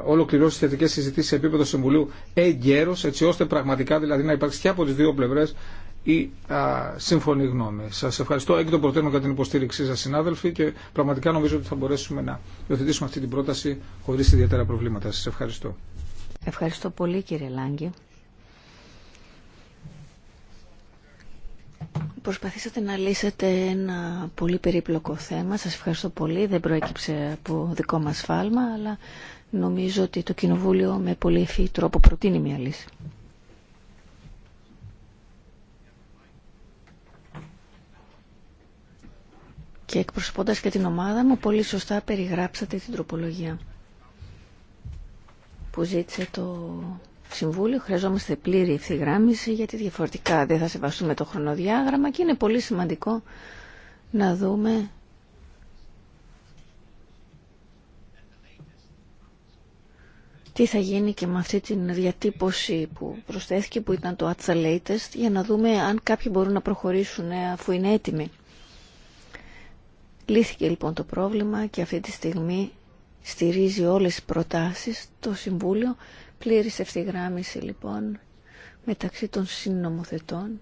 ολοκληρώσει θετικές συζητήσεις σε επίπεδο Συμβουλίου εγκαίρως, έτσι ώστε πραγματικά δηλαδή να υπάρξει και από τις δύο πλευρές η σύμφωνη γνώμη. Σα ευχαριστώ εκ των προτέρων για την υποστήριξή σα, συνάδελφοι, και πραγματικά νομίζω ότι θα μπορέσουμε να υιοθετήσουμε αυτή την πρόταση χωρί ιδιαίτερα προβλήματα. Σα ευχαριστώ. Ευχαριστώ πολύ, κύριε Λάγκη. Προσπαθήσατε να λύσετε ένα πολύ περίπλοκο θέμα. Σας ευχαριστώ πολύ. Δεν προέκυψε από δικό μας φάλμα, αλλά νομίζω ότι το Κοινοβούλιο με πολύ ευφύ τρόπο προτείνει μια λύση. και εκπροσωπώντας και την ομάδα μου πολύ σωστά περιγράψατε την τροπολογία που ζήτησε το Συμβούλιο. Χρειαζόμαστε πλήρη ευθυγράμμιση γιατί διαφορετικά δεν θα σεβαστούμε το χρονοδιάγραμμα και είναι πολύ σημαντικό να δούμε τι θα γίνει και με αυτή την διατύπωση που προσθέθηκε που ήταν το at the latest για να δούμε αν κάποιοι μπορούν να προχωρήσουν ε, αφού είναι έτοιμοι. Λύθηκε λοιπόν το πρόβλημα και αυτή τη στιγμή στηρίζει όλες τις προτάσεις το Συμβούλιο. Πλήρης ευθυγράμμιση λοιπόν μεταξύ των συνομοθετών.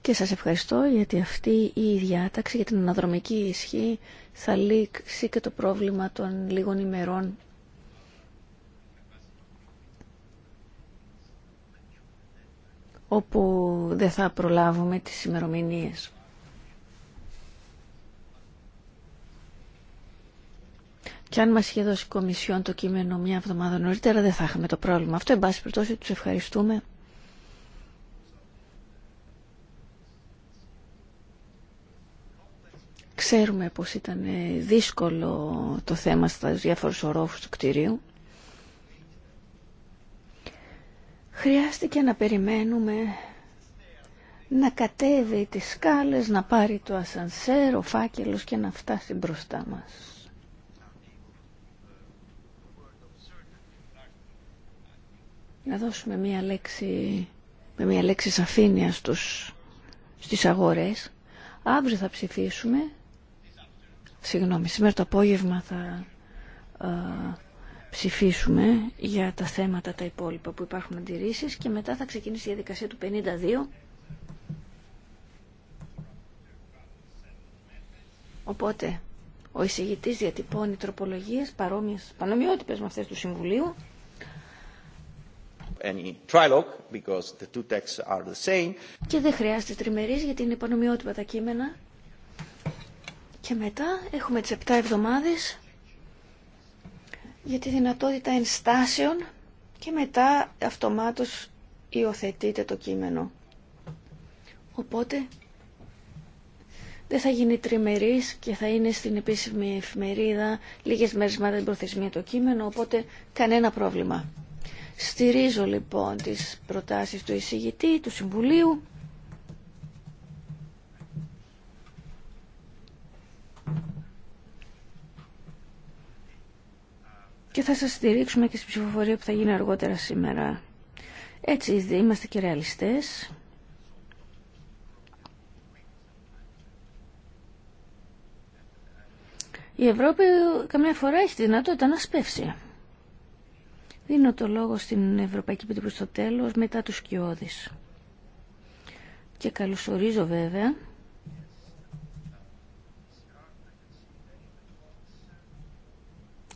Και σας ευχαριστώ γιατί αυτή η διάταξη για την αναδρομική ισχύ θα λήξει και το πρόβλημα των λίγων ημερών όπου δεν θα προλάβουμε τις ημερομηνίες. Και αν μα είχε δώσει η Κομισιόν το κείμενο μια εβδομάδα νωρίτερα δεν θα είχαμε το πρόβλημα. Αυτό εν πάση περιπτώσει του ευχαριστούμε. Ξέρουμε πως ήταν ε, δύσκολο το θέμα στα διάφορους ορόφους του κτηρίου. Χρειάστηκε να περιμένουμε να κατέβει τις σκάλες, να πάρει το ασανσέρ, ο φάκελος και να φτάσει μπροστά μας. να δώσουμε μία λέξη, με μία λέξη σαφήνεια στους, στις αγορές. Αύριο θα ψηφίσουμε. Συγγνώμη, σήμερα το απόγευμα θα ε, ψηφίσουμε για τα θέματα τα υπόλοιπα που υπάρχουν αντιρρήσει και μετά θα ξεκινήσει η διαδικασία του 52. Οπότε, ο εισηγητής διατυπώνει τροπολογίες παρόμοιες, πανομοιότυπες με αυτές του Συμβουλίου και δεν χρειάζεται τριμερίς γιατί είναι πανομοιότυπα τα κείμενα. Και μετά έχουμε τις 7 εβδομάδες για τη δυνατότητα ενστάσεων και μετά αυτομάτως υιοθετείται το κείμενο. Οπότε δεν θα γίνει τριμερής και θα είναι στην επίσημη εφημερίδα λίγες μέρες μετά την προθεσμία το κείμενο, οπότε κανένα πρόβλημα. Στηρίζω λοιπόν τις προτάσεις του εισηγητή, του Συμβουλίου. Και θα σας στηρίξουμε και στην ψηφοφορία που θα γίνει αργότερα σήμερα. Έτσι είμαστε και ρεαλιστές. Η Ευρώπη καμιά φορά έχει τη δυνατότητα να σπεύσει. Δίνω το λόγο στην Ευρωπαϊκή Επιτροπή στο τέλος, μετά τους Σκιώδης. Και καλωσορίζω βέβαια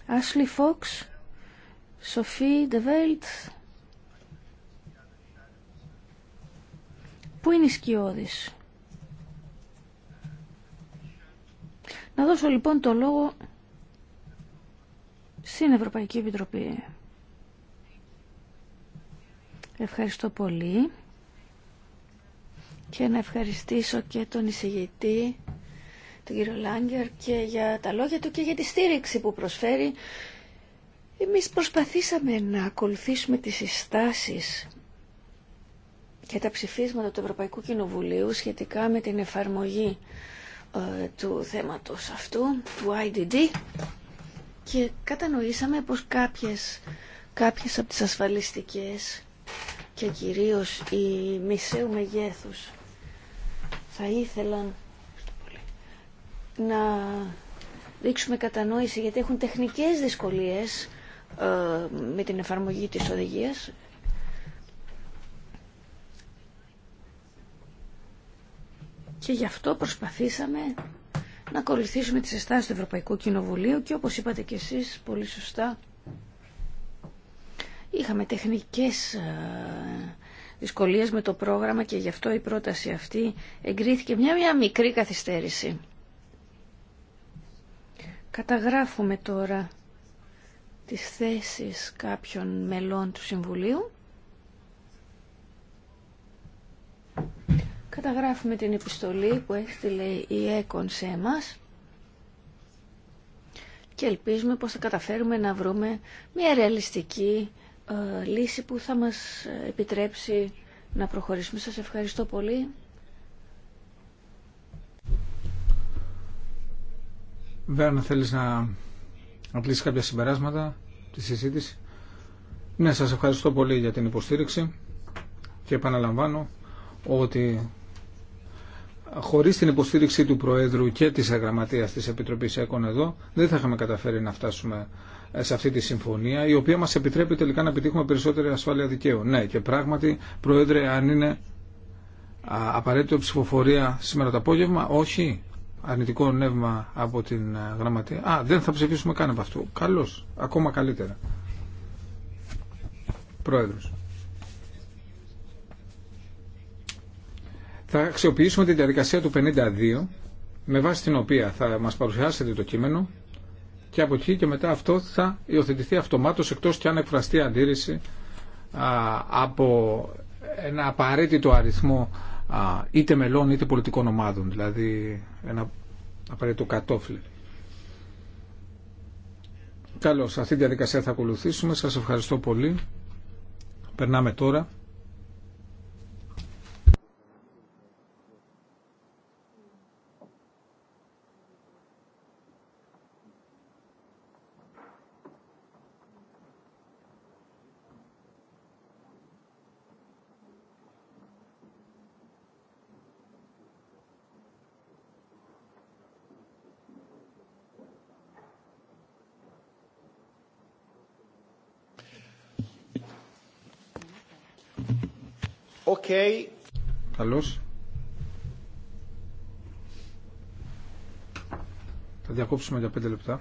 Ashley Fox, Sophie De Welt. Πού είναι οι Σκιώδης. Να δώσω λοιπόν το λόγο στην Ευρωπαϊκή Επιτροπή. Ευχαριστώ πολύ και να ευχαριστήσω και τον εισηγητή, τον κύριο Λάγκερ, και για τα λόγια του και για τη στήριξη που προσφέρει. Εμείς προσπαθήσαμε να ακολουθήσουμε τις συστάσεις και τα ψηφίσματα του Ευρωπαϊκού Κοινοβουλίου σχετικά με την εφαρμογή ε, του θέματος αυτού, του IDD, και κατανοήσαμε πως κάποιες, κάποιες από τις ασφαλιστικές και κυρίως οι μισέου μεγέθους θα ήθελαν να δείξουμε κατανόηση γιατί έχουν τεχνικές δυσκολίες ε, με την εφαρμογή της οδηγίας και γι' αυτό προσπαθήσαμε να ακολουθήσουμε τις αισθάνσεις του Ευρωπαϊκού Κοινοβουλίου και όπως είπατε και εσείς πολύ σωστά Είχαμε τεχνικές ε, δυσκολίες με το πρόγραμμα και γι' αυτό η πρόταση αυτή εγκρίθηκε μια, μια μικρή καθυστέρηση. Καταγράφουμε τώρα τις θέσεις κάποιων μελών του Συμβουλίου. Καταγράφουμε την επιστολή που έστειλε η ΕΚΟΝ σε εμάς και ελπίζουμε πως θα καταφέρουμε να βρούμε μια ρεαλιστική ε, λύση που θα μας επιτρέψει να προχωρήσουμε. Σας ευχαριστώ πολύ. Βέρνα, θέλεις να απλήσεις κάποια συμπεράσματα τη συζήτηση. Ναι, σας ευχαριστώ πολύ για την υποστήριξη και επαναλαμβάνω ότι χωρίς την υποστήριξη του Προέδρου και της Γραμματείας της Επιτροπής ΕΚΟΝ εδώ δεν θα είχαμε καταφέρει να φτάσουμε σε αυτή τη συμφωνία, η οποία μα επιτρέπει τελικά να επιτύχουμε περισσότερη ασφάλεια δικαίου. Ναι, και πράγματι, Πρόεδρε, αν είναι απαραίτητο ψηφοφορία σήμερα το απόγευμα, όχι. Αρνητικό νεύμα από την ε, γραμματεία. Α, δεν θα ψηφίσουμε καν από αυτού. Καλώ, ακόμα καλύτερα. Πρόεδρος. Θα αξιοποιήσουμε τη διαδικασία του 52, με βάση την οποία θα μας παρουσιάσετε το κείμενο και από εκεί και μετά αυτό θα υιοθετηθεί αυτομάτως εκτός και αν εκφραστεί αντίρρηση από ένα απαραίτητο αριθμό είτε μελών είτε πολιτικών ομάδων, δηλαδή ένα απαραίτητο κατόφλι. Καλώς, αυτή τη διαδικασία θα ακολουθήσουμε. Σας ευχαριστώ πολύ. Περνάμε τώρα Okay. Καλώς. Θα διακόψουμε για 5 λεπτά.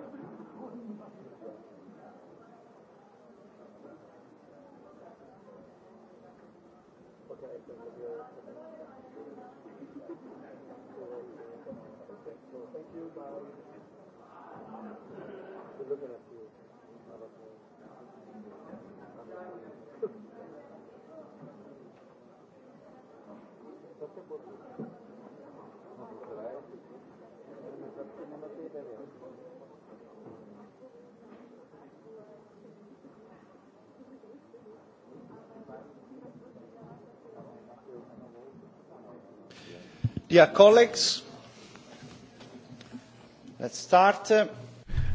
Dear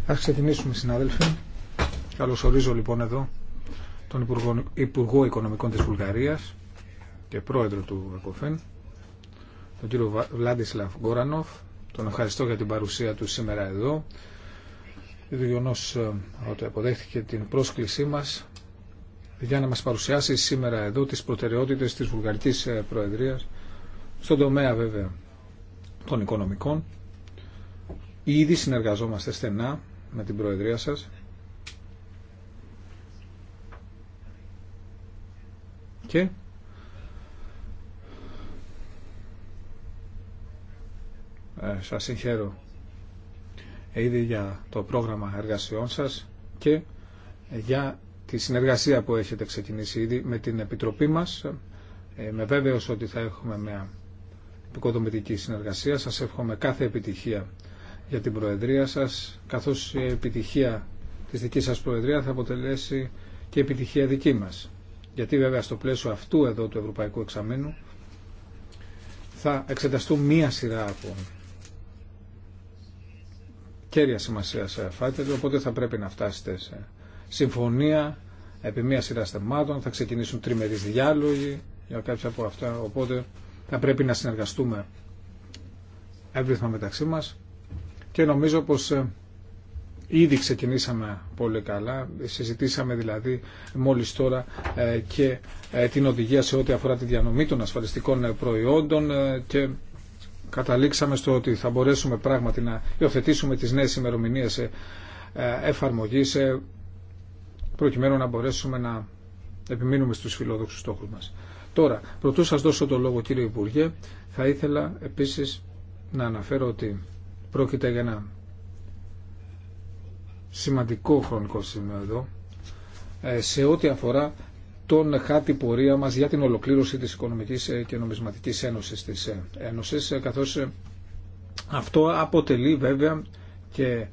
Ας ξεκινήσουμε συνάδελφοι. Καλωσορίζω λοιπόν εδώ τον Υπουργό, Οικονομικών της Βουλγαρίας και Πρόεδρο του ΕΚΟΦΕΝ, τον κύριο Βλάντισλαβ Γκόρανοφ. Τον ευχαριστώ για την παρουσία του σήμερα εδώ. Το Γιονός, ε, ότι αποδέχτηκε την πρόσκλησή μας για να μας παρουσιάσει σήμερα εδώ τις προτεραιότητες της Βουλγαρικής ε, Προεδρίας στον τομέα βέβαια των οικονομικών ήδη συνεργαζόμαστε στενά με την Προεδρία σας και ε, σας συγχαίρω ήδη για το πρόγραμμα εργασιών σας και για τη συνεργασία που έχετε ξεκινήσει ήδη με την Επιτροπή μας. με βέβαιος ότι θα έχουμε μια οικοδομητική συνεργασία. Σας εύχομαι κάθε επιτυχία για την Προεδρία σας, καθώς η επιτυχία της δικής σας Προεδρία θα αποτελέσει και επιτυχία δική μας. Γιατί βέβαια στο πλαίσιο αυτού εδώ του Ευρωπαϊκού Εξαμήνου θα εξεταστούν μία σειρά από κέρια σημασία σε φάκελο, οπότε θα πρέπει να φτάσετε σε συμφωνία επί μία σειρά θεμάτων, θα ξεκινήσουν τριμερείς διάλογοι για κάποια από αυτά, οπότε θα πρέπει να συνεργαστούμε εύρυθμα μεταξύ μας και νομίζω πως ε, ήδη ξεκινήσαμε πολύ καλά. Συζητήσαμε δηλαδή μόλις τώρα ε, και ε, την οδηγία σε ό,τι αφορά τη διανομή των ασφαλιστικών προϊόντων και καταλήξαμε στο ότι θα μπορέσουμε πράγματι να υιοθετήσουμε τις νέες ημερομηνίε εφαρμογής προκειμένου να μπορέσουμε να επιμείνουμε στους φιλόδοξους στόχους μας. Τώρα, πρωτού σας δώσω το λόγο κύριε Υπουργέ, θα ήθελα επίσης να αναφέρω ότι πρόκειται για ένα σημαντικό χρονικό σημείο εδώ, ε, σε ό,τι αφορά τον χάτη πορεία μας για την ολοκλήρωση της Οικονομικής ε, και Νομισματικής Ένωσης της ε, Ένωσης, καθώς αυτό αποτελεί βέβαια και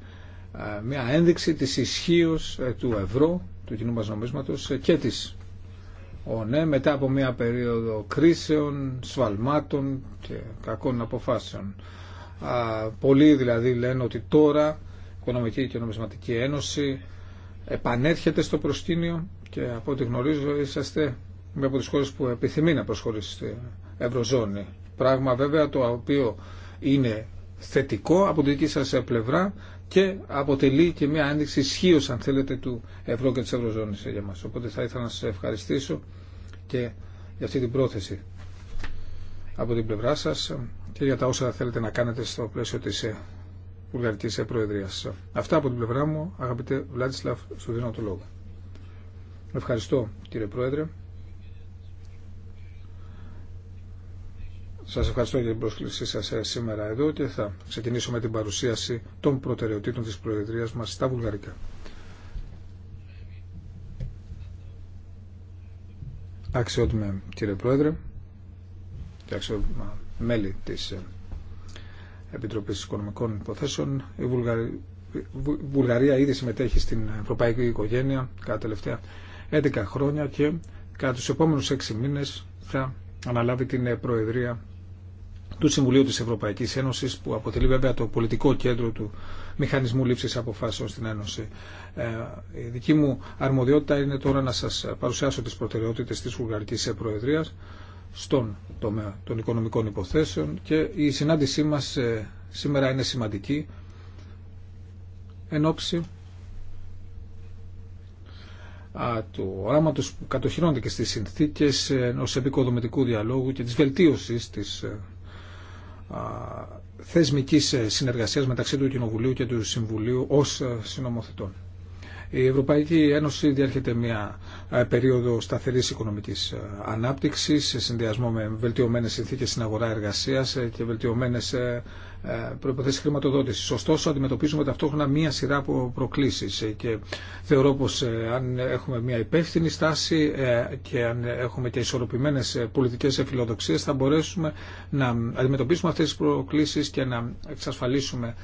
μια ένδειξη της ισχύω του ευρώ, του κοινού μας νομίσματος και της ναι, μετά από μια περίοδο κρίσεων, σφαλμάτων και κακών αποφάσεων. Πολλοί δηλαδή λένε ότι τώρα η Οικονομική και Νομισματική Ένωση επανέρχεται στο προσκήνιο και από ό,τι γνωρίζω είσαστε μία από τις χώρες που επιθυμεί να προσχωρήσει στην Ευρωζώνη. Πράγμα βέβαια το οποίο είναι θετικό από την δική σας πλευρά και αποτελεί και μια ένδειξη ισχύω, αν θέλετε, του ευρώ και τη ευρωζώνη για μα. Οπότε θα ήθελα να σα ευχαριστήσω και για αυτή την πρόθεση από την πλευρά σα και για τα όσα θέλετε να κάνετε στο πλαίσιο τη ε, Βουλγαρική ε, Προεδρία. Αυτά από την πλευρά μου, αγαπητέ Βλάτισλαφ, σου δίνω το λόγο. Ευχαριστώ, κύριε Πρόεδρε. Σας ευχαριστώ για την πρόσκλησή σας ε, σήμερα εδώ και θα ξεκινήσω με την παρουσίαση των προτεραιοτήτων της Προεδρίας μας στα βουλγαρικά. Αξιότιμε κύριε Πρόεδρε και αξιότιμα μέλη της ε, Επιτροπής Οικονομικών Υποθέσεων, η Βουλγαρία Βουλγαρία ήδη συμμετέχει στην ευρωπαϊκή οικογένεια κατά τελευταία 11 χρόνια και κατά τους επόμενους 6 μήνες θα αναλάβει την Προεδρία του Συμβουλίου της Ευρωπαϊκής Ένωσης που αποτελεί βέβαια το πολιτικό κέντρο του μηχανισμού λήψης αποφάσεων στην Ένωση. Ε, η δική μου αρμοδιότητα είναι τώρα να σας παρουσιάσω τις προτεραιότητες της Βουλγαρικής Προεδρίας στον τομέα των οικονομικών υποθέσεων και η συνάντησή μας ε, σήμερα είναι σημαντική εν ώψη του οράματος που κατοχυρώνεται και στις συνθήκες ενός επικοδομητικού διαλόγου και της βελτίωσης της ε, θεσμικής συνεργασίας μεταξύ του Κοινοβουλίου και του Συμβουλίου ως συνομοθετών. Η Ευρωπαϊκή Ένωση διέρχεται μια ε, περίοδο σταθερή οικονομική ε, ανάπτυξη σε συνδυασμό με βελτιωμένε συνθήκε στην αγορά εργασία ε, και βελτιωμένε προποθέσει χρηματοδότηση. Ωστόσο, αντιμετωπίζουμε ταυτόχρονα μία σειρά από προκλήσει και θεωρώ πω αν έχουμε μία υπεύθυνη στάση και αν έχουμε και ισορροπημένε πολιτικέ φιλοδοξίε, θα μπορέσουμε να αντιμετωπίσουμε αυτέ τι προκλήσει και να εξασφαλίσουμε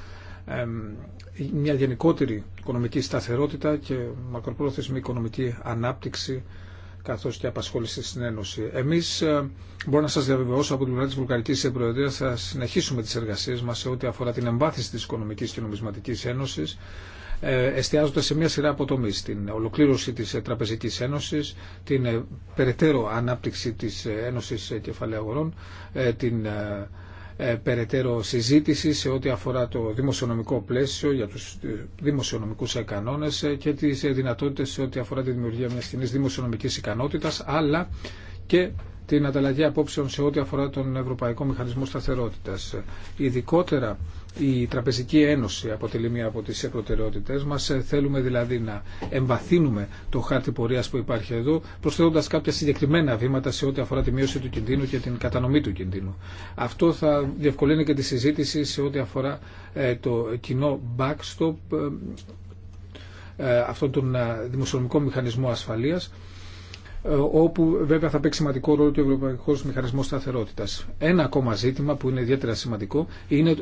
μια γενικότερη οικονομική σταθερότητα και μακροπρόθεσμη οικονομική ανάπτυξη καθώς και απασχόληση στην Ένωση. Εμείς ε, μπορώ να σας διαβεβαιώσω από την πλευρά της Βουλγαρικής Προεδρίας θα συνεχίσουμε τις εργασίες μας σε ό,τι αφορά την εμβάθυνση της Οικονομικής και Νομισματικής Ένωσης ε, εστιάζοντας σε μια σειρά από Την ολοκλήρωση της ε, Τραπεζικής Ένωσης, την περαιτέρω ανάπτυξη της Ένωσης Κεφαλαίου Αγορών, την ε, περαιτέρω συζήτηση σε ό,τι αφορά το δημοσιονομικό πλαίσιο για τους ε, δημοσιονομικούς κανόνες ε, και τις δυνατότητες σε ό,τι αφορά τη δημιουργία μιας κοινή δημοσιονομικής ικανότητας αλλά και την ανταλλαγή απόψεων σε ό,τι αφορά τον Ευρωπαϊκό Μηχανισμό Σταθερότητας. Ειδικότερα η Τραπεζική Ένωση αποτελεί μία από τις προτεραιότητε μας. Θέλουμε δηλαδή να εμβαθύνουμε το χάρτη πορείας που υπάρχει εδώ, προσθέτοντας κάποια συγκεκριμένα βήματα σε ό,τι αφορά τη μείωση του κινδύνου και την κατανομή του κινδύνου. Αυτό θα διευκολύνει και τη συζήτηση σε ό,τι αφορά ε, το κοινό backstop, ε, ε, αυτόν τον δημοσιονομικό μηχανισμό ασφαλείας, όπου βέβαια θα παίξει σημαντικό ρόλο και ο Ευρωπαϊκό Μηχανισμό Σταθερότητα. Ένα ακόμα ζήτημα που είναι ιδιαίτερα σημαντικό είναι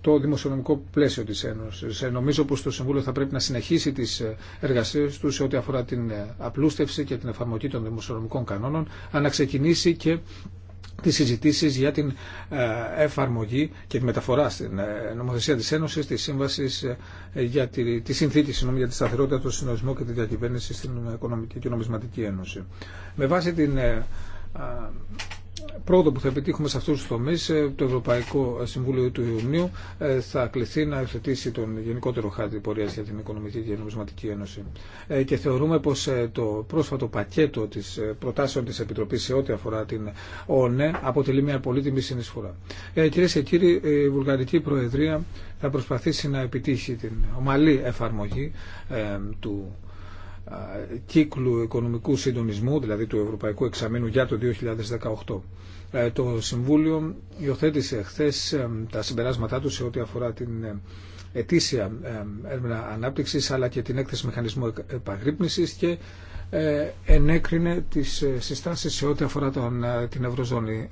το δημοσιονομικό πλαίσιο της Ένωσης. Ε, νομίζω πως το Συμβούλιο θα πρέπει να συνεχίσει τις ε, εργασίες του σε ό,τι αφορά την ε, απλούστευση και την εφαρμογή των δημοσιονομικών κανόνων, αλλά να ξεκινήσει και τις συζητήσεις για την εφαρμογή και τη μεταφορά στην νομοθεσία της Ένωσης, τη Σύμβασης, για τη, συνθήκη για τη σταθερότητα, τον συνοσμό και τη διακυβέρνηση στην Οικονομική και Νομισματική Ένωση. Με βάση την πρόοδο που θα επιτύχουμε σε αυτούς τους τομείς, ε, το Ευρωπαϊκό Συμβούλιο του Ιουνίου ε, θα κληθεί να υιοθετήσει τον γενικότερο χάρτη πορείας για την Οικονομική και Νομισματική Ένωση. Ε, και θεωρούμε πως το πρόσφατο πακέτο της προτάσεων της Επιτροπής σε ό,τι αφορά την ΟΝΕ αποτελεί μια πολύτιμη συνεισφορά. Κυρίε και κύριοι, η Βουλγαρική Προεδρία θα προσπαθήσει να επιτύχει την ομαλή εφαρμογή του κύκλου οικονομικού συντονισμού, δηλαδή του Ευρωπαϊκού Εξαμήνου για το 2018. Ε, το Συμβούλιο υιοθέτησε χθε ε, τα συμπεράσματά του σε ό,τι αφορά την ε, ετήσια έρευνα ανάπτυξης αλλά και την έκθεση μηχανισμού επαγρύπνησης και ενέκρινε τις συστάσεις σε ό,τι αφορά τον, την Ευρωζώνη.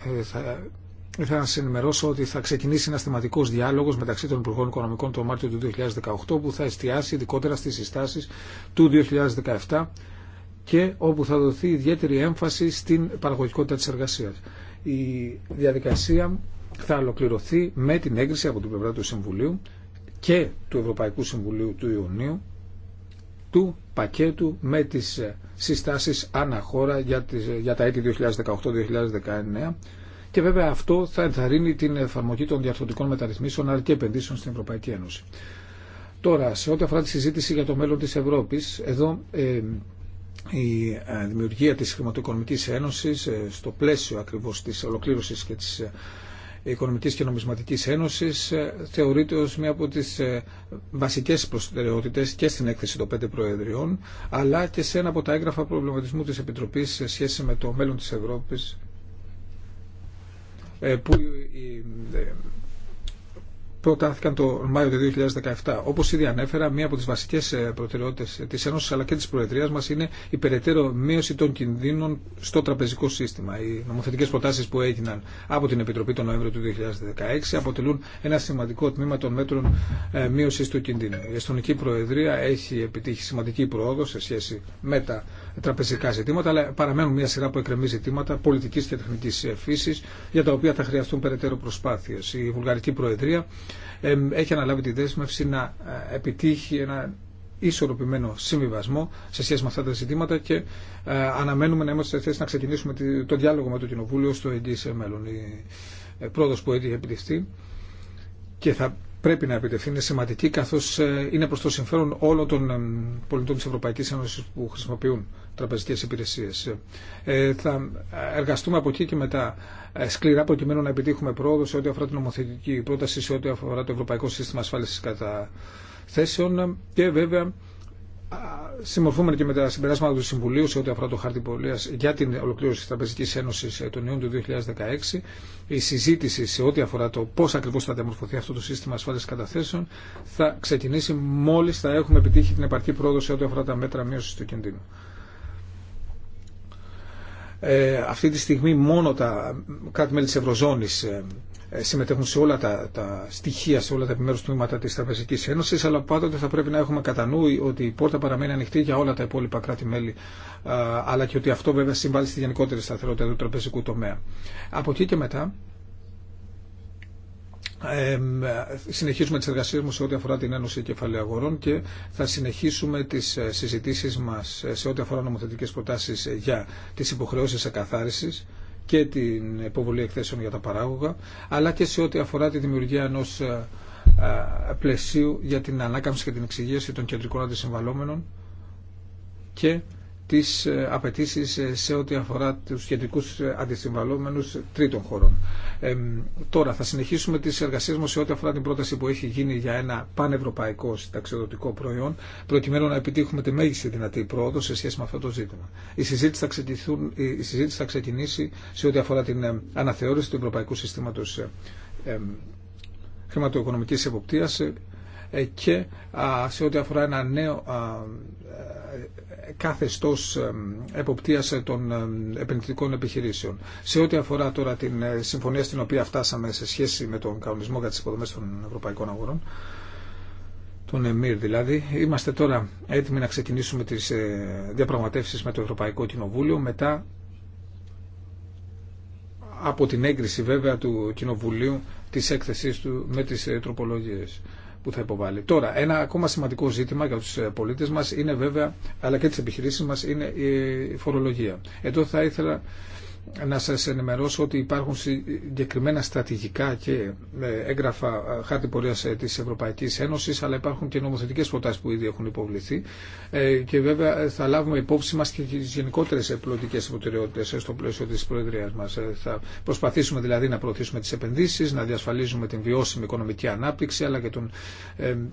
Ήθελα να σα ενημερώσω ότι θα ξεκινήσει ένα θεματικό διάλογο μεταξύ των Υπουργών Οικονομικών το Μάρτιο του 2018 που θα εστιάσει ειδικότερα στι συστάσει του 2017 και όπου θα δοθεί ιδιαίτερη έμφαση στην παραγωγικότητα τη εργασία. Η διαδικασία θα ολοκληρωθεί με την έγκριση από την πλευρά του Συμβουλίου και του Ευρωπαϊκού Συμβουλίου του Ιουνίου του πακέτου με τις συστάσεις αναχώρα για, για τα έτη 2018-2019 και βέβαια αυτό θα ενθαρρύνει την εφαρμογή των διαρθρωτικών μεταρρυθμίσεων αλλά και επενδύσεων στην Ευρωπαϊκή Ένωση. Τώρα, σε ό,τι αφορά τη συζήτηση για το μέλλον τη Ευρώπη, εδώ ε, η ε, δημιουργία της Χρηματοοικονομικής Ένωσης ε, στο πλαίσιο ακριβώς της ολοκλήρωσης και της ε, Οικονομικής και Νομισματικής Ένωσης θεωρείται ως μία από τις βασικές προτεραιότητες και στην έκθεση των πέντε προεδριών αλλά και σε ένα από τα έγγραφα προβληματισμού της Επιτροπής σε σχέση με το μέλλον της Ευρώπης ε, που ε, ε, προτάθηκαν τον Μάιο του 2017. Όπως ήδη ανέφερα, μία από τις βασικές προτεραιότητες της Ένωσης αλλά και της Προεδρίας μας είναι η περαιτέρω μείωση των κινδύνων στο τραπεζικό σύστημα. Οι νομοθετικές προτάσεις που έγιναν από την Επιτροπή τον Νοέμβριο του 2016 αποτελούν ένα σημαντικό τμήμα των μέτρων μείωση του κινδύνου. Η Εστονική Προεδρία έχει επιτύχει σημαντική πρόοδο σε σχέση με τα τραπεζικά ζητήματα, αλλά παραμένουν μια σειρά από εκκρεμή ζητήματα πολιτική και τεχνική ε, φύση, για τα οποία θα χρειαστούν περαιτέρω προσπάθειε. Η Βουλγαρική Προεδρία έχει αναλάβει τη δέσμευση να ε, επιτύχει ένα ισορροπημένο συμβιβασμό σε σχέση με αυτά τα ζητήματα και ε, αναμένουμε να είμαστε σε να ξεκινήσουμε το διάλογο με το Κοινοβούλιο στο εγγύη μέλλον. Η πρόοδο που έχει επιτευχθεί. και θα πρέπει να επιτευχθεί είναι σημαντική καθώς ε, είναι προς το συμφέρον όλων των ε, πολιτών της Ευρωπαϊκής Ένωσης που χρησιμοποιούν τραπεζικές υπηρεσίες. Ε, θα εργαστούμε από εκεί και μετά ε, σκληρά προκειμένου να επιτύχουμε πρόοδο σε ό,τι αφορά την νομοθετική πρόταση, σε ό,τι αφορά το Ευρωπαϊκό Σύστημα Ασφάλισης Καταθέσεων και βέβαια συμμορφούμενοι και με τα συμπεράσματα του Συμβουλίου σε ό,τι αφορά το χάρτη πορεία για την ολοκλήρωση τη Τραπεζική Ένωση ε, τον Ιούνιο του 2016, η συζήτηση σε ό,τι αφορά το πώ ακριβώ θα διαμορφωθεί αυτό το σύστημα ασφάλεια καταθέσεων θα ξεκινήσει μόλι θα έχουμε επιτύχει την επαρκή πρόοδο σε ό,τι αφορά τα μέτρα μείωση του κινδύνου. Ε, αυτή τη στιγμή μόνο τα κράτη-μέλη τη Ευρωζώνης ε, ε, συμμετέχουν σε όλα τα, τα στοιχεία, σε όλα τα επιμέρους τμήματα της Τραπεζικής Ένωσης, αλλά πάντοτε θα πρέπει να έχουμε κατά νου ότι η πόρτα παραμένει ανοιχτή για όλα τα υπόλοιπα κράτη-μέλη, αλλά και ότι αυτό βέβαια συμβάλλει στη γενικότερη σταθερότητα του τραπεζικού τομέα. Από εκεί και μετά, συνεχίζουμε τις εργασίες μας σε ό,τι αφορά την Ένωση Κεφαλαίου Αγορών και θα συνεχίσουμε τις ε, συζητήσεις μας σε ό,τι αφορά νομοθετικές προτάσεις για τις υποχρεώσεις εκαθάρισης και την υποβολή εκθέσεων για τα παράγωγα, αλλά και σε ό,τι αφορά τη δημιουργία ενός ε, ε, πλαισίου για την ανάκαμψη και την εξηγίαση των κεντρικών αντισυμβαλόμενων και τις ε, απαιτήσει ε, σε ό,τι αφορά τους σχετικούς ε, αντισυμβαλόμενους τρίτων χωρών. Ε, τώρα θα συνεχίσουμε τις εργασίες μας σε ό,τι αφορά την πρόταση που έχει γίνει για ένα πανευρωπαϊκό συνταξιοδοτικό προϊόν προκειμένου να επιτύχουμε τη μέγιστη δυνατή πρόοδο σε σχέση με αυτό το ζήτημα. Η συζήτηση θα, η συζήτηση θα ξεκινήσει σε ό,τι αφορά την αναθεώρηση του Ευρωπαϊκού Συστήματος ε, χρηματοοικονομικής εποπτείας ε, και σε ό,τι αφορά ένα νέο ε, καθεστώς ε, εποπτείας των επενδυτικών επιχειρήσεων. Σε ό,τι αφορά τώρα την συμφωνία στην οποία φτάσαμε σε σχέση με τον κανονισμό για τις υποδομές των ευρωπαϊκών αγορών, τον ΕΜΗΡ δηλαδή. Είμαστε τώρα έτοιμοι να ξεκινήσουμε τις διαπραγματεύσεις με το Ευρωπαϊκό Κοινοβούλιο μετά από την έγκριση βέβαια του Κοινοβουλίου της έκθεσής του με τις τροπολογίες που θα υποβάλει. Τώρα, ένα ακόμα σημαντικό ζήτημα για τους ε, πολίτες μας είναι βέβαια, αλλά και τις επιχειρήσεις μας, είναι η φορολογία. Εδώ θα ήθελα να σας ενημερώσω ότι υπάρχουν συγκεκριμένα στρατηγικά και ε, έγγραφα ε, χάρτη πορείας ε, της Ευρωπαϊκής Ένωσης αλλά υπάρχουν και νομοθετικές προτάσεις που ήδη έχουν υποβληθεί και βέβαια θα λάβουμε υπόψη μας και τις γενικότερες πολιτικές προτεραιότητες στο πλαίσιο της Προεδρίας μας. Θα προσπαθήσουμε δηλαδή να προωθήσουμε τις επενδύσεις, να διασφαλίζουμε την βιώσιμη οικονομική ανάπτυξη αλλά και τον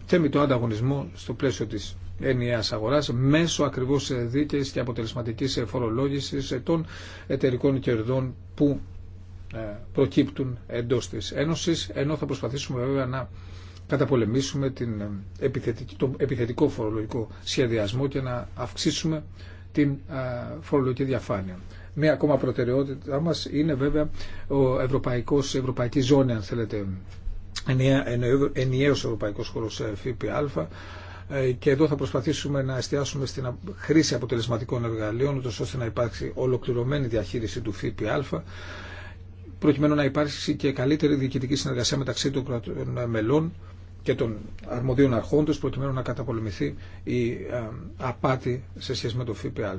θέμητο ανταγωνισμό στο πλαίσιο της ενιαίας αγοράς μέσω ακριβώς δίκαιη και αποτελεσματικής φορολόγηση των εταιρικών κερδών που ε, προκύπτουν εντό τη Ένωση, ενώ θα προσπαθήσουμε βέβαια να καταπολεμήσουμε την ε, τον επιθετικό φορολογικό σχεδιασμό και να αυξήσουμε την ε, φορολογική διαφάνεια. Μία ακόμα προτεραιότητά μας είναι βέβαια ο ευρωπαϊκός, ευρωπαϊκή ζώνη, αν θέλετε, ενιαίος ευρωπαϊκός χώρος ΦΠΑ, ε, και εδώ θα προσπαθήσουμε να εστιάσουμε στην χρήση αποτελεσματικών εργαλείων ώστε να υπάρξει ολοκληρωμένη διαχείριση του ΦΠΑ προκειμένου να υπάρξει και καλύτερη διοικητική συνεργασία μεταξύ των κρατών μελών και των αρμοδίων αρχών τους προκειμένου να καταπολεμηθεί η ε, απάτη σε σχέση με το ΦΠΑ.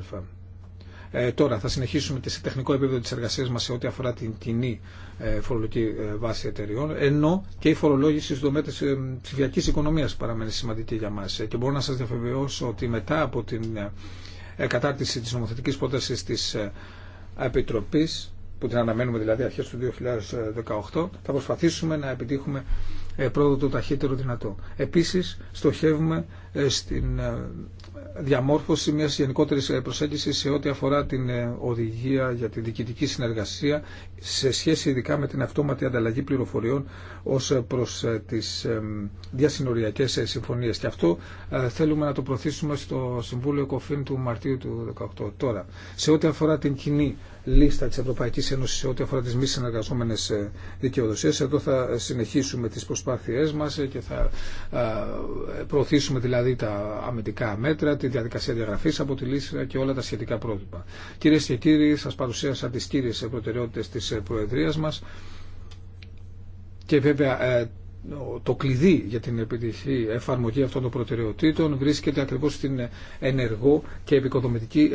Ε, τώρα θα συνεχίσουμε και σε τεχνικό επίπεδο τις εργασίες μας σε ό,τι αφορά την κοινή ε, φορολογική ε, βάση εταιριών, ενώ και η φορολόγηση στις δομές της ε, ψηφιακής οικονομίας παραμένει σημαντική για μας. Και μπορώ να σας διαβεβαιώσω ότι μετά από την κατάρτιση της νομοθετικής πρότασης της Επιτροπής, που την αναμένουμε δηλαδή αρχές του 2018, θα προσπαθήσουμε να επιτύχουμε πρόοδο το ταχύτερο δυνατό. Επίσης, στοχεύουμε στην διαμόρφωση μιας γενικότερης ε, προσέγγισης σε ό,τι αφορά την ε, οδηγία για τη διοικητική συνεργασία σε σχέση ειδικά με την αυτόματη ανταλλαγή πληροφοριών ως προς ε, τις διασυνοριακές συμφωνίες. Και αυτό θέλουμε να το προωθήσουμε στο Συμβούλιο Κοφίν του Μαρτίου του 2018. Τώρα, σε ό,τι αφορά την κοινή λίστα της Ευρωπαϊκής Ένωσης σε ό,τι αφορά τις μη συνεργαζόμενες ε, δικαιοδοσίες. Εδώ θα συνεχίσουμε τις προσπάθειές μας ε, και θα ε, προωθήσουμε δηλαδή τα αμυντικά μέτρα, τη διαδικασία διαγραφής από τη λίστα και όλα τα σχετικά πρότυπα. Κυρίες και κύριοι, σας παρουσίασα τις κύριες προτεραιότητες της Προεδρίας μας και βέβαια το κλειδί για την επιτυχή εφαρμογή αυτών των προτεραιοτήτων βρίσκεται ακριβώς στην ενεργό και επικοδομητική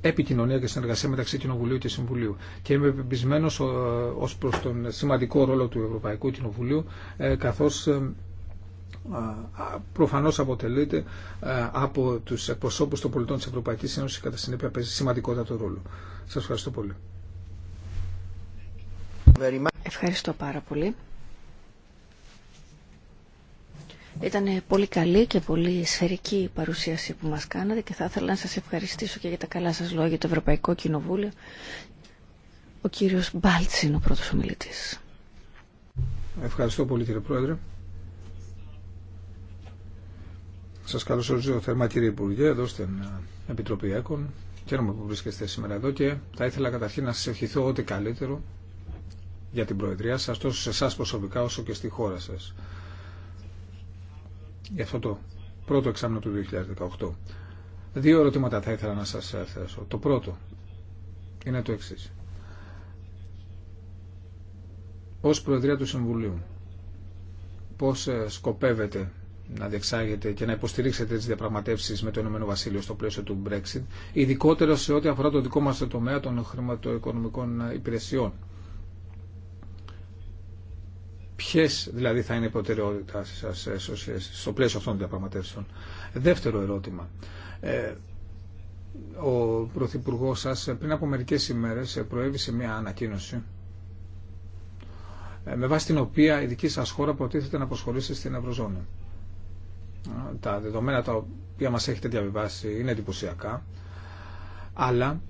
επικοινωνία και συνεργασία μεταξύ Κοινοβουλίου και Συμβουλίου. Και είμαι πεπισμένο ε, ω προ τον σημαντικό ρόλο του Ευρωπαϊκού Κοινοβουλίου, ε, καθώ ε, προφανώς αποτελείται από τους εκπροσώπους των πολιτών της Ευρωπαϊκής Ένωσης και κατά συνέπεια παίζει σημαντικότατο ρόλο. Σας ευχαριστώ πολύ. Ευχαριστώ πάρα πολύ. Ήταν πολύ καλή και πολύ σφαιρική η παρουσίαση που μας κάνατε και θα ήθελα να σας ευχαριστήσω και για τα καλά σας λόγια το Ευρωπαϊκό Κοινοβούλιο. Ο κύριος Μπάλτς είναι ο πρώτος ομιλητής. Ευχαριστώ πολύ κύριε Πρόεδρε. Σας καλωσορίζω θερμά κύριε Υπουργέ εδώ στην ε, Επιτροπή ΕΚΟΝ. Χαίρομαι που βρίσκεστε σήμερα εδώ και θα ήθελα καταρχήν να σας ευχηθώ ό,τι καλύτερο για την Προεδρία σας, τόσο σε εσά προσωπικά όσο και στη χώρα σας για αυτό το πρώτο εξάμεινο του 2018. Δύο ερωτήματα θα ήθελα να σας θέσω. Το πρώτο είναι το εξής. Ως Προεδρία του Συμβουλίου, πώς ε, σκοπεύετε να διεξάγετε και να υποστηρίξετε τις διαπραγματεύσεις με το Ηνωμένο Βασίλειο στο πλαίσιο του Brexit, ειδικότερα σε ό,τι αφορά το δικό μας τομέα των χρηματοοικονομικών ε, υπηρεσιών. Ποιε δηλαδή θα είναι οι προτεραιότητα σα ε, στο πλαίσιο αυτών των διαπραγματεύσεων. Δεύτερο ερώτημα. Ε, ο Πρωθυπουργό σα ε, πριν από μερικέ ημέρε προέβησε μια ανακοίνωση με βάση την οποία η δική σα χώρα προτίθεται να προσχωρήσει στην Ευρωζώνη. Τα δεδομένα τα οποία μα έχετε διαβιβάσει είναι εντυπωσιακά, αλλά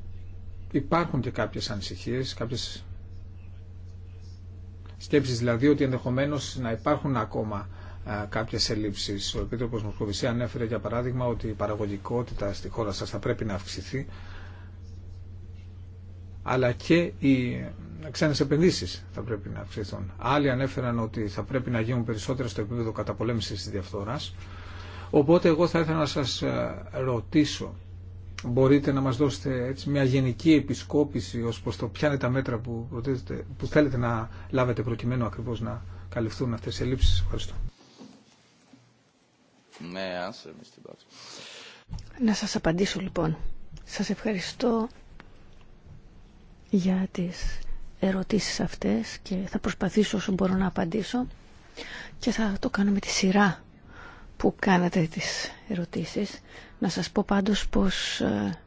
υπάρχουν και κάποιε ανησυχίε, κάποιε σκέψεις δηλαδή ότι ενδεχομένως να υπάρχουν ακόμα κάποιες ελλείψεις. Ο Επίτροπος Μοσχοβησία ανέφερε για παράδειγμα ότι η παραγωγικότητα στη χώρα σας θα πρέπει να αυξηθεί αλλά και οι ξένε επενδύσει θα πρέπει να αυξηθούν. Άλλοι ανέφεραν ότι θα πρέπει να γίνουν περισσότερα στο επίπεδο καταπολέμησης τη διαφθοράς. Οπότε εγώ θα ήθελα να σα ρωτήσω μπορείτε να μας δώσετε έτσι μια γενική επισκόπηση ως προς το ποια είναι τα μέτρα που, που θέλετε να λάβετε προκειμένου ακριβώς να καλυφθούν αυτές οι ελλείψεις. Ευχαριστώ. Να σας απαντήσω λοιπόν. Σας ευχαριστώ για τις ερωτήσεις αυτές και θα προσπαθήσω όσο μπορώ να απαντήσω και θα το κάνω με τη σειρά που κάνατε τις ερωτήσεις να σας πω πάντως πως ε,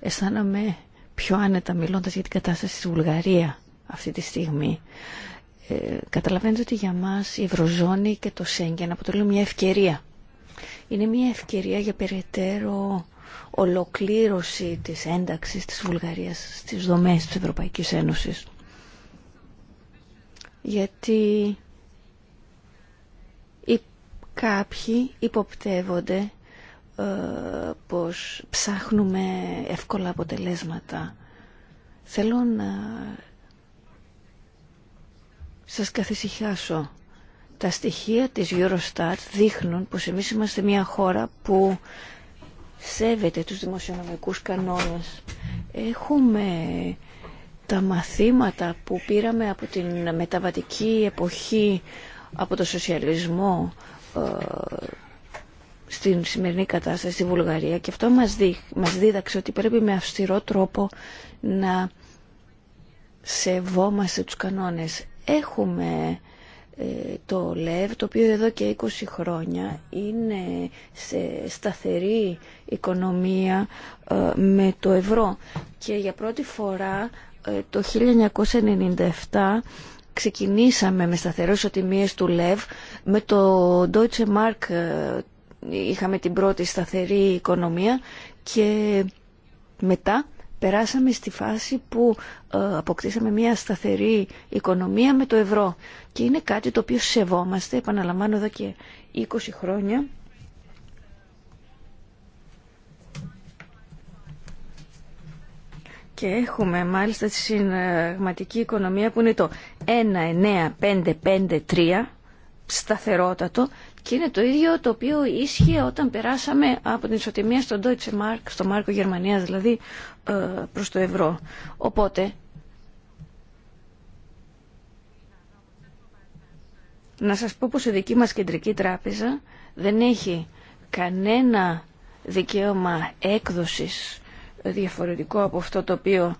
αισθάνομαι πιο άνετα μιλώντας για την κατάσταση στη Βουλγαρία αυτή τη στιγμή. Ε, καταλαβαίνετε ότι για μας η Ευρωζώνη και το Σέγγεν αποτελούν μια ευκαιρία. Είναι μια ευκαιρία για περαιτέρω ολοκλήρωση της ένταξης της Βουλγαρίας στις δομές της Ευρωπαϊκής Ένωσης. Γιατί κάποιοι υποπτεύονται ε, πως ψάχνουμε εύκολα αποτελέσματα. Θέλω να σας καθησυχάσω. Τα στοιχεία της Eurostat δείχνουν πως εμείς είμαστε μια χώρα που σέβεται τους δημοσιονομικούς κανόνες. Έχουμε τα μαθήματα που πήραμε από την μεταβατική εποχή, από το σοσιαλισμό, ε, στην σημερινή κατάσταση στη Βουλγαρία και αυτό μας, δί, μας δίδαξε ότι πρέπει με αυστηρό τρόπο να σεβόμαστε τους κανόνες. Έχουμε ε, το ΛΕΒ, το οποίο εδώ και 20 χρόνια είναι σε σταθερή οικονομία ε, με το ευρώ και για πρώτη φορά ε, το 1997 ξεκινήσαμε με σταθερές οτιμίες του ΛΕΒ με το Deutsche Mark είχαμε την πρώτη σταθερή οικονομία και μετά περάσαμε στη φάση που ε, αποκτήσαμε μια σταθερή οικονομία με το ευρώ. Και είναι κάτι το οποίο σεβόμαστε, επαναλαμβάνω εδώ και 20 χρόνια. Και έχουμε μάλιστα τη συναγματική οικονομία που είναι το 1,9553, σταθερότατο, και είναι το ίδιο το οποίο ίσχυε όταν περάσαμε από την ισοτιμία στο Deutsche Mark, στο Μάρκο Γερμανία, δηλαδή, ε, προ το ευρώ. Οπότε, να σας πω πως η δική μας κεντρική τράπεζα δεν έχει κανένα δικαίωμα έκδοσης διαφορετικό από αυτό το οποίο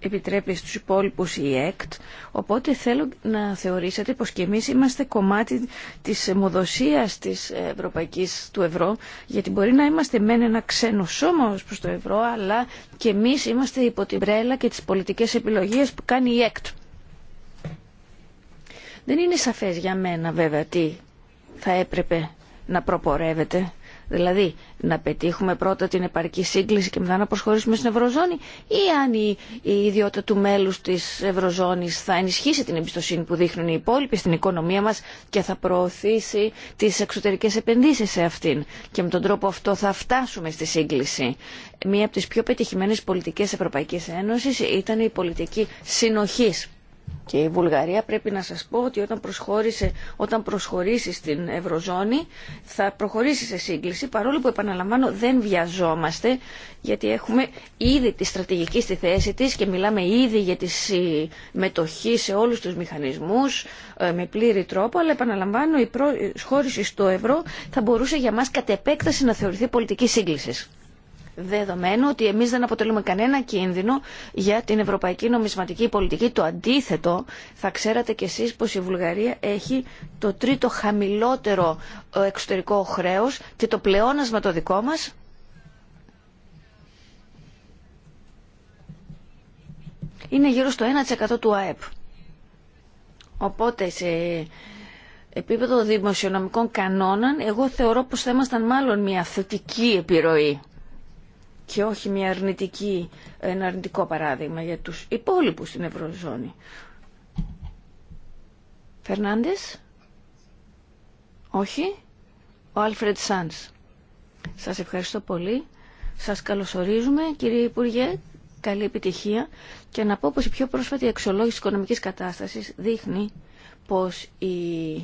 επιτρέπει στους υπόλοιπους η ΕΚΤ, οπότε θέλω να θεωρήσετε πως και εμείς είμαστε κομμάτι της αιμοδοσίας της Ευρωπαϊκής του ευρώ, γιατί μπορεί να είμαστε μεν ένα ξένο σώμα ως προς το ευρώ, αλλά και εμείς είμαστε υπό την πρέλα και τις πολιτικές επιλογές που κάνει η ΕΚΤ. Δεν είναι σαφές για μένα βέβαια τι θα έπρεπε να προπορεύεται Δηλαδή να πετύχουμε πρώτα την επαρκή σύγκληση και μετά να προσχωρήσουμε στην Ευρωζώνη ή αν η, ιδιότητα του μέλους της Ευρωζώνης θα ενισχύσει την εμπιστοσύνη που δείχνουν οι υπόλοιποι στην οικονομία μας και θα προωθήσει τις εξωτερικές επενδύσεις σε αυτήν. Και με τον τρόπο αυτό θα φτάσουμε στη σύγκληση. Μία από τις πιο πετυχημένες πολιτικές Ευρωπαϊκής Ένωσης ήταν η πολιτική συνοχής και η Βουλγαρία πρέπει να σας πω ότι όταν, προσχώρησε, όταν προσχωρήσει στην Ευρωζώνη θα προχωρήσει σε σύγκληση παρόλο που επαναλαμβάνω δεν βιαζόμαστε γιατί έχουμε ήδη τη στρατηγική στη θέση της και μιλάμε ήδη για τη συμμετοχή σε όλους τους μηχανισμούς ε, με πλήρη τρόπο αλλά επαναλαμβάνω η προσχώρηση στο ευρώ θα μπορούσε για μας κατ' επέκταση να θεωρηθεί πολιτική σύγκληση. Δεδομένου ότι εμείς δεν αποτελούμε κανένα κίνδυνο για την ευρωπαϊκή νομισματική πολιτική. Το αντίθετο, θα ξέρατε κι εσείς πως η Βουλγαρία έχει το τρίτο χαμηλότερο ε, εξωτερικό χρέος και το πλεόνασμα το δικό μας είναι γύρω στο 1% του ΑΕΠ. Οπότε σε επίπεδο δημοσιονομικών κανόνων εγώ θεωρώ πως θα ήμασταν μάλλον μια θετική επιρροή και όχι μια αρνητική, ένα αρνητικό παράδειγμα για τους υπόλοιπους στην Ευρωζώνη. Φερνάντες. Όχι. Ο Άλφρεντ Σάντς. Σας ευχαριστώ πολύ. Σας καλωσορίζουμε κύριε Υπουργέ. Καλή επιτυχία. Και να πω πως η πιο πρόσφατη αξιολόγηση της οικονομικής κατάστασης δείχνει πως η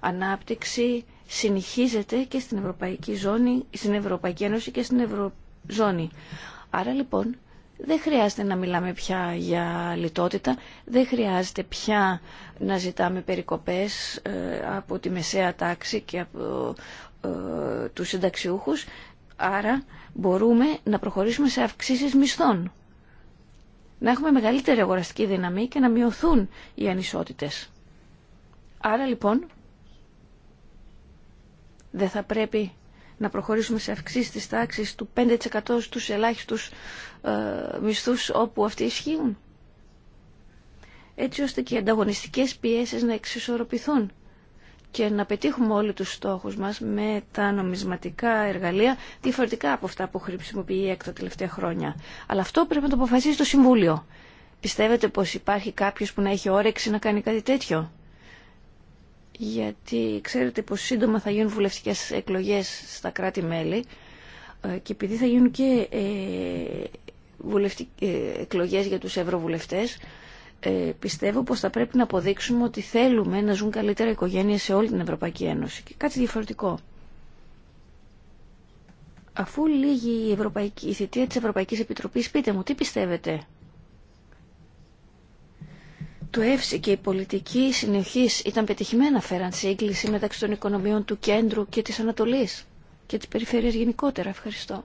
ανάπτυξη συνεχίζεται και στην Ευρωπαϊκή, ζώνη, στην Ευρωπαϊκή Ένωση και στην Ευρωζώνη. Άρα λοιπόν δεν χρειάζεται να μιλάμε πια για λιτότητα, δεν χρειάζεται πια να ζητάμε περικοπές ε, από τη μεσαία τάξη και από ε, τους συνταξιούχους, άρα μπορούμε να προχωρήσουμε σε αυξήσεις μισθών. Να έχουμε μεγαλύτερη αγοραστική δύναμη και να μειωθούν οι ανισότητες. Άρα λοιπόν δεν θα πρέπει να προχωρήσουμε σε αυξήσει της τάξης του 5% στους ελάχιστους ε, μισθούς όπου αυτοί ισχύουν. Έτσι ώστε και οι ανταγωνιστικές πιέσεις να εξισορροπηθούν και να πετύχουμε όλοι τους στόχους μας με τα νομισματικά εργαλεία διαφορετικά από αυτά που χρησιμοποιεί η τα τελευταία χρόνια. Αλλά αυτό πρέπει να το αποφασίσει το Συμβούλιο. Πιστεύετε πως υπάρχει κάποιος που να έχει όρεξη να κάνει κάτι τέτοιο γιατί ξέρετε πως σύντομα θα γίνουν βουλευτικές εκλογές στα κράτη-μέλη ε, και επειδή θα γίνουν και ε, ε, εκλογές για τους ευρωβουλευτές πιστεύω πως θα πρέπει να αποδείξουμε ότι θέλουμε να ζουν καλύτερα οικογένειες σε όλη την Ευρωπαϊκή Ένωση και κάτι διαφορετικό. Αφού λύγει η, Ευρωπαϊκή, η θητεία της Ευρωπαϊκής Επιτροπής, πείτε μου, τι πιστεύετε του Εύση και η πολιτική συνεχή ήταν πετυχημένα φέραν σύγκληση μεταξύ των οικονομιών του κέντρου και της Ανατολής και της περιφέρειας γενικότερα. Ευχαριστώ.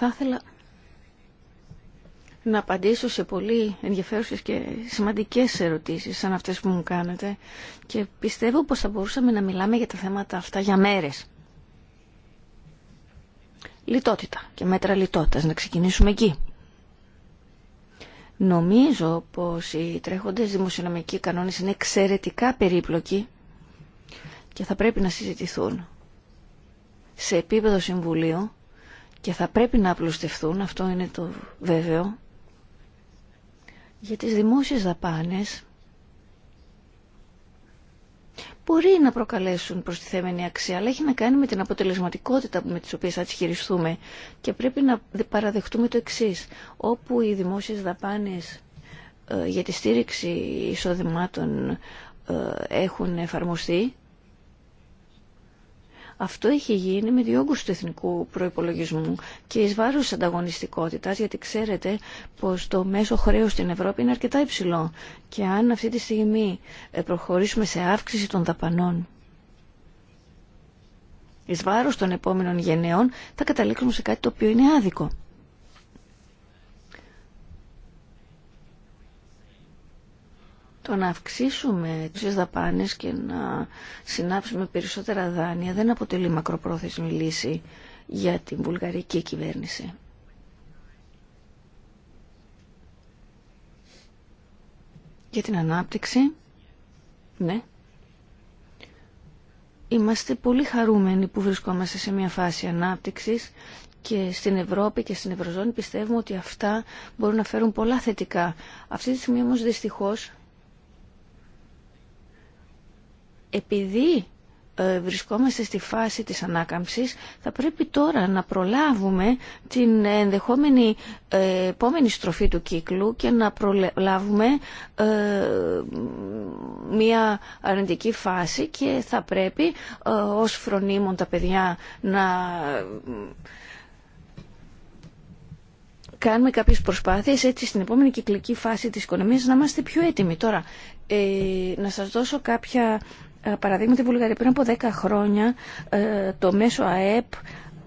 Θα ήθελα να απαντήσω σε πολύ ενδιαφέρουσες και σημαντικές ερωτήσεις σαν αυτές που μου κάνετε και πιστεύω πως θα μπορούσαμε να μιλάμε για τα θέματα αυτά για μέρες. Λιτότητα και μέτρα λιτότητας. Να ξεκινήσουμε εκεί. Νομίζω πως οι τρέχοντες δημοσιονομικοί κανόνες είναι εξαιρετικά περίπλοκοι και θα πρέπει να συζητηθούν σε επίπεδο συμβουλίου και θα πρέπει να απλουστευτούν, αυτό είναι το βέβαιο για τις δημόσιες δαπάνες μπορεί να προκαλέσουν προστιθέμενη αξία, αλλά έχει να κάνει με την αποτελεσματικότητα με τις οποίες θα τις χειριστούμε. Και πρέπει να παραδεχτούμε το εξής, όπου οι δημόσιες δαπάνες ε, για τη στήριξη εισοδημάτων ε, έχουν εφαρμοστεί, αυτό έχει γίνει με διόγκους του εθνικού προϋπολογισμού και εις βάρος της ανταγωνιστικότητας, γιατί ξέρετε πως το μέσο χρέος στην Ευρώπη είναι αρκετά υψηλό. Και αν αυτή τη στιγμή ε, προχωρήσουμε σε αύξηση των δαπανών εις βάρος των επόμενων γενναιών, θα καταλήξουμε σε κάτι το οποίο είναι άδικο. το να αυξήσουμε τις δαπάνες και να συνάψουμε περισσότερα δάνεια δεν αποτελεί μακροπρόθεσμη λύση για την βουλγαρική κυβέρνηση. Για την ανάπτυξη, ναι. Είμαστε πολύ χαρούμενοι που βρισκόμαστε σε μια φάση ανάπτυξης και στην Ευρώπη και στην Ευρωζώνη πιστεύουμε ότι αυτά μπορούν να φέρουν πολλά θετικά. Αυτή τη στιγμή όμως δυστυχώς επειδή ε, βρισκόμαστε στη φάση της ανάκαμψης θα πρέπει τώρα να προλάβουμε την ενδεχόμενη ε, επόμενη στροφή του κύκλου και να προλάβουμε ε, μια αρνητική φάση και θα πρέπει ως φρονίμων τα παιδιά να κάνουμε κάποιες προσπάθειες έτσι στην επόμενη κυκλική φάση της οικονομίας να είμαστε πιο έτοιμοι. Τώρα, να σας δώσω κάποια ε, παραδείγματι, Βουλγαρία πριν από 10 χρόνια ε, το μέσο ΑΕΠ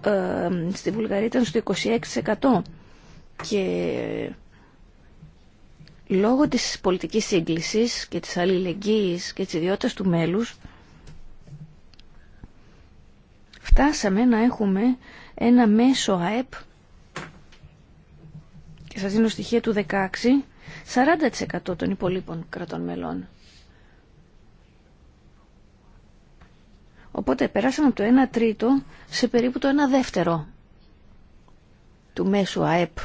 ε, στη Βουλγαρία ήταν στο 26% και λόγω της πολιτικής σύγκλησης και της αλληλεγγύης και της ιδιότητας του μέλους φτάσαμε να έχουμε ένα μέσο ΑΕΠ και σας δίνω στοιχεία του 16 40% των υπολείπων κρατών μελών. Οπότε περάσαμε από το 1 τρίτο σε περίπου το 1 δεύτερο του μέσου ΑΕΠ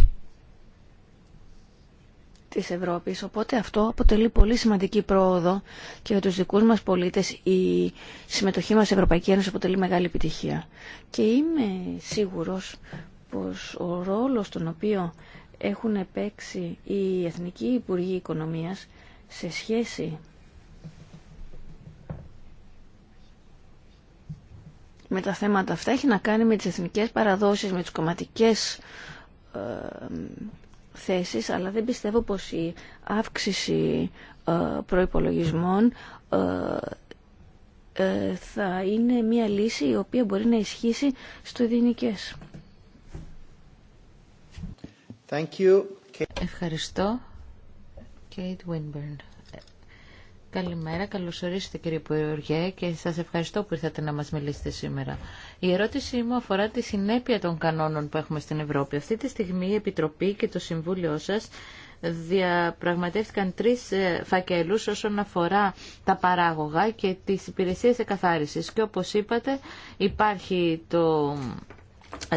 της Ευρώπης. Οπότε αυτό αποτελεί πολύ σημαντική πρόοδο και για τους δικούς μας πολίτες η συμμετοχή μας στην Ευρωπαϊκή Ένωση αποτελεί μεγάλη επιτυχία. Και είμαι σίγουρος πως ο ρόλος τον οποίο έχουν παίξει οι Εθνικοί Υπουργοί Οικονομίας σε σχέση με τα θέματα αυτά έχει να κάνει με τις εθνικές παραδόσεις, με τις κομματικές ε, θέσεις, αλλά δεν πιστεύω πως η αύξηση ε, προϋπολογισμών ε, ε, θα είναι μια λύση η οποία μπορεί να ισχύσει στο ειδηνικές. Thank you. Ευχαριστώ. Kate Winburn. Καλημέρα, καλώς ορίσατε κύριε Υπουργέ και σας ευχαριστώ που ήρθατε να μας μιλήσετε σήμερα. Η ερώτησή μου αφορά τη συνέπεια των κανόνων που έχουμε στην Ευρώπη. Αυτή τη στιγμή η Επιτροπή και το Συμβούλιο σας διαπραγματεύτηκαν τρεις ε, φακελούς όσον αφορά τα παράγωγα και τι υπηρεσίε εκαθάριση. Και όπω είπατε υπάρχει το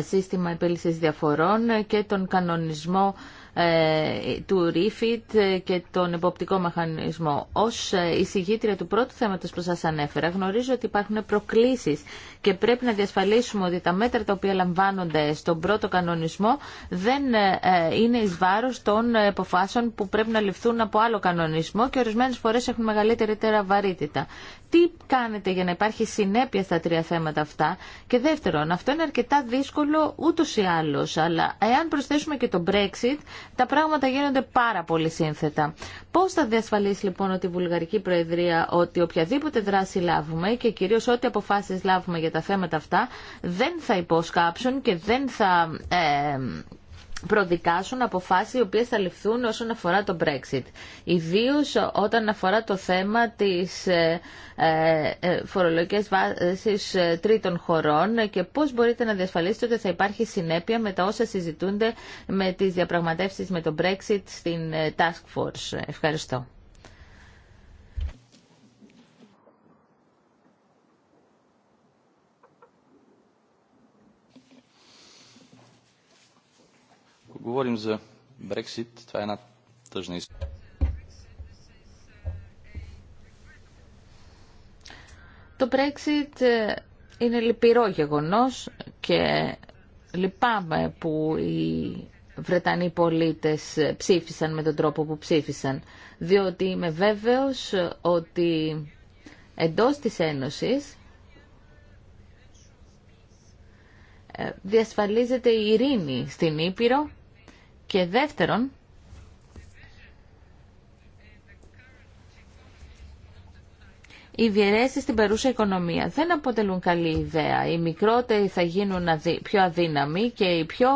σύστημα επίλυσης διαφορών και τον κανονισμό ε, του REFIT και τον εποπτικό μηχανισμό. Ως ε, εισηγήτρια του πρώτου θέματος που σας ανέφερα γνωρίζω ότι υπάρχουν προκλήσεις και πρέπει να διασφαλίσουμε ότι τα μέτρα τα οποία λαμβάνονται στον πρώτο κανονισμό δεν ε, είναι εις βάρος των αποφάσεων που πρέπει να ληφθούν από άλλο κανονισμό και ορισμένες φορές έχουν μεγαλύτερη βαρύτητα τι κάνετε για να υπάρχει συνέπεια στα τρία θέματα αυτά. Και δεύτερον, αυτό είναι αρκετά δύσκολο ούτω ή άλλω, αλλά εάν προσθέσουμε και το Brexit, τα πράγματα γίνονται πάρα πολύ σύνθετα. Πώ θα διασφαλίσει λοιπόν ότι η Βουλγαρική Προεδρία ότι οποιαδήποτε δράση λάβουμε και κυρίω ό,τι αποφάσει λάβουμε για τα θέματα αυτά δεν θα υποσκάψουν και δεν θα. Ε, προδικάσουν αποφάσεις οι οποίες θα ληφθούν όσον αφορά το Brexit. Ιδίω όταν αφορά το θέμα της ε, ε, ε, φορολογικές βάσεις τρίτων χωρών και πώς μπορείτε να διασφαλίσετε ότι θα υπάρχει συνέπεια με τα όσα συζητούνται με τις διαπραγματεύσεις με το Brexit στην Task Force. Ευχαριστώ. това е една Το Brexit είναι λυπηρό γεγονός και λυπάμαι που οι Βρετανοί πολίτες ψήφισαν με τον τρόπο που ψήφισαν, διότι είμαι βέβαιος ότι εντός της Ένωσης ε, διασφαλίζεται η ειρήνη στην Ήπειρο και δεύτερον, οι διαιρέσεις στην παρούσα οικονομία δεν αποτελούν καλή ιδέα. Οι μικρότεροι θα γίνουν πιο αδύναμοι και οι πιο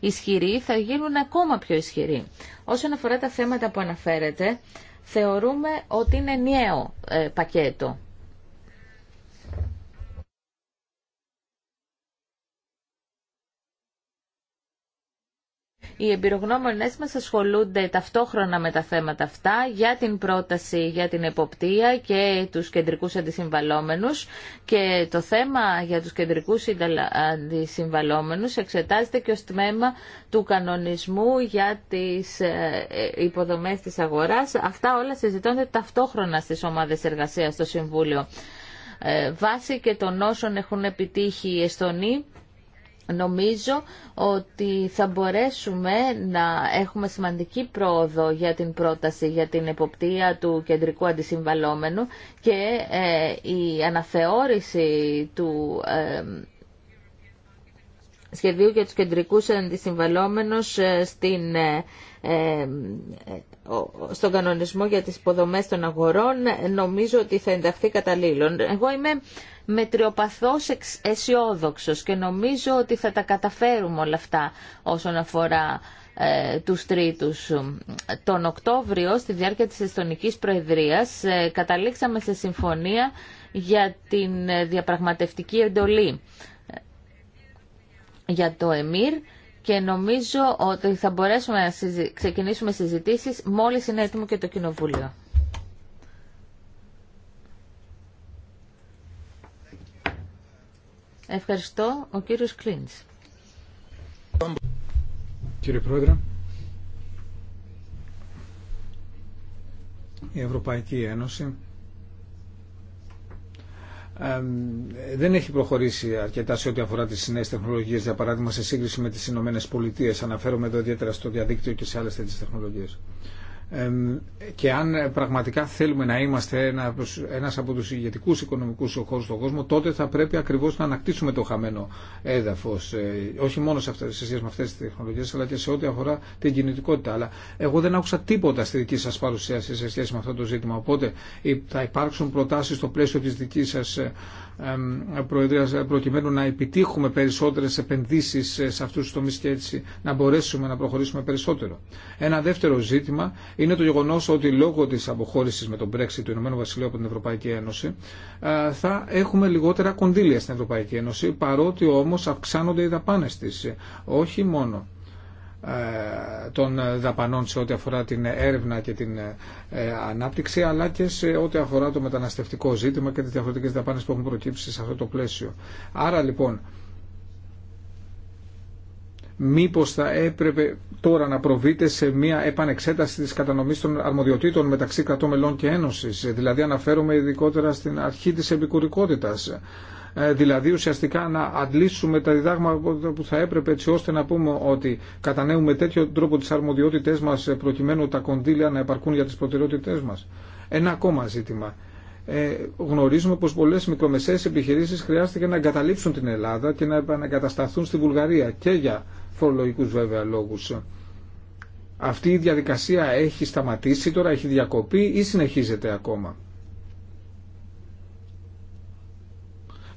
ισχυροί θα γίνουν ακόμα πιο ισχυροί. Όσον αφορά τα θέματα που αναφέρετε, θεωρούμε ότι είναι νέο ε, πακέτο. Οι εμπειρογνώμονε μας ασχολούνται ταυτόχρονα με τα θέματα αυτά για την πρόταση για την εποπτεία και τους κεντρικούς αντισυμβαλόμενους και το θέμα για τους κεντρικούς αντισυμβαλόμενους εξετάζεται και ως τμήμα του κανονισμού για τις ε, ε, υποδομές της αγοράς. Αυτά όλα συζητώνται ταυτόχρονα στις ομάδες εργασίας στο Συμβούλιο. Ε, βάσει και των όσων έχουν επιτύχει οι Εστονοί, Νομίζω ότι θα μπορέσουμε να έχουμε σημαντική πρόοδο για την πρόταση για την εποπτεία του κεντρικού αντισυμβαλόμενου και ε, η αναθεώρηση του σχεδίου για τους κεντρικούς αντισυμβαλόμενους ε, στην, ε, στον κανονισμό για τις υποδομές των αγορών νομίζω ότι θα ενταχθεί καταλήλων. Εγώ είμαι με τριοπαθώ αισιόδοξο και νομίζω ότι θα τα καταφέρουμε όλα αυτά όσον αφορά του ε, τους τρίτους. Τον Οκτώβριο, στη διάρκεια της Εστονικής Προεδρίας, ε, καταλήξαμε σε συμφωνία για την ε, διαπραγματευτική εντολή για το ΕΜΙΡ και νομίζω ότι θα μπορέσουμε να ξεκινήσουμε συζητήσεις μόλις είναι έτοιμο και το Κοινοβούλιο. Ευχαριστώ. Ο κύριος Κλίντς. Κύριε Πρόεδρε, η Ευρωπαϊκή Ένωση δεν έχει προχωρήσει αρκετά σε ό,τι αφορά τις νέες τεχνολογίες, για παράδειγμα σε σύγκριση με τις Ηνωμένε Πολιτείε. Αναφέρομαι εδώ ιδιαίτερα στο διαδίκτυο και σε άλλες τέτοιες τεχνολογίες και αν πραγματικά θέλουμε να είμαστε ένας από τους ηγετικούς οικονομικούς χώρους στον κόσμο, τότε θα πρέπει ακριβώς να ανακτήσουμε το χαμένο έδαφος, ε, όχι μόνο σε, αυτές, σε σχέση με αυτές τις τεχνολογίες, αλλά και σε ό,τι αφορά την κινητικότητα. Αλλά εγώ δεν άκουσα τίποτα στη δική σας παρουσίαση σε σχέση με αυτό το ζήτημα, οπότε ε, θα υπάρξουν προτάσεις στο πλαίσιο της δικής σας ε, προκειμένου να επιτύχουμε περισσότερες επενδύσεις σε αυτούς τους τομείς και έτσι να μπορέσουμε να προχωρήσουμε περισσότερο. Ένα δεύτερο ζήτημα είναι το γεγονός ότι λόγω της αποχώρησης με τον Brexit του Ηνωμένου Βασιλείου από την Ευρωπαϊκή Ένωση θα έχουμε λιγότερα κονδύλια στην Ευρωπαϊκή Ένωση παρότι όμως αυξάνονται οι δαπάνες της. Όχι μόνο ε, των δαπανών σε ό,τι αφορά την έρευνα και την ε, ανάπτυξη αλλά και σε ό,τι αφορά το μεταναστευτικό ζήτημα και τις διαφορετικές δαπάνες που έχουν προκύψει σε αυτό το πλαίσιο. Άρα λοιπόν μήπως θα έπρεπε τώρα να προβείτε σε μια επανεξέταση της κατανομής των αρμοδιοτήτων μεταξύ κρατών μελών και ένωσης. Δηλαδή αναφέρομαι ειδικότερα στην αρχή της επικουρικότητας ε, δηλαδή ουσιαστικά να αντλήσουμε τα διδάγματα που θα έπρεπε έτσι ώστε να πούμε ότι κατανέουμε τέτοιο τρόπο τις αρμοδιότητές μας ε, προκειμένου τα κονδύλια να επαρκούν για τις προτεραιότητές μας. Ένα ακόμα ζήτημα. Ε, γνωρίζουμε πως πολλές μικρομεσαίες επιχειρήσεις χρειάστηκε να εγκαταλείψουν την Ελλάδα και να επανακατασταθούν στη Βουλγαρία και για φορολογικούς βέβαια λόγους. Αυτή η διαδικασία έχει σταματήσει τώρα, έχει διακοπεί ή συνεχίζεται ακόμα.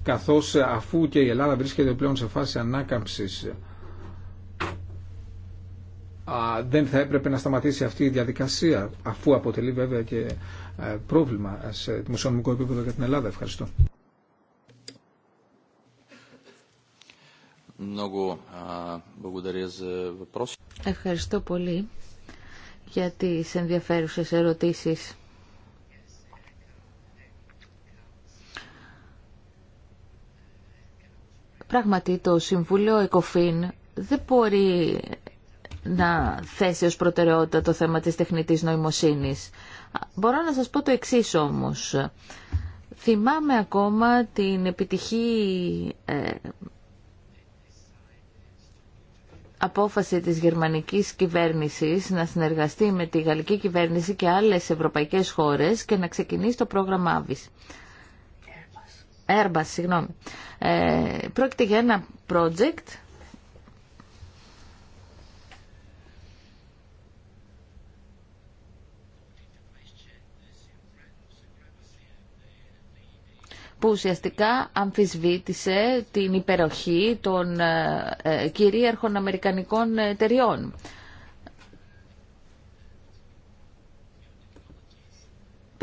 καθώς ε, αφού και η Ελλάδα βρίσκεται πλέον σε φάση ανάκαμψης ε, δεν θα έπρεπε να σταματήσει αυτή η διαδικασία αφού αποτελεί βέβαια και ε, πρόβλημα σε δημοσιονομικό επίπεδο για την Ελλάδα. Ευχαριστώ. Ευχαριστώ πολύ για τις ενδιαφέρουσες ερωτήσεις. Πράγματι το Συμβούλιο ΕΚΟΦΗΝ δεν μπορεί να θέσει ως προτεραιότητα το θέμα της τεχνητής νοημοσύνης. Μπορώ να σας πω το εξής όμως. Θυμάμαι ακόμα την επιτυχή ε, απόφαση της γερμανικής κυβέρνησης να συνεργαστεί με τη γαλλική κυβέρνηση και άλλες ευρωπαϊκές χώρες και να ξεκινήσει το πρόγραμμα Άβης συγγνώμη. Ε, πρόκειται για ένα project που ουσιαστικά αμφισβήτησε την υπεροχή των ε, ε, κυρίαρχων Αμερικανικών εταιριών.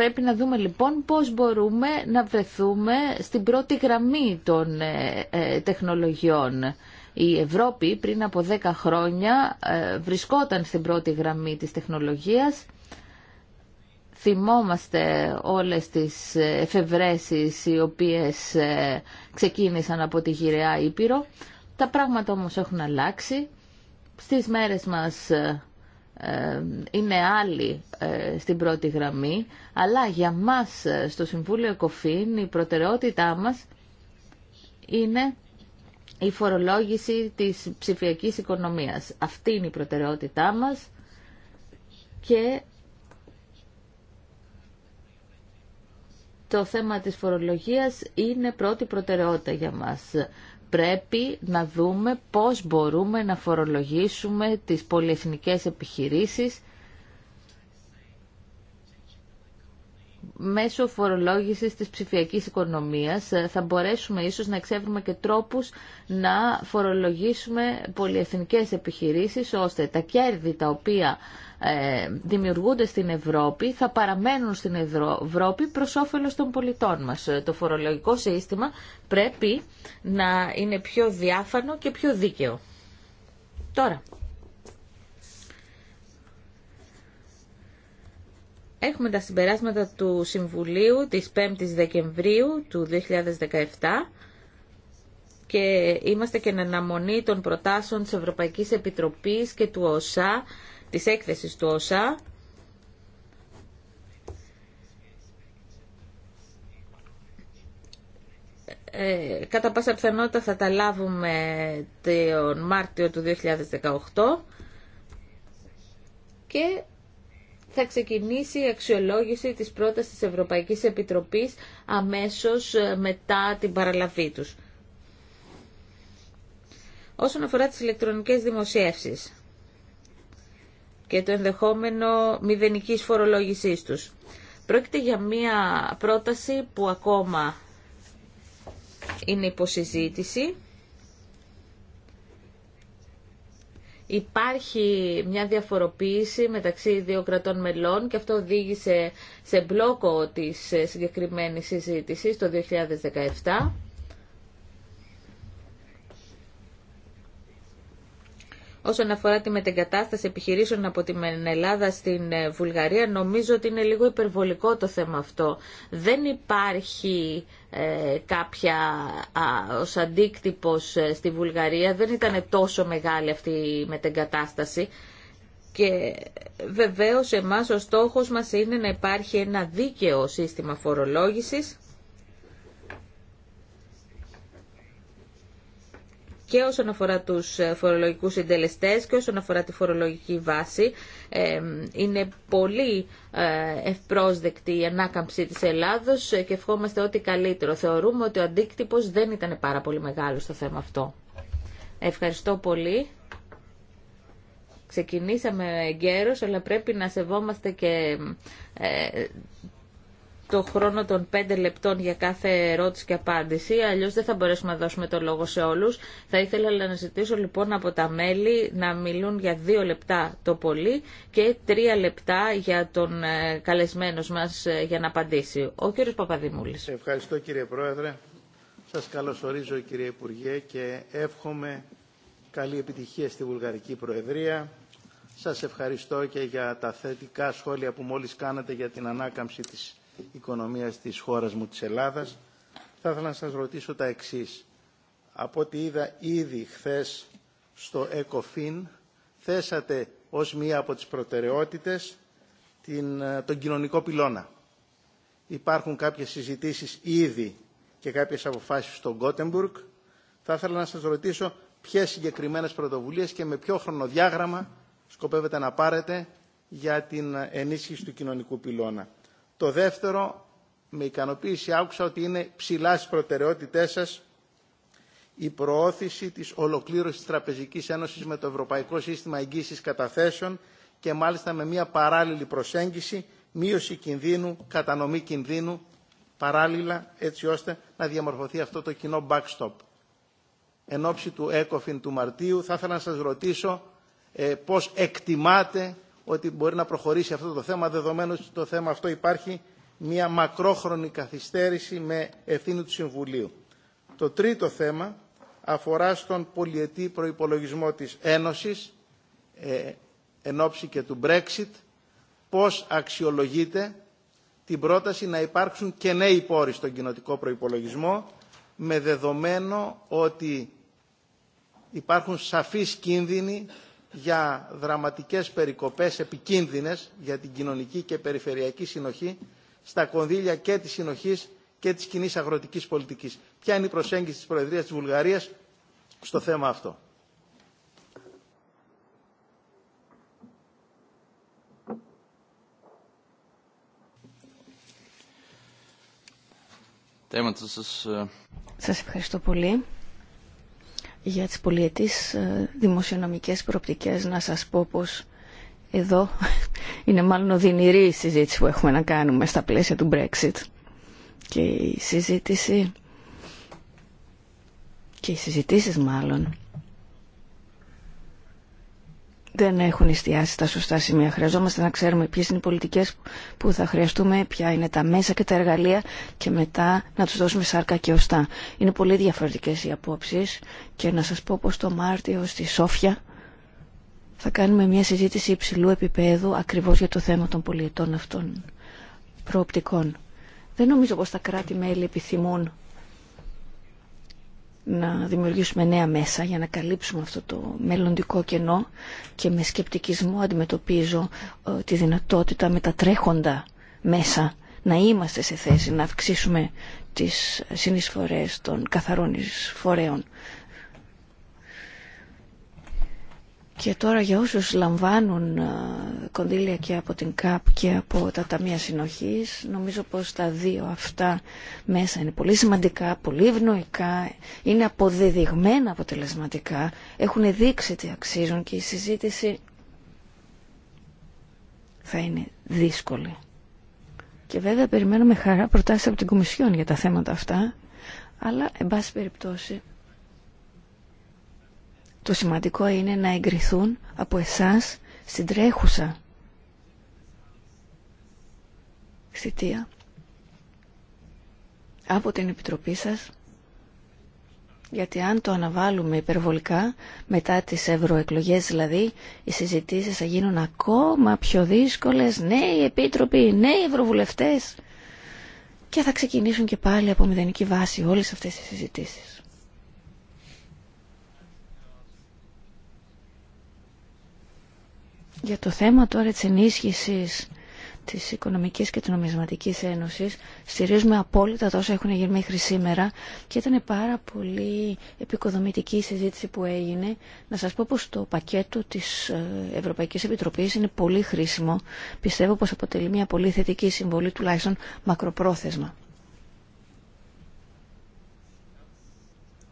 πρέπει να δούμε λοιπόν πώς μπορούμε να βρεθούμε στην πρώτη γραμμή των ε, ε, τεχνολογιών. Η Ευρώπη πριν από 10 χρόνια ε, βρισκόταν στην πρώτη γραμμή της τεχνολογίας. Θυμόμαστε όλες τις εφευρέσεις οι οποίες ξεκίνησαν από τη γυραιά Ήπειρο. Τα πράγματα όμως έχουν αλλάξει. Στις μέρες μας ε, είναι άλλοι ε, στην πρώτη γραμμή, αλλά για μας ε, στο Συμβούλιο Κοφίν η προτεραιότητά μας είναι η φορολόγηση της ψηφιακής οικονομίας. Αυτή είναι η προτεραιότητά μας και το θέμα της φορολογίας είναι πρώτη προτεραιότητα για μας πρέπει να δούμε πώς μπορούμε να φορολογήσουμε τις πολυεθνικές επιχειρήσεις μέσω φορολόγησης της ψηφιακής οικονομίας ε, θα μπορέσουμε ίσως να εξεύρουμε και τρόπους να φορολογήσουμε πολυεθνικές επιχειρήσεις ώστε τα κέρδη τα οποία ε, δημιουργούνται στην Ευρώπη θα παραμένουν στην Ευρώπη προς όφελος των πολιτών μας. Ε, το φορολογικό σύστημα πρέπει να είναι πιο διάφανο και πιο δίκαιο. Τώρα, Έχουμε τα συμπεράσματα του Συμβουλίου της 5ης Δεκεμβρίου του 2017 και είμαστε και εν αναμονή των προτάσεων της Ευρωπαϊκής Επιτροπής και του ΟΣΑ, της έκθεσης του ΟΣΑ. Ε, κατά πάσα πιθανότητα θα τα λάβουμε τον Μάρτιο του 2018 και θα ξεκινήσει η αξιολόγηση της πρότασης της Ευρωπαϊκής Επιτροπής αμέσως ε, μετά την παραλαβή τους. Όσον αφορά τις ηλεκτρονικές δημοσιεύσεις και το ενδεχόμενο μηδενικής φορολόγησής τους. Πρόκειται για μία πρόταση που ακόμα είναι υποσυζήτηση. υπάρχει μια διαφοροποίηση μεταξύ δύο κρατών μελών και αυτό οδήγησε σε μπλόκο της συγκεκριμένης συζήτησης το 2017. Όσον αφορά τη μετεγκατάσταση επιχειρήσεων από την Ελλάδα στην ε, Βουλγαρία, νομίζω ότι είναι λίγο υπερβολικό το θέμα αυτό. Δεν υπάρχει ε, κάποια α, ως αντίκτυπος ε, στη Βουλγαρία, δεν ήταν τόσο μεγάλη αυτή η μετεγκατάσταση. Και βεβαίως εμάς ο στόχος μας είναι να υπάρχει ένα δίκαιο σύστημα φορολόγησης και όσον αφορά τους ε, φορολογικούς συντελεστές και όσον αφορά τη φορολογική βάση. Ε, είναι πολύ ε, ευπρόσδεκτη η ανάκαμψη της Ελλάδος και ευχόμαστε ό,τι καλύτερο. Θεωρούμε ότι ο αντίκτυπος δεν ήταν πάρα πολύ μεγάλο στο θέμα αυτό. Ευχαριστώ πολύ. Ξεκινήσαμε γέρος, αλλά πρέπει να σεβόμαστε και το χρόνο των 5 λεπτών για κάθε ερώτηση και απάντηση, Αλλιώ δεν θα μπορέσουμε να δώσουμε το λόγο σε όλου. Θα ήθελα να ζητήσω λοιπόν από τα μέλη να μιλούν για 2 λεπτά το πολύ και 3 λεπτά για τον ε, καλεσμένο μα ε, για να απαντήσει. Ο κ. Παπαδημούλη. Ευχαριστώ κύριε Πρόεδρε. σα καλωσορίζω κύριε Υπουργέ και εύχομαι καλή επιτυχία στη Βουλγαρική Προεδρία. Σας ευχαριστώ και για τα θετικά σχόλια που μόλις κάνατε για την ανάκαμψη της οικονομίας της χώρας μου της Ελλάδας, θα ήθελα να σας ρωτήσω τα εξής. Από ό,τι είδα ήδη χθες στο ΕΚΟΦΗΝ, θέσατε ως μία από τις προτεραιότητες την, ε, τον κοινωνικό πυλώνα. Υπάρχουν κάποιες συζητήσεις ήδη και κάποιες αποφάσεις στο Γκότεμπουργκ. Θα ήθελα να σας ρωτήσω ποιες συγκεκριμένες πρωτοβουλίες και με ποιο χρονοδιάγραμμα σκοπεύετε να πάρετε για την ε, ενίσχυση του κοινωνικού πυλώνα. Το δεύτερο, με ικανοποίηση άκουσα ότι είναι ψηλά στις προτεραιότητές σας η προώθηση της ολοκλήρωσης της Τραπεζικής Ένωσης με το Ευρωπαϊκό Σύστημα Εγγύησης Καταθέσεων και μάλιστα με μια παράλληλη προσέγγιση, μείωση κινδύνου, κατανομή κινδύνου, παράλληλα έτσι ώστε να διαμορφωθεί αυτό το κοινό backstop. Εν ώψη του ECOFIN του Μαρτίου θα ήθελα να σας ρωτήσω ε, πώς εκτιμάτε ότι μπορεί να προχωρήσει αυτό το θέμα, δεδομένου ότι το θέμα αυτό υπάρχει μια μακρόχρονη καθυστέρηση με ευθύνη του Συμβουλίου. Το τρίτο θέμα αφορά στον πολιετή προϋπολογισμό της Ένωσης ε, εν ώψη και του Brexit πώς αξιολογείται την πρόταση να υπάρξουν και νέοι πόροι στον κοινοτικό προϋπολογισμό με δεδομένο ότι υπάρχουν σαφείς κίνδυνοι για δραματικές περικοπές επικίνδυνες για την κοινωνική και περιφερειακή συνοχή στα κονδύλια και της συνοχής και της κοινή αγροτικής πολιτικής. Ποια είναι η προσέγγιση της Προεδρίας της Βουλγαρίας στο θέμα αυτό. Uh, Σας ευχαριστώ πολύ για τις πολιετής ε, δημοσιονομικές προοπτικές να σας πω πως εδώ <laughs> είναι μάλλον οδυνηρή η συζήτηση που έχουμε να κάνουμε στα πλαίσια του Brexit και η συζήτηση και οι συζητήσεις μάλλον δεν έχουν εστιάσει τα σωστά σημεία. Χρειαζόμαστε να ξέρουμε ποιες είναι οι πολιτικές που θα χρειαστούμε, ποια είναι τα μέσα και τα εργαλεία και μετά να τους δώσουμε σάρκα και οστά. Είναι πολύ διαφορετικές οι απόψεις και να σας πω πως το Μάρτιο στη Σόφια θα κάνουμε μια συζήτηση υψηλού επίπεδου ακριβώς για το θέμα των πολιετών αυτών προοπτικών. Δεν νομίζω πως τα κράτη-μέλη επιθυμούν να δημιουργήσουμε νέα μέσα για να καλύψουμε αυτό το μελλοντικό κενό και με σκεπτικισμό αντιμετωπίζω ε, τη δυνατότητα με τα τρέχοντα μέσα να είμαστε σε θέση να αυξήσουμε τις συνεισφορές των καθαρών εισφορέων Και τώρα για όσους λαμβάνουν ε, κονδύλια και από την ΚΑΠ και από τα Ταμεία Συνοχής, νομίζω πως τα δύο αυτά μέσα είναι πολύ σημαντικά, πολύ ευνοϊκά, είναι αποδεδειγμένα αποτελεσματικά, έχουν δείξει τι αξίζουν και η συζήτηση θα είναι δύσκολη. Και βέβαια περιμένουμε χαρά προτάσεις από την Κομισιόν για τα θέματα αυτά, αλλά εν πάση περιπτώσει το σημαντικό είναι να εγκριθούν από εσάς στην τρέχουσα θητεία από την Επιτροπή σας γιατί αν το αναβάλουμε υπερβολικά μετά τις ευρωεκλογές δηλαδή οι συζητήσεις θα γίνουν ακόμα πιο δύσκολες νέοι επίτροποι, νέοι ευρωβουλευτές και θα ξεκινήσουν και πάλι από μηδενική βάση όλες αυτές οι συζητήσεις. Για το θέμα τώρα της ενίσχυσης της Οικονομικής και της Νομισματικής Ένωσης στηρίζουμε απόλυτα όσα έχουν γίνει μέχρι σήμερα και ήταν πάρα πολύ επικοδομητική η συζήτηση που έγινε. Να σας πω πως το πακέτο της ε, Ευρωπαϊκής Επιτροπής είναι πολύ χρήσιμο. Πιστεύω πως αποτελεί μια πολύ θετική συμβολή τουλάχιστον μακροπρόθεσμα.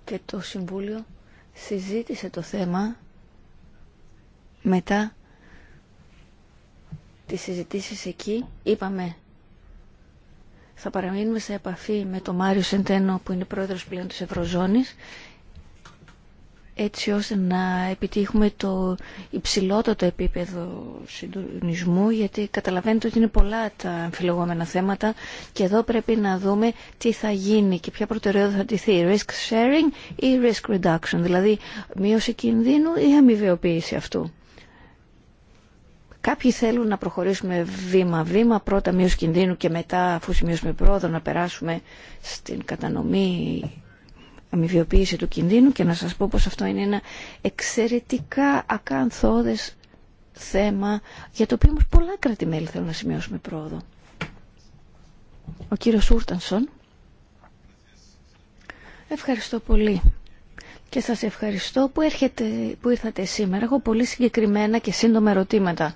Και το Συμβούλιο συζήτησε το θέμα μετά τις συζητήσεις εκεί είπαμε θα παραμείνουμε σε επαφή με τον Μάριο Σεντένο που είναι πρόεδρος πλέον της Ευρωζώνης έτσι ώστε να επιτύχουμε το υψηλότερο επίπεδο συντονισμού γιατί καταλαβαίνετε ότι είναι πολλά τα αμφιλεγόμενα θέματα και εδώ πρέπει να δούμε τι θα γίνει και ποια προτεραιότητα θα τηθεί risk sharing ή risk reduction δηλαδή μείωση κινδύνου ή αμοιβαιοποίηση αυτού Κάποιοι θέλουν να προχωρήσουμε βήμα-βήμα, πρώτα μείωση κινδύνου και μετά, αφού σημειώσουμε πρόοδο, να περάσουμε στην κατανομή αμοιβιοποίηση του κινδύνου και να σας πω πως αυτό είναι ένα εξαιρετικά ακανθώδες θέμα για το οποίο όμως κρατημέλη θέλουν να σημειώσουμε πρόοδο. Ο κύριος Ούρτανσον. Ευχαριστώ πολύ και σας ευχαριστώ που, έρχεται, που ήρθατε σήμερα. Έχω πολύ συγκεκριμένα και σύντομα ερωτήματα.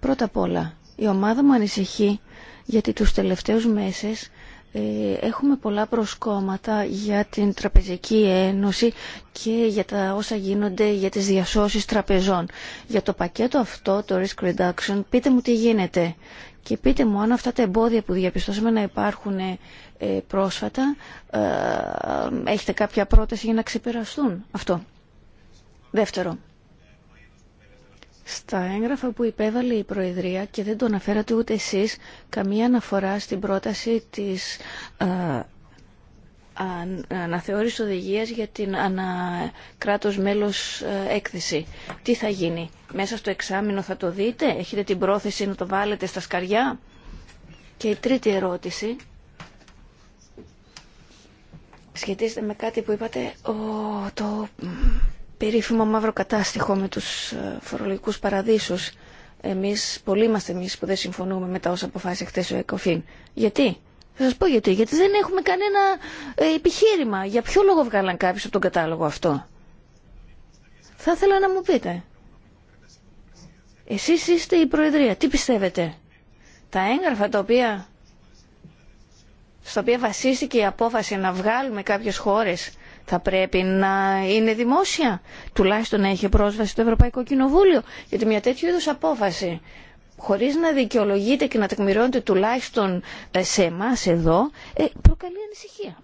Πρώτα απ' όλα, η ομάδα μου ανησυχεί γιατί τους τελευταίους μέσες ε, έχουμε πολλά προσκόμματα για την Τραπεζική Ένωση και για τα όσα γίνονται για τις διασώσεις τραπεζών. Για το πακέτο αυτό, το Risk Reduction, πείτε μου τι γίνεται και πείτε μου αν αυτά τα εμπόδια που διαπιστώσαμε να υπάρχουν ε, πρόσφατα ε, έχετε κάποια πρόταση για να ξεπεραστούν. Αυτό. Δεύτερο. Στα έγγραφα που υπέβαλε η Προεδρία και δεν τον αναφέρατε ούτε εσείς καμία αναφορά στην πρόταση της ε, αναθεώρηση οδηγία για την ανακράτος μέλος ε, έκθεση. Τι θα γίνει, μέσα στο εξάμεινο θα το δείτε, έχετε την πρόθεση να το βάλετε στα σκαριά. Και η τρίτη ερώτηση σχετίζεται με κάτι που είπατε, ο, το περίφημο μαύρο κατάστοιχο με τους ε, φορολογικούς παραδείσους. Εμείς, πολλοί είμαστε εμείς που δεν συμφωνούμε με τα όσα αποφάσισε χθε ο ΕΚΟΦΗΝ. Γιατί? Θα σας πω γιατί. Γιατί δεν έχουμε κανένα ε, επιχείρημα. Για ποιο λόγο βγάλαν κάποιος από τον κατάλογο αυτό. Θα ήθελα να μου πείτε. Εσείς είστε η Προεδρία. Τι πιστεύετε. Τα έγγραφα τα οποία, στα οποία βασίστηκε η απόφαση να βγάλουμε κάποιες χώρες θα πρέπει να είναι δημόσια. Τουλάχιστον να έχει πρόσβαση το Ευρωπαϊκό Κοινοβούλιο. Γιατί μια τέτοιου είδους απόφαση χωρίς να δικαιολογείται και να τεκμηρώνεται τουλάχιστον ε, σε εμά εδώ, ε, προκαλεί ανησυχία.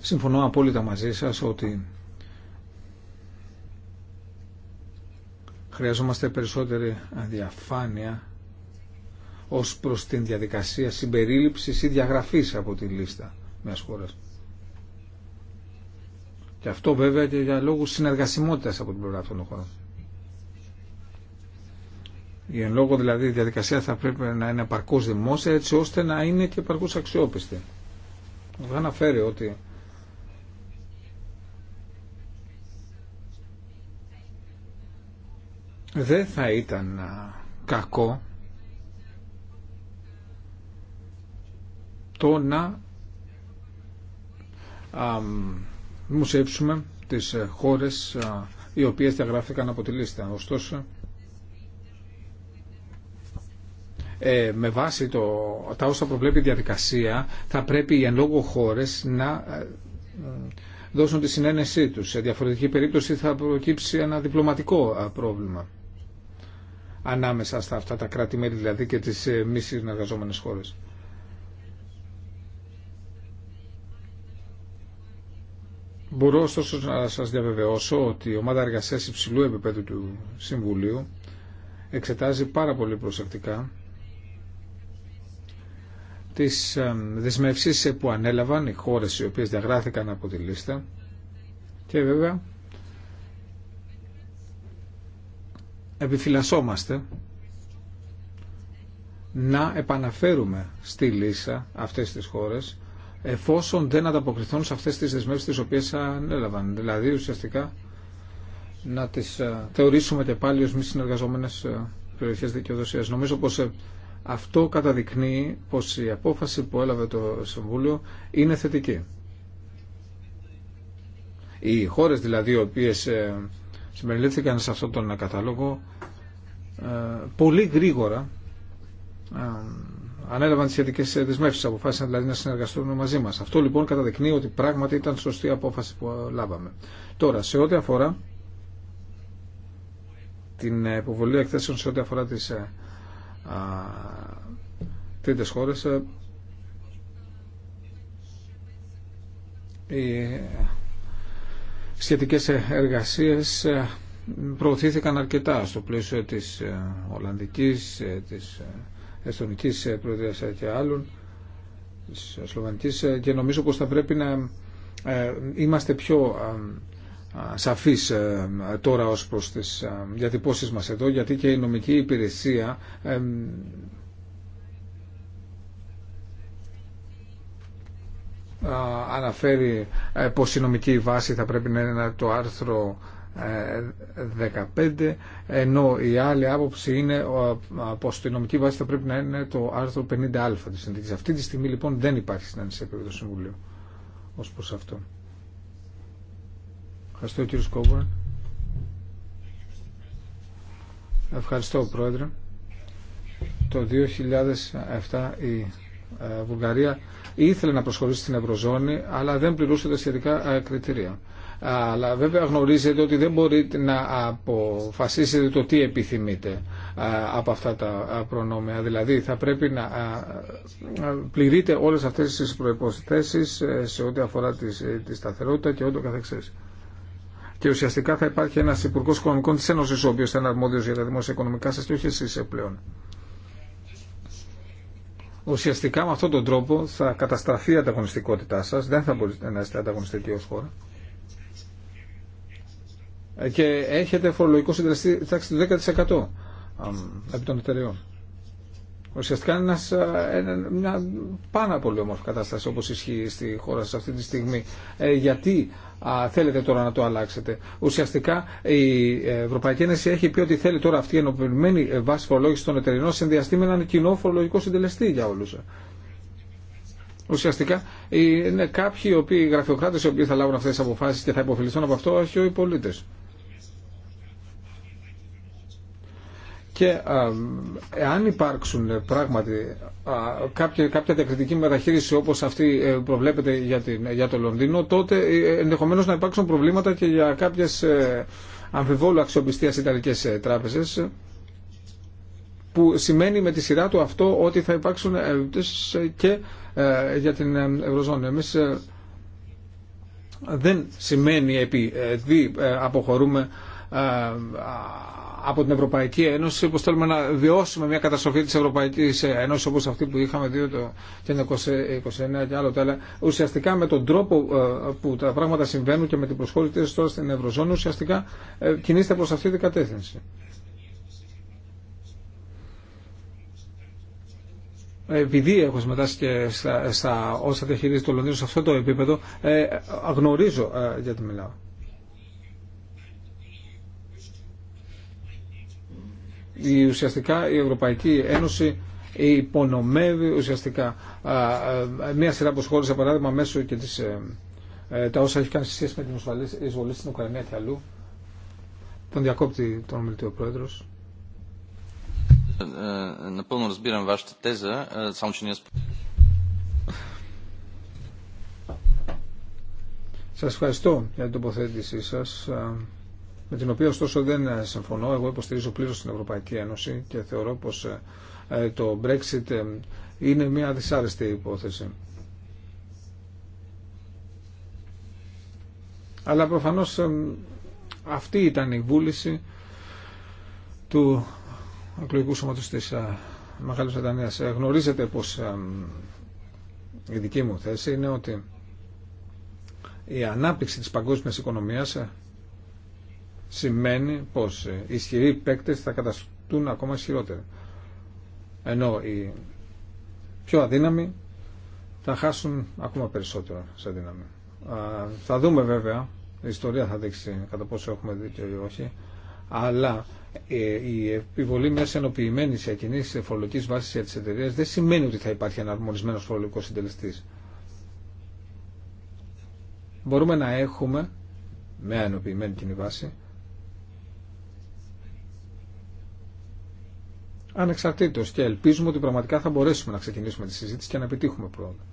Συμφωνώ απόλυτα μαζί σας ότι χρειαζόμαστε περισσότερη διαφάνεια ως προς την διαδικασία συμπερίληψης ή διαγραφής από τη λίστα μιας χώρας. Και αυτό βέβαια και για λόγους συνεργασιμότητας από την πλευρά αυτών των χωρών. Η εν λόγω δηλαδή η διαδικασία θα πρέπει να είναι παρκώς δημόσια έτσι ώστε να είναι και παρκώς αξιόπιστη. Θα αναφέρει ότι δεν θα ήταν κακό το να δημοσιεύσουμε τις ε, χώρες ε, οι οποίες διαγράφηκαν από τη λίστα. Ωστόσο, ε, με βάση το, τα όσα προβλέπει η διαδικασία, θα πρέπει οι εν λόγω χώρες να ε, δώσουν τη συνένεσή τους. Σε διαφορετική περίπτωση θα προκύψει ένα διπλωματικό πρόβλημα ανάμεσα στα αυτά τα κράτη-μέλη δηλαδή και τις μη συνεργαζόμενες χώρες. Μπορώ ωστόσο να σας διαβεβαιώσω ότι η ομάδα εργασίας υψηλού επίπεδου του Συμβουλίου εξετάζει πάρα πολύ προσεκτικά τις ε, δεσμεύσεις που ανέλαβαν οι χώρες οι οποίες διαγράφηκαν από τη λίστα και βέβαια επιφυλασσόμαστε να επαναφέρουμε στη λίστα αυτές τις χώρες εφόσον δεν ανταποκριθούν σε αυτές τις δεσμεύσεις τις οποίες ανέλαβαν. Δηλαδή ουσιαστικά να τις ε, θεωρήσουμε και πάλι ως μη συνεργαζόμενες ε, περιοχές δικαιοδοσίας. Νομίζω πως ε, αυτό καταδεικνύει πως η απόφαση που έλαβε το Συμβούλιο είναι θετική. Οι χώρες δηλαδή οι οποίες συμπεριλήφθηκαν σε αυτόν τον κατάλογο πολύ γρήγορα ανέλαβαν τι σχετικέ ε, δεσμεύσει, αποφάσισαν δηλαδή να συνεργαστούν μαζί μα. Αυτό λοιπόν καταδεικνύει ότι πράγματι ήταν σωστή απόφαση που λάβαμε. Τώρα, σε ό,τι αφορά την ε, υποβολή εκθέσεων, σε ό,τι αφορά τι ε, τρίτε χώρε, οι σχετικέ εργασίε προωθήθηκαν αρκετά στο πλαίσιο της Ολλανδικής, της Εθνική ε, Προεδρία ε, και άλλων, τη ε, και νομίζω πως θα πρέπει να είμαστε πιο σαφής τώρα ως προς τις διατυπώσει μα εδώ γιατί και η νομική υπηρεσία αναφέρει πως η νομική βάση θα πρέπει να είναι το άρθρο 15 ενώ η άλλη άποψη είναι από νομική βάση θα πρέπει να είναι το άρθρο 50α της συνθήκης. Αυτή τη στιγμή λοιπόν δεν υπάρχει συνάντηση σε επίπεδο Συμβουλίου ως προς αυτό. Ευχαριστώ κύριε Σκόμπορν. Ευχαριστώ πρόεδρε. Το 2007 η ε, Βουλγαρία ήθελε να προσχωρήσει στην Ευρωζώνη αλλά δεν πληρούσε τα σχετικά ε, κριτήρια αλλά βέβαια γνωρίζετε ότι δεν μπορείτε να αποφασίσετε το τι επιθυμείτε από αυτά τα προνόμια. Δηλαδή θα πρέπει να πληρείτε όλες αυτές τις προϋποθέσεις ε, σε ό,τι αφορά τη, ε, τη σταθερότητα και ό,τι καθεξής. Και ουσιαστικά θα υπάρχει ένας Υπουργό Οικονομικών της Ένωσης ο οποίος θα είναι αρμόδιος για τα δημόσια οικονομικά σας και όχι εσείς ε, πλέον. Ουσιαστικά με αυτόν τον τρόπο θα καταστραφεί η ανταγωνιστικότητά σας, δεν θα μπορείτε να είστε ανταγωνιστικοί ως χώρα και έχετε φορολογικό συντελεστή τάξη του 10% επί των εταιρεών. Ουσιαστικά είναι ε, μια πάρα πολύ όμορφη κατάσταση όπως ισχύει στη χώρα σας αυτή τη στιγμή. Ε, γιατί α, θέλετε τώρα να το αλλάξετε. Ουσιαστικά η Ευρωπαϊκή Ένωση έχει πει ότι θέλει τώρα αυτή η ενωπημένη βάση φορολόγηση των εταιρεών συνδυαστεί με έναν κοινό φορολογικό συντελεστή για όλους. Ουσιαστικά είναι κάποιοι οι οποίοι, οι γραφειοκράτες οι οποίοι θα λάβουν αυτές τις αποφάσεις και θα υποφεληθούν από αυτό, όχι οι πολίτες. Και εάν υπάρξουν ε, πράγματι κάποια, κάποια διακριτική μεταχείριση όπως αυτή ε, προβλέπεται για, την, ε, για το Λονδίνο, τότε ενδεχομένως να υπάρξουν προβλήματα και για κάποιες αμφιβόλου αξιοπιστίας ιταλικές τράπεζες που σημαίνει με τη σειρά του αυτό ότι θα υπάρξουν και για την Ευρωζώνη. Εμείς δεν σημαίνει επειδή αποχωρούμε από την Ευρωπαϊκή Ένωση, όπω θέλουμε να βιώσουμε μια καταστροφή της Ευρωπαϊκής Ένωση, όπως αυτή που είχαμε δει το 1929 και άλλο τέλα. Ουσιαστικά με τον τρόπο ε, που τα πράγματα συμβαίνουν και με την προσχώρηση τη τώρα στην Ευρωζώνη ουσιαστικά ε, κινείστε προ αυτή την κατεύθυνση. επειδή έχω συμμετάσχει και στα, όσα διαχειρίζεται το Λονδίνο σε αυτό το επίπεδο, ε, γνωρίζω ε, γιατί μιλάω. η, ουσιαστικά η Ευρωπαϊκή Ένωση υπονομεύει ουσιαστικά μία σειρά από χώρες, για παράδειγμα, μέσω και της, ε, ε, τα όσα έχει κάνει σε σχέση με την εισβολή στην Ουκρανία και αλλού. Τον διακόπτη τον ομιλητή ο Πρόεδρος. Σας ευχαριστώ για την τοποθέτησή σας με την οποία ωστόσο δεν ε, συμφωνώ. Εγώ υποστηρίζω πλήρως την Ευρωπαϊκή Ένωση και θεωρώ πως ε, ε, το Brexit είναι μια δυσάρεστη υπόθεση. Αλλά προφανώς αυτή ήταν η βούληση του εκλογικού σώματος της Μεγάλης Βρετανίας. Γνωρίζετε πως η δική μου θέση είναι ότι η ανάπτυξη της παγκόσμιας οικονομίας σημαίνει πως ε, οι ισχυροί παίκτες θα καταστούν ακόμα ισχυρότερα. Ενώ οι πιο αδύναμοι θα χάσουν ακόμα περισσότερο σε δύναμη. Θα δούμε βέβαια, η ιστορία θα δείξει κατά πόσο έχουμε δίκιο ή όχι, αλλά ε, η επιβολή μιας ενοποιημένης κοινής φορολογικής βάσης για τις εταιρείες δεν σημαίνει ότι θα υπάρχει ένα αρμονισμένος φορολογικός συντελεστής. Μπορούμε να έχουμε με ενοποιημένη κοινή βάση ανεξαρτήτω και ελπίζουμε ότι πραγματικά θα μπορέσουμε να ξεκινήσουμε τη συζήτηση και να επιτύχουμε πρώτα.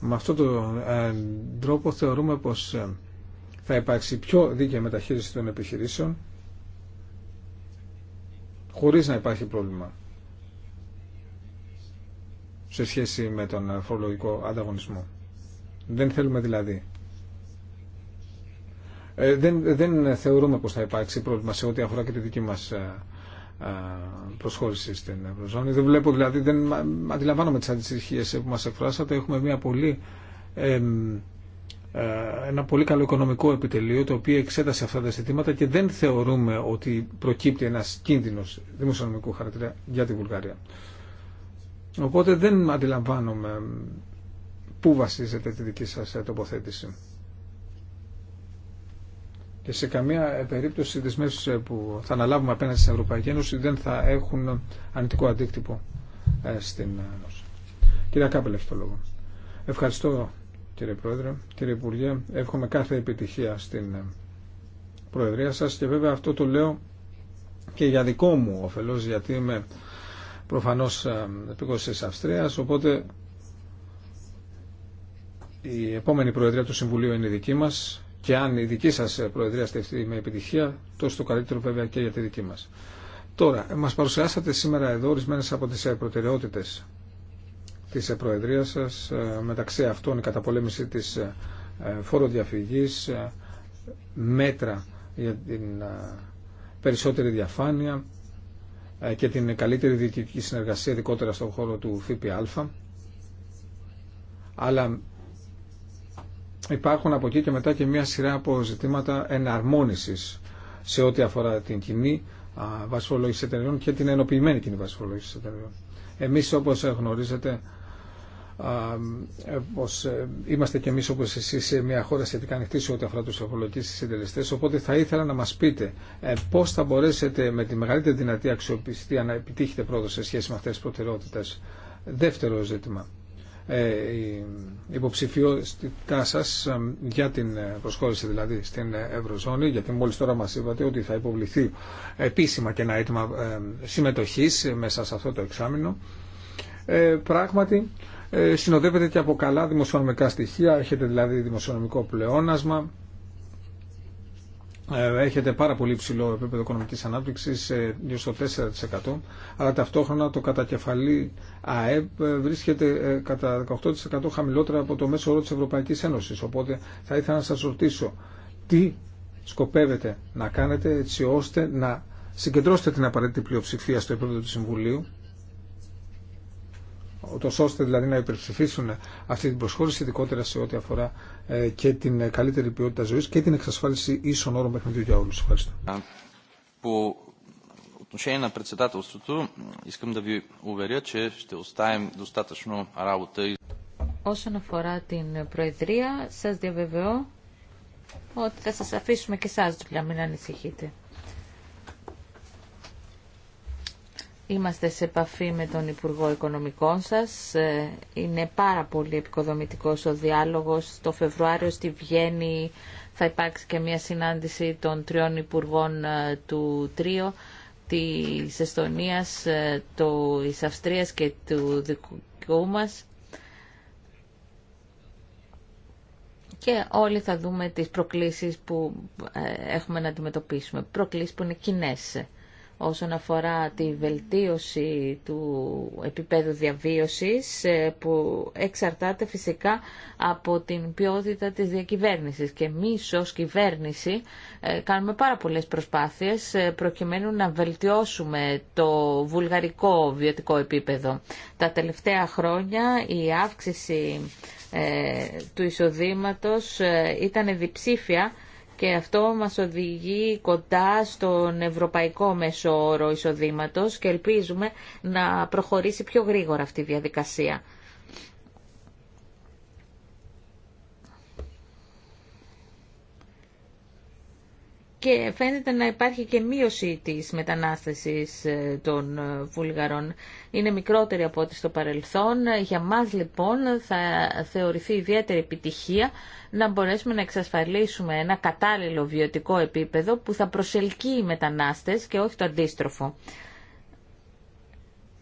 Με αυτόν τον ε, τρόπο θεωρούμε πως ε, θα υπάρξει πιο δίκαιη μεταχείριση των επιχειρήσεων χωρίς να υπάρχει πρόβλημα σε σχέση με τον ε, φορολογικό ανταγωνισμό. Δεν θέλουμε δηλαδή ε, δεν, δεν θεωρούμε πως θα υπάρξει πρόβλημα σε ό,τι αφορά και τη δική μας ε, ε, προσχώρηση στην Ευρωζώνη. Δεν βλέπω, δηλαδή, δεν αντιλαμβάνομαι τις αντιστοιχίες που μας εκφράσατε. Έχουμε μια πολύ, ε, ένα πολύ καλό οικονομικό επιτελείο το οποίο εξέτασε αυτά τα ζητήματα και δεν θεωρούμε ότι προκύπτει ένας κίνδυνος δημοσιονομικού χαρακτήρα για τη Βουλγαρία. Οπότε δεν αντιλαμβάνομαι πού βασίζεται τη δική σας τοποθέτηση και σε καμία περίπτωση τις μέσες που θα αναλάβουμε απέναντι στην Ευρωπαϊκή Ένωση δεν θα έχουν αρνητικό αντίκτυπο ε, στην ε, Ένωση. Κύριε Κάπελ, έχει το λόγο. Ευχαριστώ κύριε Πρόεδρε, κύριε Υπουργέ. Εύχομαι κάθε επιτυχία στην ε, Προεδρία σας και βέβαια αυτό το λέω και για δικό μου όφελος γιατί είμαι προφανώς επίκοσης της Αυστρίας οπότε η επόμενη Προεδρία του Συμβουλίου είναι η δική μας και αν η δική σας προεδρία στεφτεί με επιτυχία, τόσο το καλύτερο βέβαια και για τη δική μας. Τώρα, μας παρουσιάσατε σήμερα εδώ ορισμένε από τις προτεραιότητες της προεδρίας σας, ε, μεταξύ αυτών η καταπολέμηση της ε, φοροδιαφυγής, ε, μέτρα για την περισσότερη διαφάνεια και την καλύτερη διοικητική συνεργασία ειδικότερα στον χώρο του ΦΠΑ αλλά υπάρχουν από εκεί και μετά και μια σειρά από ζητήματα εναρμόνισης σε ό,τι αφορά την κοινή βασιολόγηση εταιρεών και την ενοποιημένη κοινή βασιολόγηση εταιρεών. Εμείς όπως γνωρίζετε ε, πως ε, είμαστε και εμείς όπως εσείς σε μια χώρα σχετικά ανοιχτή σε ό,τι αφορά τους ευρωλογικούς συντελεστές οπότε θα ήθελα να μας πείτε ε, πώς θα μπορέσετε με τη μεγαλύτερη δυνατή αξιοπιστία να επιτύχετε πρώτο σε σχέση με αυτές τις προτεραιότητες. Δεύτερο ζήτημα ε, η υποψηφιότητά σας ε, για την ε, προσχώρηση δηλαδή στην Ευρωζώνη, γιατί μόλι τώρα μα είπατε ότι θα υποβληθεί επίσημα και ένα αίτημα συμμετοχής μέσα σε αυτό το εξάμεινο. Πράγματι, συνοδεύεται και από καλά δημοσιονομικά στοιχεία, έχετε δηλαδή δημοσιονομικό πλεόνασμα, ε, έχετε πάρα πολύ ψηλό επίπεδο οικονομικής ανάπτυξης, ε, γύρω στο 4%, αλλά ταυτόχρονα το κατακεφαλή ΑΕΠ ε, βρίσκεται κατά 18% χαμηλότερα από το μέσο όρο της Ευρωπαϊκής Ένωσης. Οπότε θα ήθελα να σας ρωτήσω τι σκοπεύετε να κάνετε έτσι ώστε να συγκεντρώσετε την απαραίτητη πλειοψηφία στο επίπεδο του Συμβουλίου ούτως ώστε δηλαδή να υπερψηφίσουν αυτή την προσχώρηση, ειδικότερα σε ό,τι αφορά ε, και την καλύτερη ποιότητα ζωής και την εξασφάλιση ίσων όρων παιχνιδιού για όλους. Ευχαριστώ. Όσον αφορά την Προεδρία, σας διαβεβαιώ ότι θα σας αφήσουμε και εσάς δουλειά, μην ανησυχείτε. Είμαστε σε επαφή με τον Υπουργό Οικονομικών σας. Ε, είναι πάρα πολύ επικοδομητικός ο διάλογος. Το Φεβρουάριο στη Βιέννη θα υπάρξει και μια συνάντηση των τριών Υπουργών ε, του Τρίου, της Εστονίας, ε, της Αυστρίας και του δικού μας. Και όλοι θα δούμε τις προκλήσεις που έχουμε να αντιμετωπίσουμε. Προκλήσεις που είναι κοινές όσον αφορά τη βελτίωση του επίπεδου διαβίωσης ε, που εξαρτάται φυσικά από την ποιότητα της διακυβέρνησης και εμεί ω κυβέρνηση ε, κάνουμε πάρα πολλές προσπάθειες ε, προκειμένου να βελτιώσουμε το βουλγαρικό βιωτικό επίπεδο. Τα τελευταία χρόνια η αύξηση του εισοδήματος ήταν διψήφια και αυτό μας οδηγεί κοντά στον ευρωπαϊκό μέσο όρο εισοδήματος και ελπίζουμε να προχωρήσει πιο γρήγορα αυτή η διαδικασία. και φαίνεται να υπάρχει και μείωση της μετανάστασης ε, των ε, Βουλγαρών. Είναι μικρότερη από ό,τι στο παρελθόν. Για μας λοιπόν θα θεωρηθεί ιδιαίτερη επιτυχία να μπορέσουμε να εξασφαλίσουμε ένα κατάλληλο βιωτικό επίπεδο που θα προσελκύει μετανάστες και όχι το αντίστροφο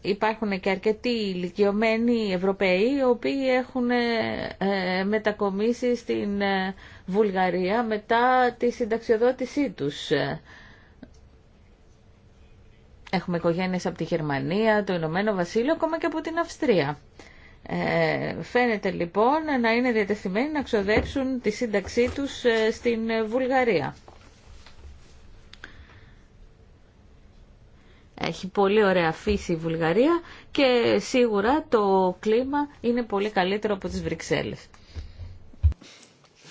υπάρχουν και αρκετοί ηλικιωμένοι Ευρωπαίοι οι οποίοι έχουν ε, ε, μετακομίσει στην ε, Βουλγαρία μετά τη συνταξιοδότησή τους. Έχουμε οικογένειες από τη Γερμανία, το Ηνωμένο Βασίλειο, ακόμα και από την Αυστρία. φαίνεται λοιπόν να είναι διατεθειμένοι να ξοδέψουν τη σύνταξή τους στην Βουλγαρία. Έχει πολύ ωραία φύση η Βουλγαρία και σίγουρα το κλίμα είναι πολύ καλύτερο από τις Βρυξέλλες.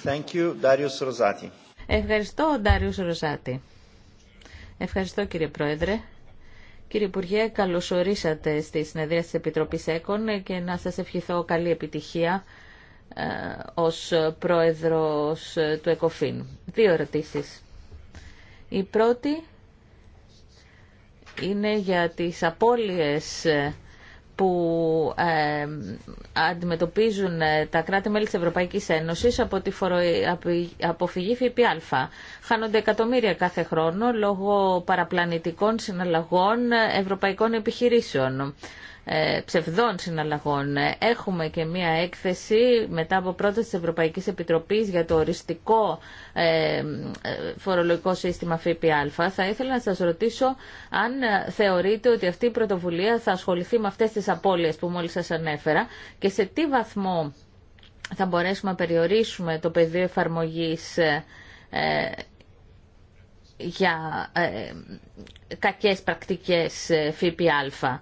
Thank you, Darius Rosati. Ευχαριστώ, Ντάριο Ροζάτη. Ευχαριστώ, κύριε Πρόεδρε. Κύριε Υπουργέ, καλωσορίσατε στη συνεδρία της Επιτροπής ΕΚΟΝ και να σας ευχηθώ καλή επιτυχία ε, ως Πρόεδρος του ΕΚΟΦΗΝ. Δύο ερωτήσεις. Η πρώτη είναι για τις απώλειες ε, που ε, αντιμετωπίζουν ε, τα κράτη-μέλη της Ευρωπαϊκής Ένωσης από τη φορο... αποφυγή ΦΠΑ. Χάνονται εκατομμύρια κάθε χρόνο λόγω παραπλανητικών συναλλαγών ευρωπαϊκών επιχειρήσεων. Ε, ψευδών συναλλαγών. Ε, έχουμε και μία έκθεση μετά από πρόταση της Ευρωπαϊκής Επιτροπής για το οριστικό ε, φορολογικό σύστημα ΦΠΑ. Θα ήθελα να σας ρωτήσω αν θεωρείτε ότι αυτή η πρωτοβουλία θα ασχοληθεί με αυτές τις απώλειες που μόλις σας ανέφερα και σε τι βαθμό θα μπορέσουμε να περιορίσουμε το πεδίο εφαρμογής για κακές πρακτικές ΦΠΑ.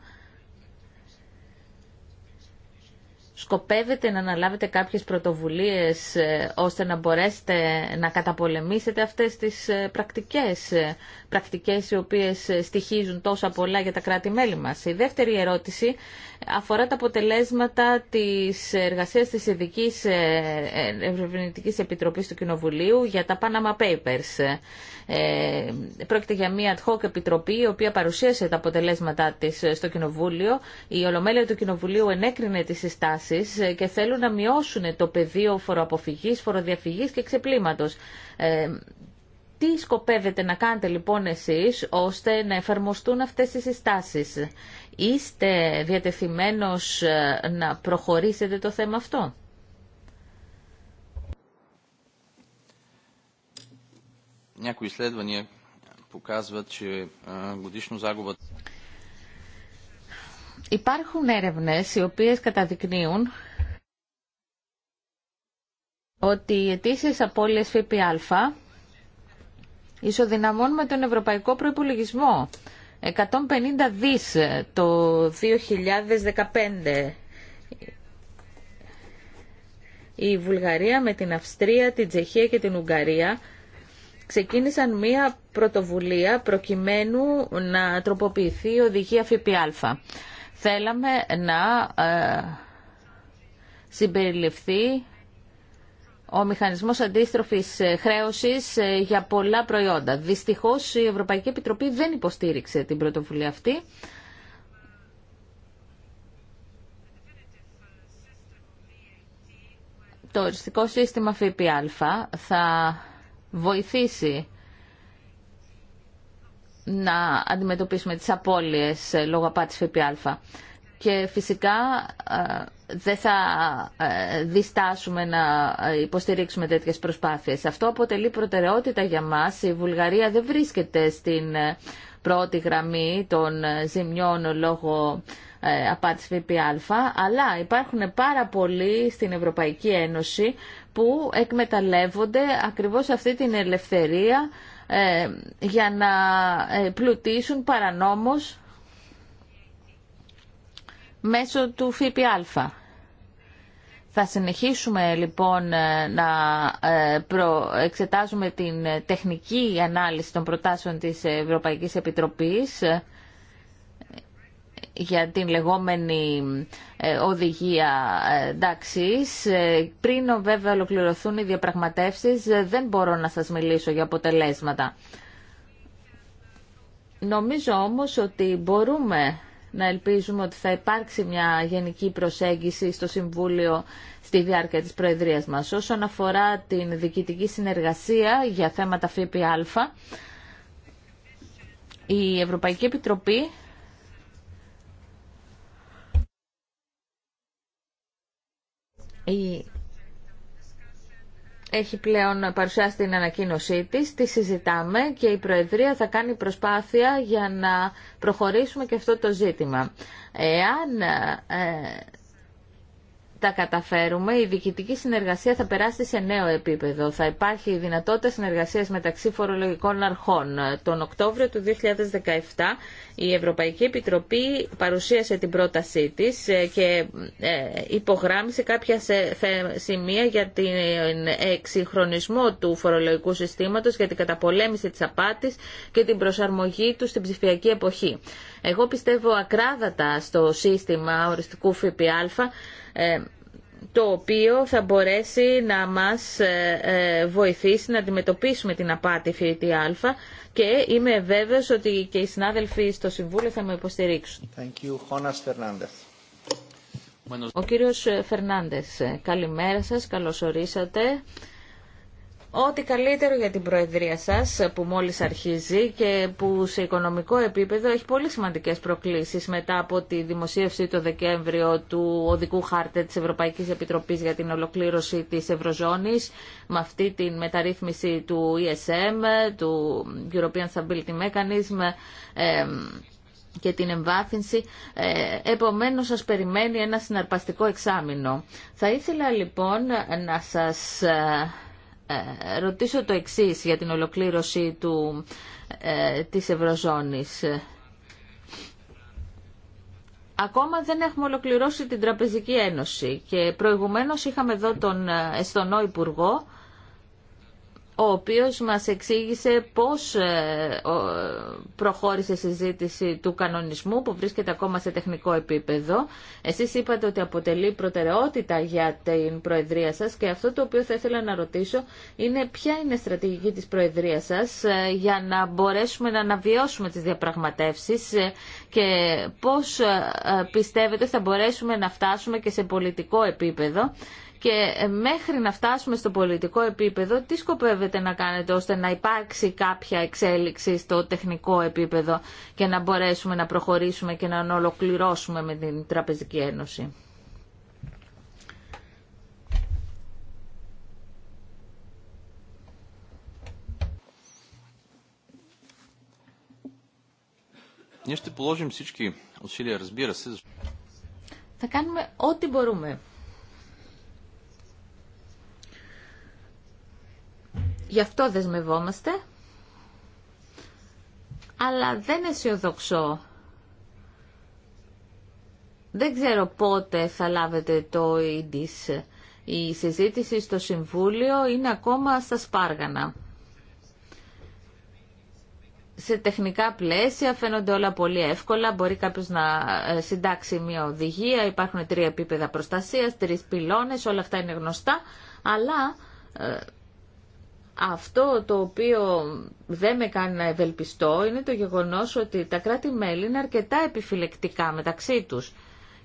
σκοπεύετε να αναλάβετε κάποιες πρωτοβουλίες ε, ώστε να μπορέσετε να καταπολεμήσετε αυτές τις ε, πρακτικές, ε, πρακτικές οι οποίες στοιχίζουν τόσα πολλά για τα κράτη-μέλη μας. Η δεύτερη ερώτηση αφορά τα αποτελέσματα της εργασίας της ειδική Ευρωπαϊκής Επιτροπής του Κοινοβουλίου για τα Panama Papers. πρόκειται για μια ad hoc επιτροπή η οποία παρουσίασε τα αποτελέσματά της στο Κοινοβούλιο. Η Ολομέλεια του Κοινοβουλίου ενέκρινε τις συστάσεις ε, και θέλουν να μειώσουν το πεδίο φοροαποφυγής, φοροδιαφυγής και ξεπλήματο. Ε, τι σκοπεύετε να κάνετε λοιπόν εσείς ώστε να εφαρμοστούν αυτές οι συστάσεις. Είστε διατεθειμένος ε, να προχωρήσετε το θέμα αυτό. Някои изследвания показват, че годишно загубата Υπάρχουν έρευνες οι οποίες καταδεικνύουν ότι οι αιτήσει απώλειες ΦΠΑ ισοδυναμώνουν με τον ευρωπαϊκό προϋπολογισμό. 150 δις το 2015. Η Βουλγαρία με την Αυστρία, την Τσεχία και την Ουγγαρία ξεκίνησαν μία πρωτοβουλία προκειμένου να τροποποιηθεί η οδηγία ΦΠΑ θέλαμε να ε, συμπεριληφθεί ο μηχανισμός αντίστροφης ε, χρέωσης ε, για πολλά προϊόντα. Δυστυχώς η Ευρωπαϊκή Επιτροπή δεν υποστήριξε την πρωτοβουλία αυτή. Το οριστικό σύστημα ΦΠΑ θα βοηθήσει να αντιμετωπίσουμε τις απώλειες ε, λόγω απάτης ΦΠΑ. Και φυσικά ε, δεν θα ε, διστάσουμε να υποστηρίξουμε τέτοιες προσπάθειες. Αυτό αποτελεί προτεραιότητα για μας. Η Βουλγαρία δεν βρίσκεται στην πρώτη γραμμή των ζημιών λόγω απάτης ΦΠΑ, αλλά υπάρχουν πάρα πολλοί στην Ευρωπαϊκή Ένωση που εκμεταλλεύονται ακριβώς αυτή την ελευθερία ε, για να ε, πλουτίσουν παρανόμως μέσω του ΦΠΑ. Θα συνεχίσουμε λοιπόν ε, να εξετάζουμε την τεχνική ανάλυση των προτάσεων της Ευρωπαϊκής Επιτροπής για την λεγόμενη ε, οδηγία εντάξει. Πριν βέβαια ολοκληρωθούν οι διαπραγματεύσεις ε, δεν μπορώ να σας μιλήσω για αποτελέσματα. Νομίζω όμως ότι μπορούμε να ελπίζουμε ότι θα υπάρξει μια γενική προσέγγιση στο Συμβούλιο στη διάρκεια της Προεδρίας μας. Όσον αφορά την διοικητική συνεργασία για θέματα ΦΠΑ, η Ευρωπαϊκή Επιτροπή έχει πλέον παρουσιάσει την ανακοίνωσή της, τη συζητάμε και η Προεδρία θα κάνει προσπάθεια για να προχωρήσουμε και αυτό το ζήτημα. Εάν ε, τα καταφέρουμε, η διοικητική συνεργασία θα περάσει σε νέο επίπεδο. Θα υπάρχει η δυνατότητα συνεργασίας μεταξύ φορολογικών αρχών. Τον Οκτώβριο του 2017 η Ευρωπαϊκή Επιτροπή παρουσίασε την πρότασή της ε, και ε, υπογράμμισε κάποια σημεία για την εξυγχρονισμό του φορολογικού συστήματος, για την καταπολέμηση της απάτης και την προσαρμογή του στην ψηφιακή εποχή. Εγώ πιστεύω ακράδατα στο σύστημα οριστικού ΦΠΑ ε, το οποίο θα μπορέσει να μας ε, ε, βοηθήσει να αντιμετωπίσουμε την απάτη Α και είμαι βέβαιος ότι και οι συνάδελφοι στο Συμβούλιο θα με υποστηρίξουν. you, Ο κύριος Φερνάντες, καλημέρα σας, καλώς ορίσατε ό,τι καλύτερο για την Προεδρία σας που μόλις αρχίζει και που σε οικονομικό επίπεδο έχει πολύ σημαντικές προκλήσεις μετά από τη δημοσίευση το Δεκέμβριο του Οδικού Χάρτε της Ευρωπαϊκής Επιτροπής για την ολοκλήρωση της Ευρωζώνης με αυτή τη μεταρρύθμιση του ESM, του European Stability Mechanism, και την εμβάθυνση. Ε, επομένως, σας περιμένει ένα συναρπαστικό εξάμεινο. Θα ήθελα λοιπόν να σας ε, ε, ρωτήσω το εξής για την ολοκλήρωση του, ε, της Ευρωζώνης. Ακόμα δεν έχουμε ολοκληρώσει την Τραπεζική Ένωση και προηγουμένως είχαμε εδώ τον ε, Εστονό Υπουργό ο οποίος μας εξήγησε πώς ε, προχώρησε η συζήτηση του κανονισμού που βρίσκεται ακόμα σε τεχνικό επίπεδο. Εσείς είπατε ότι αποτελεί προτεραιότητα για την Προεδρία σας και αυτό το οποίο θα ήθελα να ρωτήσω είναι ποια είναι η στρατηγική της Προεδρίας σας ε, για να μπορέσουμε να αναβιώσουμε τις διαπραγματεύσεις ε, και πώς πιστεύετε θα μπορέσουμε να φτάσουμε και σε πολιτικό επίπεδο και ε, μέχρι να φτάσουμε στο πολιτικό επίπεδο, τι σκοπεύετε να κάνετε ώστε να υπάρξει κάποια εξέλιξη στο τεχνικό επίπεδο και να μπορέσουμε να προχωρήσουμε και να ολοκληρώσουμε με την Τραπεζική Ένωση. Θα κάνουμε ό,τι μπορούμε. Γι' αυτό δεσμευόμαστε. Αλλά δεν αισιοδοξώ. Δεν ξέρω πότε θα λάβετε το ΙΔΙΣ. E Η συζήτηση στο Συμβούλιο είναι ακόμα στα σπάργανα. Σε τεχνικά πλαίσια φαίνονται όλα πολύ εύκολα. Μπορεί κάποιος να ε, συντάξει μια οδηγία. Υπάρχουν τρία επίπεδα προστασίας, τρεις πυλώνες, όλα αυτά είναι γνωστά. Αλλά ε, αυτό το οποίο δεν με κάνει να ευελπιστώ είναι το γεγονός ότι τα κράτη-μέλη είναι αρκετά επιφυλεκτικά μεταξύ τους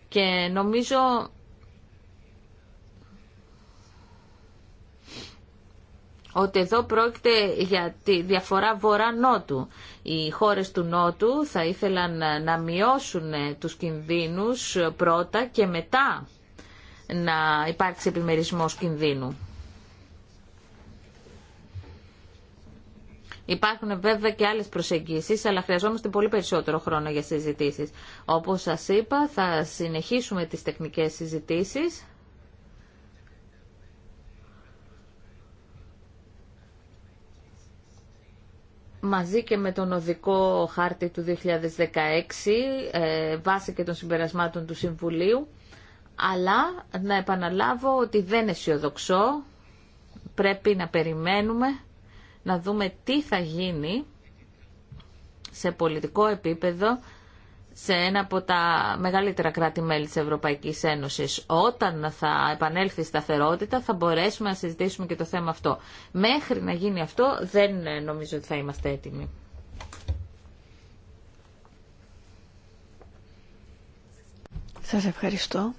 και νομίζω ότι εδώ πρόκειται για τη διαφορά βορρά-νότου. Οι χώρες του νότου θα ήθελαν να μειώσουν τους κινδύνους πρώτα και μετά να υπάρξει επιμερισμός κινδύνου. Υπάρχουν βέβαια και άλλες προσεγγίσεις, αλλά χρειαζόμαστε πολύ περισσότερο χρόνο για συζητήσεις. Όπως σας είπα, θα συνεχίσουμε τις τεχνικές συζητήσεις. μαζί και με τον οδικό χάρτη του 2016, ε, βάσει και των συμπερασμάτων του Συμβουλίου, αλλά να επαναλάβω ότι δεν αισιοδοξώ, πρέπει να περιμένουμε να δούμε τι θα γίνει σε πολιτικό επίπεδο σε ένα από τα μεγαλύτερα κράτη-μέλη της Ευρωπαϊκής Ένωσης. Όταν θα επανέλθει η σταθερότητα θα μπορέσουμε να συζητήσουμε και το θέμα αυτό. Μέχρι να γίνει αυτό δεν νομίζω ότι θα είμαστε έτοιμοι. Σας ευχαριστώ.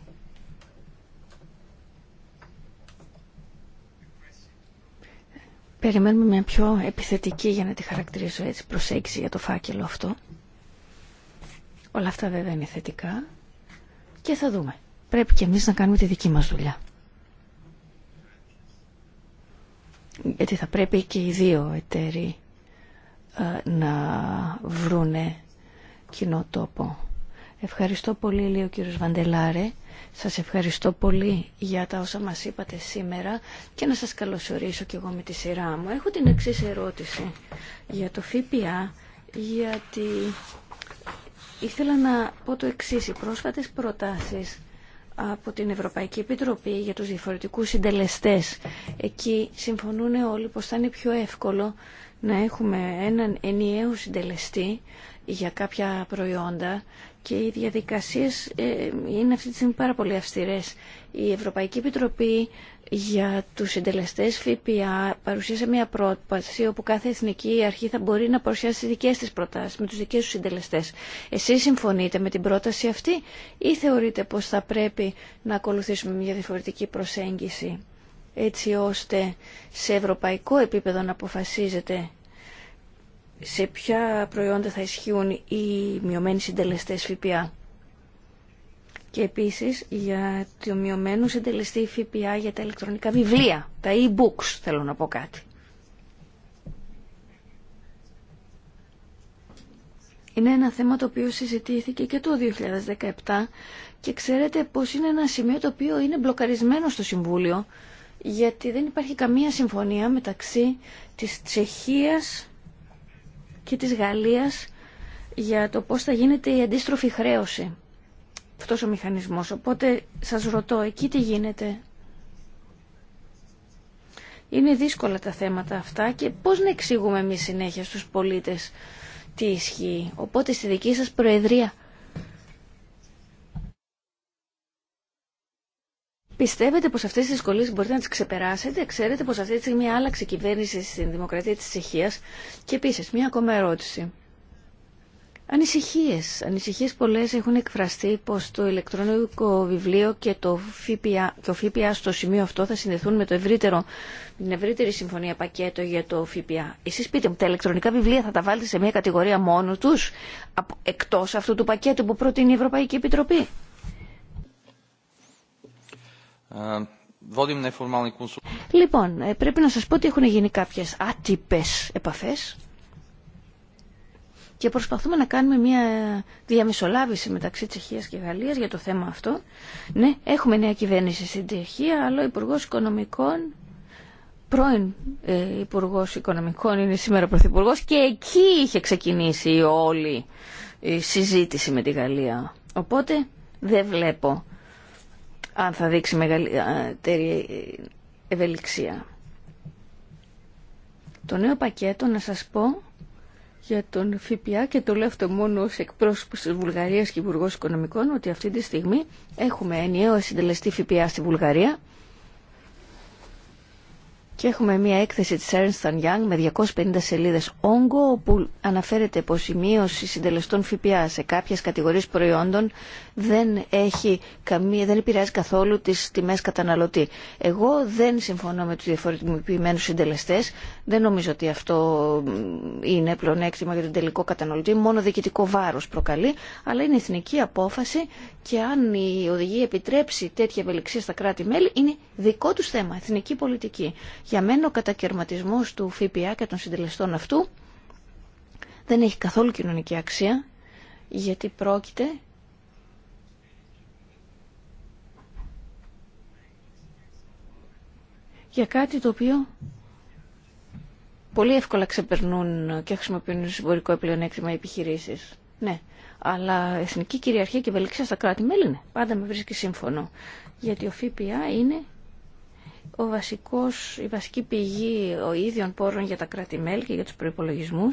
Περιμένουμε μια πιο επιθετική, για να τη χαρακτηρίσω έτσι, προσέγγιση για το φάκελο αυτό. Όλα αυτά βέβαια είναι θετικά και θα δούμε. Πρέπει και εμείς να κάνουμε τη δική μας δουλειά. Γιατί θα πρέπει και οι δύο εταίροι ε, να βρούνε κοινό τόπο. Ευχαριστώ πολύ, λέει ο κύριος Βαντελάρε. Σας ευχαριστώ πολύ για τα όσα μας είπατε σήμερα και να σας καλωσορίσω και εγώ με τη σειρά μου. Έχω την εξή ερώτηση για το ΦΠΑ, γιατί ήθελα να πω το εξή Οι πρόσφατες προτάσεις από την Ευρωπαϊκή Επιτροπή για τους διαφορετικούς συντελεστές. Εκεί συμφωνούν όλοι πως θα είναι πιο εύκολο να έχουμε έναν ενιαίο συντελεστή για κάποια προϊόντα και οι διαδικασίες ε, είναι αυτή τη στιγμή πάρα πολύ αυστηρές. Η Ευρωπαϊκή Επιτροπή για τους συντελεστές ΦΠΑ παρουσίασε μια πρόταση όπου κάθε εθνική αρχή θα μπορεί να παρουσιάσει τις δικές της προτάσεις με τους δικές τους συντελεστές. Εσείς συμφωνείτε με την πρόταση αυτή ή θεωρείτε πως θα πρέπει να ακολουθήσουμε μια διαφορετική προσέγγιση έτσι ώστε σε ευρωπαϊκό επίπεδο να αποφασίζεται σε ποια προϊόντα θα ισχύουν οι μειωμένοι συντελεστέ ΦΠΑ. Και επίση για το μειωμένο συντελεστή ΦΠΑ για τα ηλεκτρονικά βιβλία, τα e-books θέλω να πω κάτι. Είναι ένα θέμα το οποίο συζητήθηκε και το 2017 και ξέρετε πως είναι ένα σημείο το οποίο είναι μπλοκαρισμένο στο Συμβούλιο γιατί δεν υπάρχει καμία συμφωνία μεταξύ της Τσεχίας και της Γαλλίας για το πώς θα γίνεται η αντίστροφη χρέωση. Αυτός ο μηχανισμός. Οπότε σας ρωτώ, εκεί τι γίνεται. Είναι δύσκολα τα θέματα αυτά και πώς να εξηγούμε εμείς συνέχεια στους πολίτες τι ισχύει. Οπότε στη δική σας Προεδρία Πιστεύετε πως αυτές τις δυσκολίες μπορείτε να τις ξεπεράσετε. Ξέρετε πως αυτή τη στιγμή άλλαξε η κυβέρνηση στην Δημοκρατία της Τσεχίας. Και επίσης, μία ακόμα ερώτηση. Ανησυχίες. Ανησυχίες πολλές έχουν εκφραστεί πως το ηλεκτρονικό βιβλίο και το ΦΠΑ, το ΦΠΑ στο σημείο αυτό θα συνδεθούν με το ευρύτερο, την ευρύτερη συμφωνία πακέτο για το ΦΠΑ. Εσείς πείτε μου, τα ηλεκτρονικά βιβλία θα τα βάλετε σε μια κατηγορία μόνο τους, εκτός αυτού του πακέτου που προτείνει η Ευρωπαϊκή Επιτροπή. Ε, λοιπόν, ε, πρέπει να σας πω ότι έχουν γίνει κάποιες άτυπες επαφές και προσπαθούμε να κάνουμε μια διαμεσολάβηση μεταξύ Τσεχίας και Γαλλίας για το θέμα αυτό. Ναι, έχουμε νέα κυβέρνηση στην Τσεχία, αλλά ο υπουργό Οικονομικών, πρώην ε, υπουργό Οικονομικών είναι σήμερα Πρωθυπουργό και εκεί είχε ξεκινήσει όλη η συζήτηση με τη Γαλλία. Οπότε δεν βλέπω αν θα δείξει μεγαλύτερη ευελιξία. Το νέο πακέτο, να σας πω, για τον ΦΠΑ και το λέω αυτό μόνο ως εκπρόσωπος της Βουλγαρίας και Υπουργό Οικονομικών ότι αυτή τη στιγμή έχουμε ενιαίο συντελεστή ΦΠΑ στη Βουλγαρία και έχουμε μια έκθεση της Ernst Young με 250 σελίδες όγκο όπου αναφέρεται πως η μείωση συντελεστών ΦΠΑ σε κάποιες κατηγορίες προϊόντων δεν, έχει καμία, δεν επηρεάζει καθόλου τις τιμές καταναλωτή. Εγώ δεν συμφωνώ με τους διαφορετικοποιημένους συντελεστές δεν νομίζω ότι αυτό είναι πλονέκτημα για τον τελικό καταναλωτή, μόνο διοικητικό βάρος προκαλεί, αλλά είναι εθνική απόφαση και αν η οδηγία επιτρέψει τέτοια ευελιξία στα κράτη-μέλη, είναι δικό του θέμα, εθνική πολιτική. Για μένα ο κατακαιρματισμός του ΦΠΑ και των συντελεστών αυτού δεν έχει καθόλου κοινωνική αξία, γιατί πρόκειται για κάτι το οποίο πολύ εύκολα ξεπερνούν και χρησιμοποιούν συμπορικό πλεονέκτημα οι επιχειρήσει. Ναι, αλλά εθνική κυριαρχία και ευελιξία στα κράτη-μέλη είναι. Πάντα με βρίσκει σύμφωνο. Γιατί ο ΦΠΑ είναι ο βασικός, η βασική πηγή ο ίδιων πόρων για τα κράτη-μέλη και για του προπολογισμού,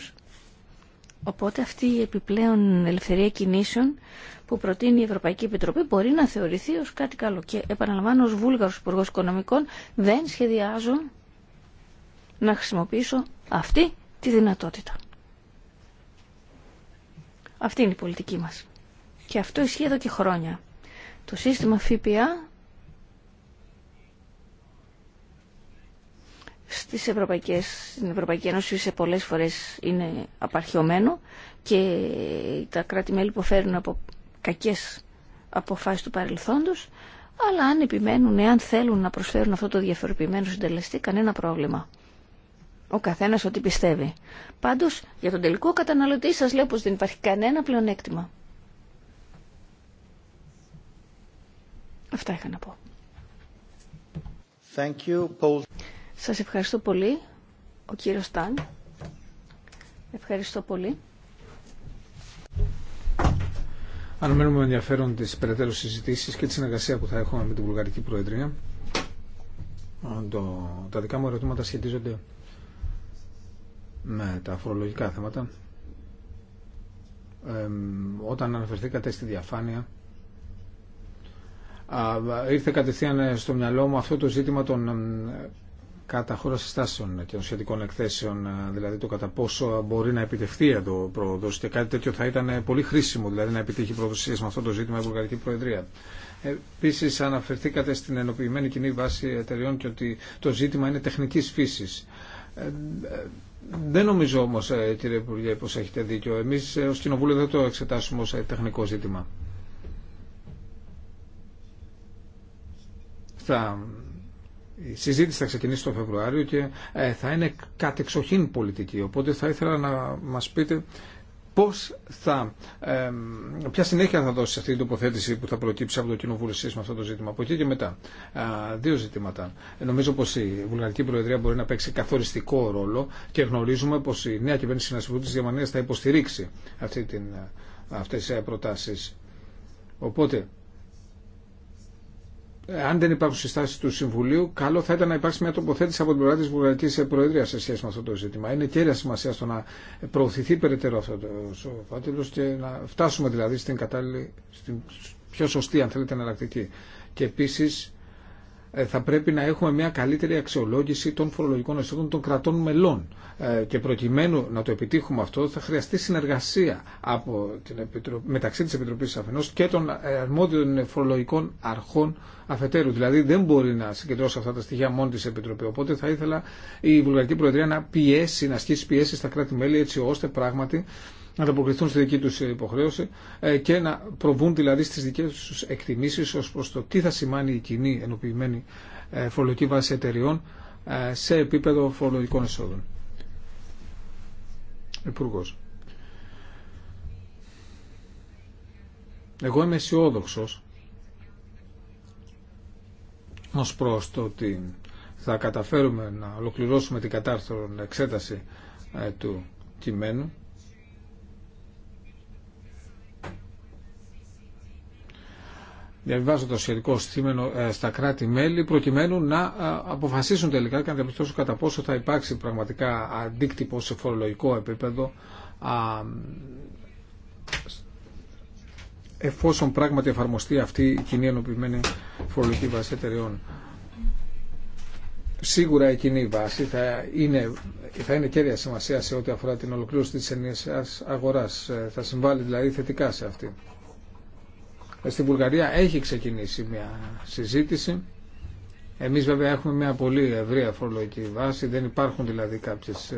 Οπότε αυτή η επιπλέον ελευθερία κινήσεων που προτείνει η Ευρωπαϊκή Επιτροπή μπορεί να θεωρηθεί ω κάτι καλό. Και επαναλαμβάνω ω Βούλγαρο υπουργό Οικονομικών δεν σχεδιάζω να χρησιμοποιήσω αυτή τη δυνατότητα. Αυτή είναι η πολιτική μας. Και αυτό ισχύει εδώ και χρόνια. Το σύστημα ΦΠΑ στις Ευρωπαϊκές, στην Ευρωπαϊκή Ένωση σε πολλές φορές είναι απαρχιωμένο και τα κράτη-μέλη υποφέρουν από κακές αποφάσεις του παρελθόντος αλλά αν επιμένουν, εάν θέλουν να προσφέρουν αυτό το διαφοροποιημένο συντελεστή, κανένα πρόβλημα ο καθένας ό,τι πιστεύει. Πάντως, για τον τελικό καταναλωτή σας λέω πως δεν υπάρχει κανένα πλεονέκτημα. Αυτά είχα να πω. Thank you, Paul. Σας ευχαριστώ πολύ, ο κύριος Ταν. Ευχαριστώ πολύ. Αναμένουμε με ενδιαφέρον τις περαιτέρω συζητήσεις και τη συνεργασία που θα έχουμε με την Βουλγαρική Προεδρία. τα δικά μου ερωτήματα σχετίζονται με ναι, τα αφορολογικά θέματα. Ε, όταν αναφερθήκατε στη διαφάνεια, ήρθε κατευθείαν στο μυαλό μου αυτό το ζήτημα των καταχώρα συστάσεων και των σχετικών εκθέσεων, ε, δηλαδή το κατά πόσο μπορεί να επιτευχθεί εδώ πρόοδο και κάτι τέτοιο θα ήταν πολύ χρήσιμο, δηλαδή να επιτύχει η πρόοδος με αυτό το ζήτημα η Βουλγαρική Προεδρία. Επίση, αναφερθήκατε στην ενοποιημένη κοινή βάση εταιριών και ότι το ζήτημα είναι τεχνική φύση. Ε, ε, δεν νομίζω όμω, ε, κύριε Υπουργέ, πω έχετε δίκιο. Εμεί ε, ω Κοινοβούλιο δεν το εξετάσουμε ω ε, τεχνικό ζήτημα. Θα... Η συζήτηση θα ξεκινήσει το Φεβρουάριο και θα είναι κατεξοχήν πολιτική. Οπότε θα ήθελα να μας πείτε πώς θα, ποια συνέχεια θα δώσει αυτή την τοποθέτηση που θα προκύψει από το κοινοβούλιο με αυτό το ζήτημα. Από εκεί και μετά. δύο ζητήματα. Νομίζω πως η Βουλγαρική Προεδρία μπορεί να παίξει καθοριστικό ρόλο και γνωρίζουμε πως η νέα κυβέρνηση συνασπού της Γερμανίας θα υποστηρίξει αυτή την, ε, αυτές τις προτάσεις. Οπότε ε, αν δεν υπάρχουν συστάσει του Συμβουλίου, καλό θα ήταν να υπάρξει μια τοποθέτηση από την πλευρά τη Βουλγαρική Προεδρία σε σχέση με αυτό το ζήτημα. Είναι κέρια σημασία στο να προωθηθεί περαιτέρω αυτό το φάκελο και να φτάσουμε δηλαδή στην κατάλληλη, στην πιο σωστή αν θέλετε εναλλακτική. Και επίση ε, θα πρέπει να έχουμε μια καλύτερη αξιολόγηση των φορολογικών εισόδων των κρατών μελών. Ε, και προκειμένου να το επιτύχουμε αυτό θα χρειαστεί συνεργασία από την Επιτροπή, μεταξύ της Επιτροπής αφενός και των ε, αρμόδιων φορολογικών αρχών αφετέρου. Δηλαδή δεν μπορεί να συγκεντρώσει αυτά τα στοιχεία μόνη τη Επιτροπή. Οπότε θα ήθελα η Βουλγαρική Προεδρία να πιέσει, να ασκήσει πιέσει στα κράτη-μέλη έτσι ώστε πράγματι να ανταποκριθούν στη δική τους υποχρέωση ε, και να προβούν δηλαδή στις δικές τους εκτιμήσεις ως προς το τι θα σημάνει η κοινή ενοποιημένη ε, φορολογική βάση εταιριών ε, σε επίπεδο φορολογικών εσόδων. Υπουργό. Εγώ είμαι αισιόδοξο Ω προς το ότι θα καταφέρουμε να ολοκληρώσουμε την κατάρθρον εξέταση του κειμένου διαβιβάζω το σχετικό κείμενο ε, στα κράτη-μέλη προκειμένου να ε, αποφασίσουν τελικά και να διαπιστώσουν κατά πόσο θα υπάρξει πραγματικά αντίκτυπο σε φορολογικό επίπεδο εφόσον πράγματι εφαρμοστεί αυτή η κοινή ενωπημένη φορολογική βάση εταιρεών. Σίγουρα η κοινή βάση θα είναι, θα είναι κέρια σημασία σε ό,τι αφορά την ολοκλήρωση της ενιαίας αγοράς. Ε, θα συμβάλλει δηλαδή θετικά σε αυτή. Στη Βουλγαρία έχει ξεκινήσει μια συζήτηση. Εμείς βέβαια έχουμε μια πολύ ευρία φορολογική βάση, δεν υπάρχουν δηλαδή κάποιες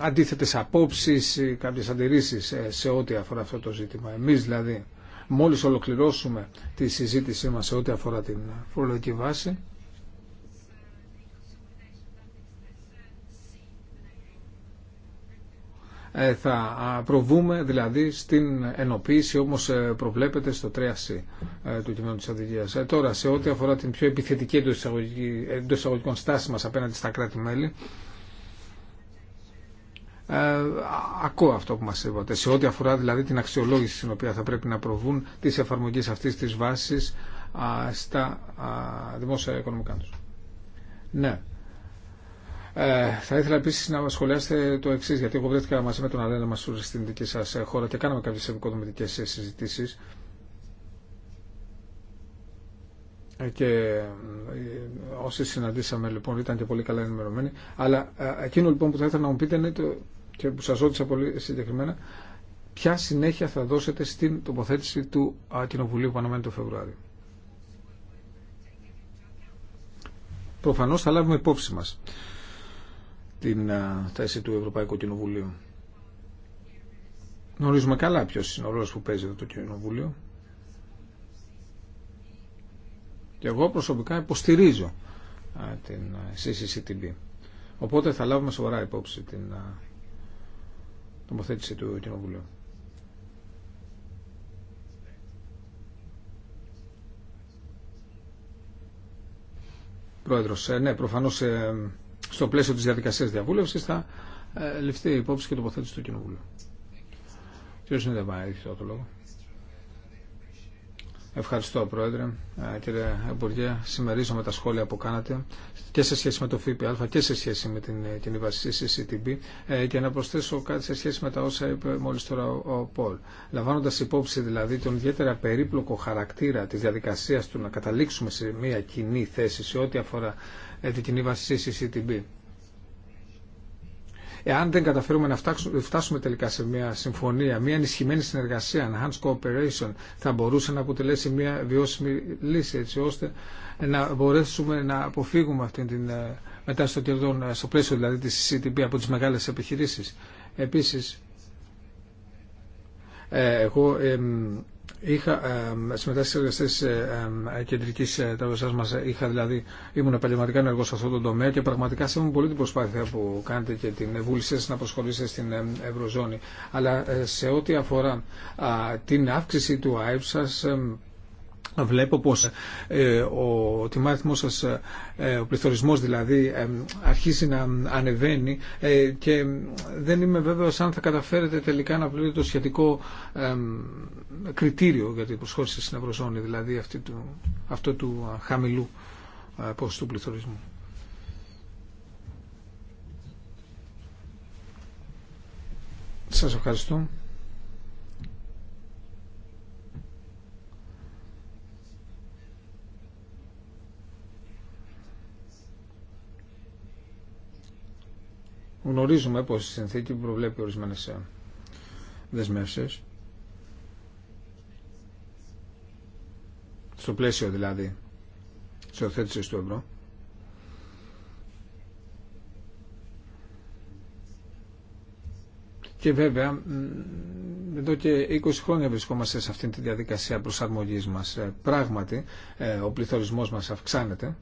αντίθετες απόψεις, κάποιες αντιρρήσεις ε, σε ό,τι αφορά αυτό το ζήτημα. Εμείς δηλαδή μόλις ολοκληρώσουμε τη συζήτησή μας σε ό,τι αφορά την φορολογική βάση Ε, θα προβούμε δηλαδή στην ενοποίηση όπως ε, προβλέπεται στο 3C ε, του κειμένου της οδηγίας. Τώρα σε ό,τι αφορά την πιο επιθετική εντός εισαγωγικών στάση μας απέναντι στα κράτη-μέλη ε, ακούω αυτό που μας είπατε σε ό,τι αφορά δηλαδή την αξιολόγηση στην οποία θα πρέπει να προβούν τις εφαρμογές αυτής της βάσης α, στα α, δημόσια οικονομικά τους. Ναι, ε, θα ήθελα επίση να σχολιάσετε το εξή, γιατί εγώ βρέθηκα μαζί με τον Αλένα Μασούρη στην δική σα χώρα και κάναμε κάποιε επικοδομητικέ συζητήσει. Ε, και ε, όσοι συναντήσαμε λοιπόν ήταν και πολύ καλά ενημερωμένοι αλλά εκείνο λοιπόν που θα ήθελα να μου πείτε είναι το, και που σα ρώτησα πολύ συγκεκριμένα ποια συνέχεια θα δώσετε στην τοποθέτηση του Κοινοβουλίου που το Φεβρουάριο Προφανώς θα λάβουμε υπόψη μας την θέση του Ευρωπαϊκού Κοινοβουλίου. Γνωρίζουμε καλά ποιο είναι ο ρόλο που παίζει εδώ το Κοινοβούλιο. Και εγώ προσωπικά υποστηρίζω την CCCTB. Οπότε θα λάβουμε σοβαρά υπόψη την τοποθέτηση του Κοινοβουλίου. Πρόεδρος, ε, ναι, προφανώς ε, στο πλαίσιο της διαδικασίας διαβούλευσης θα ε, ληφθεί υπόψη και τοποθέτηση του Κοινοβουλίου. Κύριε Συνδεβά, έχετε το λόγο. Ευχαριστώ, Πρόεδρε. Ε, κύριε Υπουργέ, με τα σχόλια που κάνατε και σε σχέση με το ΦΠΑ και σε σχέση με την κοινή βασική CCTB και να προσθέσω κάτι σε σχέση με τα όσα είπε μόλι τώρα ο Πολ. Λαμβάνοντα υπόψη δηλαδή τον ιδιαίτερα περίπλοκο χαρακτήρα τη διαδικασία του να καταλήξουμε σε μια κοινή θέση σε ό,τι αφορά ε, την κοινή βασισή CCTB. Εάν δεν καταφέρουμε να φτάσουμε τελικά σε μια συμφωνία, μια ενισχυμένη συνεργασία, enhanced cooperation, θα μπορούσε να αποτελέσει μια βιώσιμη λύση, έτσι ώστε να μπορέσουμε να αποφύγουμε αυτή την ε, μετά στο κερδών ε, στο πλαίσιο δηλαδή της CCTB από τις μεγάλες επιχειρήσεις. Επίσης, εγώ Είχα ε, συμμετάσχει σε εργασίε ε, ε, κεντρική ε, τράπεζα μα. Είχα δηλαδή, ήμουν επαγγελματικά ενεργό σε αυτό το τομέα και πραγματικά σέβομαι πολύ την προσπάθεια που κάνετε και την βούλησή σα να προσχωρήσετε στην ε, Ευρωζώνη. Αλλά ε, σε ό,τι αφορά την αύξηση του ΑΕΠ σα, Βλέπω πως ε, ο, τιμάριθμός σας, ε, ο πληθωρισμός δηλαδή, ε, αρχίζει να ανεβαίνει και δεν είμαι βέβαιος αν θα καταφέρετε τελικά να πληρώνετε το σχετικό κριτήριο για την προσχώρηση στην Ευρωζώνη, δηλαδή αυτή του, αυτό του χαμηλού ε, του πληθωρισμού. Σας ευχαριστώ. γνωρίζουμε πως η συνθήκη προβλέπει ορισμένες ε, δεσμεύσεις στο πλαίσιο δηλαδή της οθέτησης του ευρώ και βέβαια εδώ και 20 χρόνια βρισκόμαστε σε αυτή τη διαδικασία προσαρμογής μας ε, πράγματι ε, ο πληθωρισμός μας αυξάνεται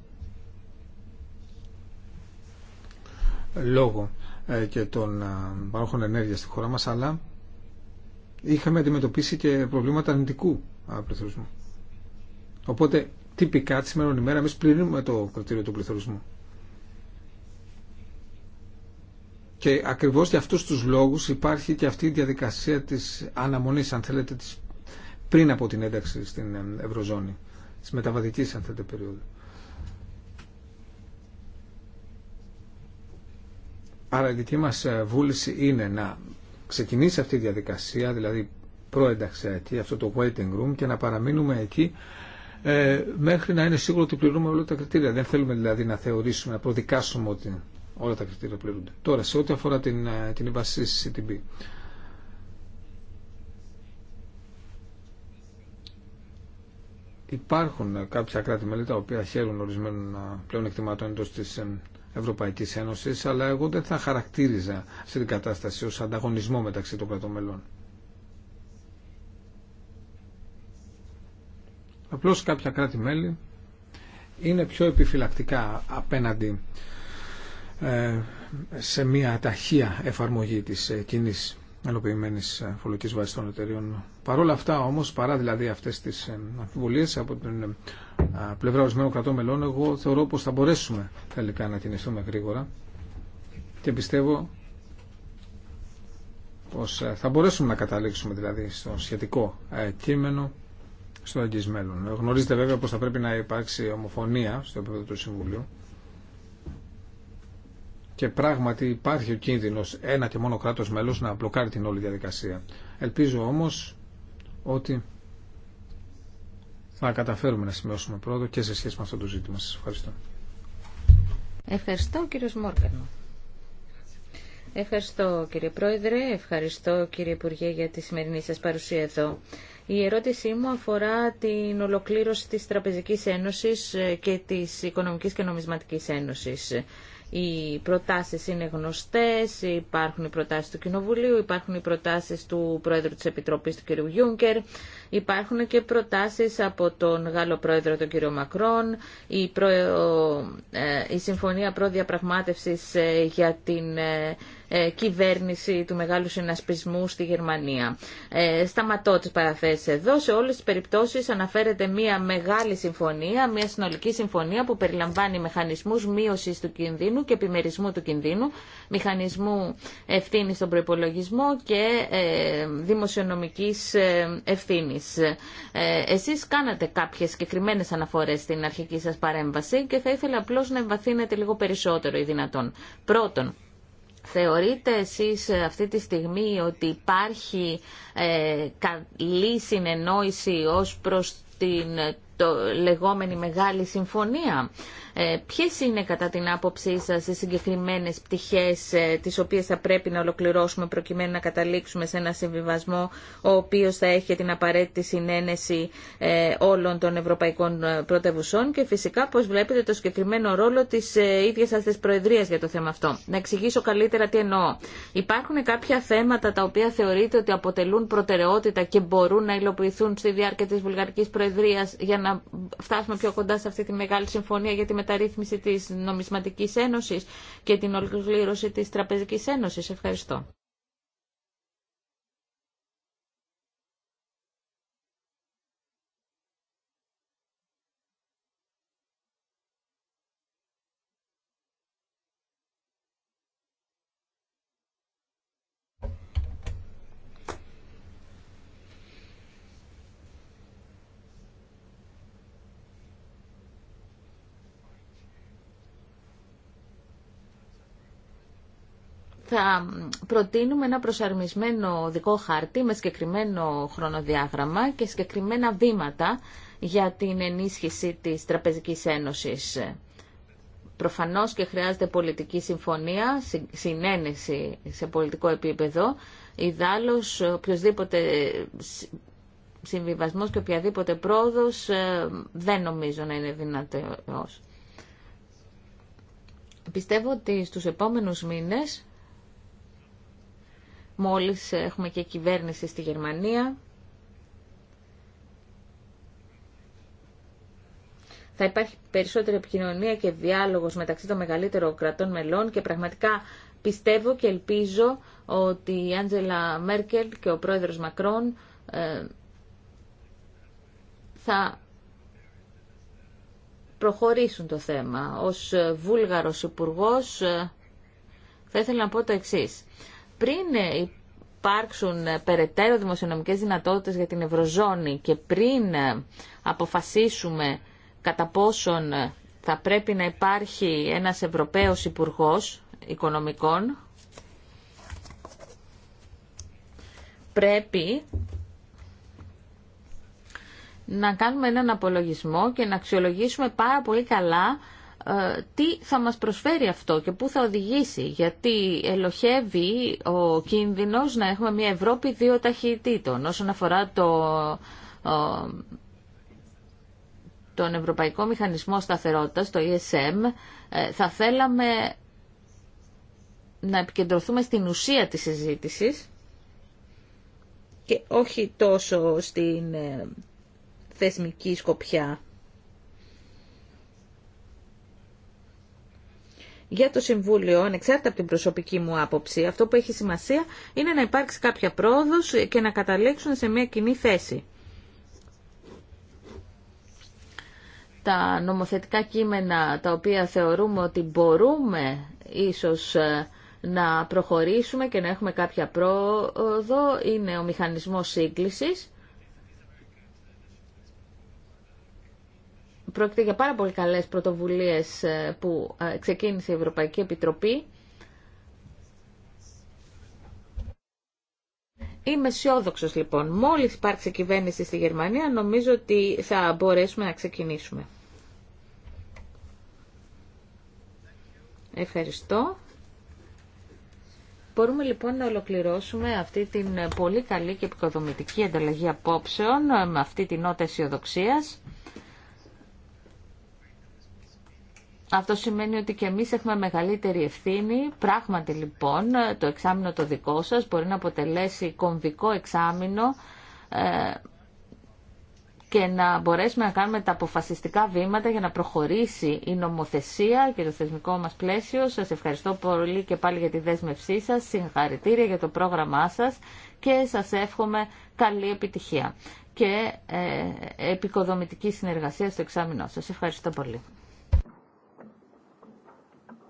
λόγω ε, και των ε, παρόχων ενέργεια στη χώρα μας, αλλά είχαμε αντιμετωπίσει και προβλήματα αρνητικού ε, πληθωρισμού. Οπότε, τυπικά τη σημερινή ημέρα, εμεί πληρούμε το κριτήριο του πληθωρισμού. Και ακριβώς για αυτού τους λόγους υπάρχει και αυτή η διαδικασία της αναμονής, αν θέλετε, της πριν από την ένταξη στην Ευρωζώνη, τη μεταβατική, αν θέλετε, περίοδου. Άρα η δική μας ε, βούληση είναι να ξεκινήσει αυτή η διαδικασία, δηλαδή εκεί, αυτό το waiting room και να παραμείνουμε εκεί ε, μέχρι να είναι σίγουρο ότι πληρούμε όλα τα κριτήρια. Δεν θέλουμε δηλαδή να θεωρήσουμε, να προδικάσουμε ότι όλα τα κριτήρια πληρούνται. Τώρα, σε ό,τι αφορά την, ε, την της CTB. Υπάρχουν κάποια κράτη-μέλη τα οποία χαίρουν ορισμένων πλέον εκτιμάτων εντό τη Ευρωπαϊκής Ένωσης, αλλά εγώ δεν θα χαρακτήριζα αυτή την κατάσταση ως ανταγωνισμό μεταξύ των κρατών μελών. Απλώς κάποια κράτη-μέλη είναι πιο επιφυλακτικά απέναντι ε, σε μια ταχεία εφαρμογή της ε, κοινή ενοποιημένης ε, φορολογικής βάσης των Παρ' όλα αυτά όμως, παρά δηλαδή αυτές τις ε, αμφιβολίες από την ε, πλευρά ορισμένων κρατών μελών, εγώ θεωρώ πως θα μπορέσουμε τελικά να κινηθούμε γρήγορα και πιστεύω πως ε, θα μπορέσουμε να καταλήξουμε δηλαδή στο σχετικό κείμενο στο εγγύς Γνωρίζετε βέβαια πως θα πρέπει να υπάρξει ομοφωνία στο επίπεδο του Συμβουλίου και πράγματι υπάρχει ο κίνδυνος ένα και μόνο κράτος μέλος να μπλοκάρει την όλη διαδικασία. Ελπίζω όμως ότι θα καταφέρουμε να σημειώσουμε πρόοδο και σε σχέση με αυτό το ζήτημα. Σας ευχαριστώ. Ευχαριστώ κύριο Ευχαριστώ κύριε Πρόεδρε, ευχαριστώ κύριε Υπουργέ για τη σημερινή σας παρουσία εδώ. Η ερώτησή μου αφορά την ολοκλήρωση της Τραπεζικής Ένωσης ε, και της Οικονομικής και Νομισματικής Ένωσης. Οι προτάσεις είναι γνωστές, υπάρχουν οι προτάσεις του Κοινοβουλίου, υπάρχουν οι προτάσεις του Πρόεδρου της Επιτροπής του κ. Γιούγκερ, υπάρχουν και προτάσεις από τον Γάλλο Πρόεδρο τον κ. Μακρόν, η, προ... Ε, η Συμφωνία Προδιαπραγμάτευσης ε, για την ε, ε, κυβέρνηση του μεγάλου συνασπισμού στη Γερμανία. Ε, σταματώ τις παραθέσεις εδώ. Σε όλες τις περιπτώσεις αναφέρεται μια μεγάλη συμφωνία, μια συνολική συμφωνία που περιλαμβάνει μηχανισμούς μείωσης του κινδύνου και επιμερισμού του κινδύνου, μηχανισμού ευθύνη στον προπολογισμό και ε, δημοσιονομικής ευθύνης. Εσείς κάνατε κάποιες συγκεκριμένες αναφορές στην αρχική σας παρέμβαση και θα ήθελα απλώ να εμβαθύνετε λίγο περισσότερο ή δυνατόν. Πρώτον, Θεωρείτε εσείς αυτή τη στιγμή ότι υπάρχει ε, καλή συνεννόηση ως προς την το λεγόμενη μεγάλη συμφωνία ε, Ποιε είναι κατά την άποψή σα οι συγκεκριμένες πτυχές ε, τι οποίε θα πρέπει να ολοκληρώσουμε προκειμένου να καταλήξουμε σε ένα συμβιβασμό ο οποίο θα έχει την απαραίτητη συνένεση ε, όλων των ευρωπαϊκών πρωτευουσών και φυσικά πώ βλέπετε το συγκεκριμένο ρόλο της ίδια σα της Προεδρίας για το θέμα αυτό. Να εξηγήσω καλύτερα τι εννοώ. Υπάρχουν κάποια θέματα τα οποία θεωρείτε ότι αποτελούν προτεραιότητα και μπορούν να υλοποιηθούν στη διάρκεια τη Βουλγαρική Προεδρία για να φτάσουμε πιο κοντά σε αυτή τη μεγάλη συμφωνία για τη μεταρρύθμιση της νομισματικής ένωσης και την ολοκλήρωση της τραπεζικής ένωσης. Ευχαριστώ. θα προτείνουμε ένα προσαρμισμένο δικό χάρτη με συγκεκριμένο χρονοδιάγραμμα και συγκεκριμένα βήματα για την ενίσχυση της Τραπεζικής Ένωσης. Προφανώς και χρειάζεται πολιτική συμφωνία, συνένεση σε πολιτικό επίπεδο. Ιδάλλως, οποιοδήποτε συμβιβασμός και οποιαδήποτε πρόοδος ε, δεν νομίζω να είναι δυνατός. Πιστεύω ότι στους επόμενους μήνες Μόλις έχουμε και κυβέρνηση στη Γερμανία. Θα υπάρχει περισσότερη επικοινωνία και διάλογος μεταξύ των μεγαλύτερων κρατών μελών και πραγματικά πιστεύω και ελπίζω ότι η Άντζελα Μέρκελ και ο πρόεδρος Μακρόν ε, θα προχωρήσουν το θέμα. Ως Βούλγαρος υπουργό ε, θα ήθελα να πω το εξής πριν υπάρξουν περαιτέρω δημοσιονομικές δυνατότητες για την Ευρωζώνη και πριν αποφασίσουμε κατά πόσον θα πρέπει να υπάρχει ένας Ευρωπαίος Υπουργός Οικονομικών, πρέπει να κάνουμε έναν απολογισμό και να αξιολογήσουμε πάρα πολύ καλά ε, τι θα μας προσφέρει αυτό και πού θα οδηγήσει, γιατί ελοχεύει ο κίνδυνος να έχουμε μια Ευρώπη δύο ταχυτήτων όσον αφορά το, ε, τον Ευρωπαϊκό Μηχανισμό Σταθερότητας, το ESM, ε, θα θέλαμε να επικεντρωθούμε στην ουσία της συζήτησης και όχι τόσο στην θεσμική σκοπιά για το Συμβούλιο, ανεξάρτητα από την προσωπική μου άποψη, αυτό που έχει σημασία είναι να υπάρξει κάποια πρόοδος και να καταλήξουν σε μια κοινή θέση. Τα νομοθετικά κείμενα τα οποία θεωρούμε ότι μπορούμε ίσως ε, να προχωρήσουμε και να έχουμε κάποια πρόοδο είναι ο μηχανισμός σύγκλησης Πρόκειται για πάρα πολύ καλές πρωτοβουλίες ε, που ε, ξεκίνησε η Ευρωπαϊκή Επιτροπή. Είμαι αισιόδοξο λοιπόν. Μόλις υπάρξει κυβέρνηση στη Γερμανία νομίζω ότι θα μπορέσουμε να ξεκινήσουμε. Ευχαριστώ. Μπορούμε λοιπόν να ολοκληρώσουμε αυτή την πολύ καλή και επικοδομητική ανταλλαγή απόψεων με αυτή την νότα αισιοδοξία. Αυτό σημαίνει ότι και εμείς έχουμε μεγαλύτερη ευθύνη. Πράγματι λοιπόν το εξάμεινο το δικό σας μπορεί να αποτελέσει κομβικό εξάμεινο ε, και να μπορέσουμε να κάνουμε τα αποφασιστικά βήματα για να προχωρήσει η νομοθεσία και το θεσμικό μας πλαίσιο. Σας ευχαριστώ πολύ και πάλι για τη δέσμευσή σας, συγχαρητήρια για το πρόγραμμά σας και σας εύχομαι καλή επιτυχία και ε, επικοδομητική συνεργασία στο εξάμεινό σας. Ευχαριστώ πολύ.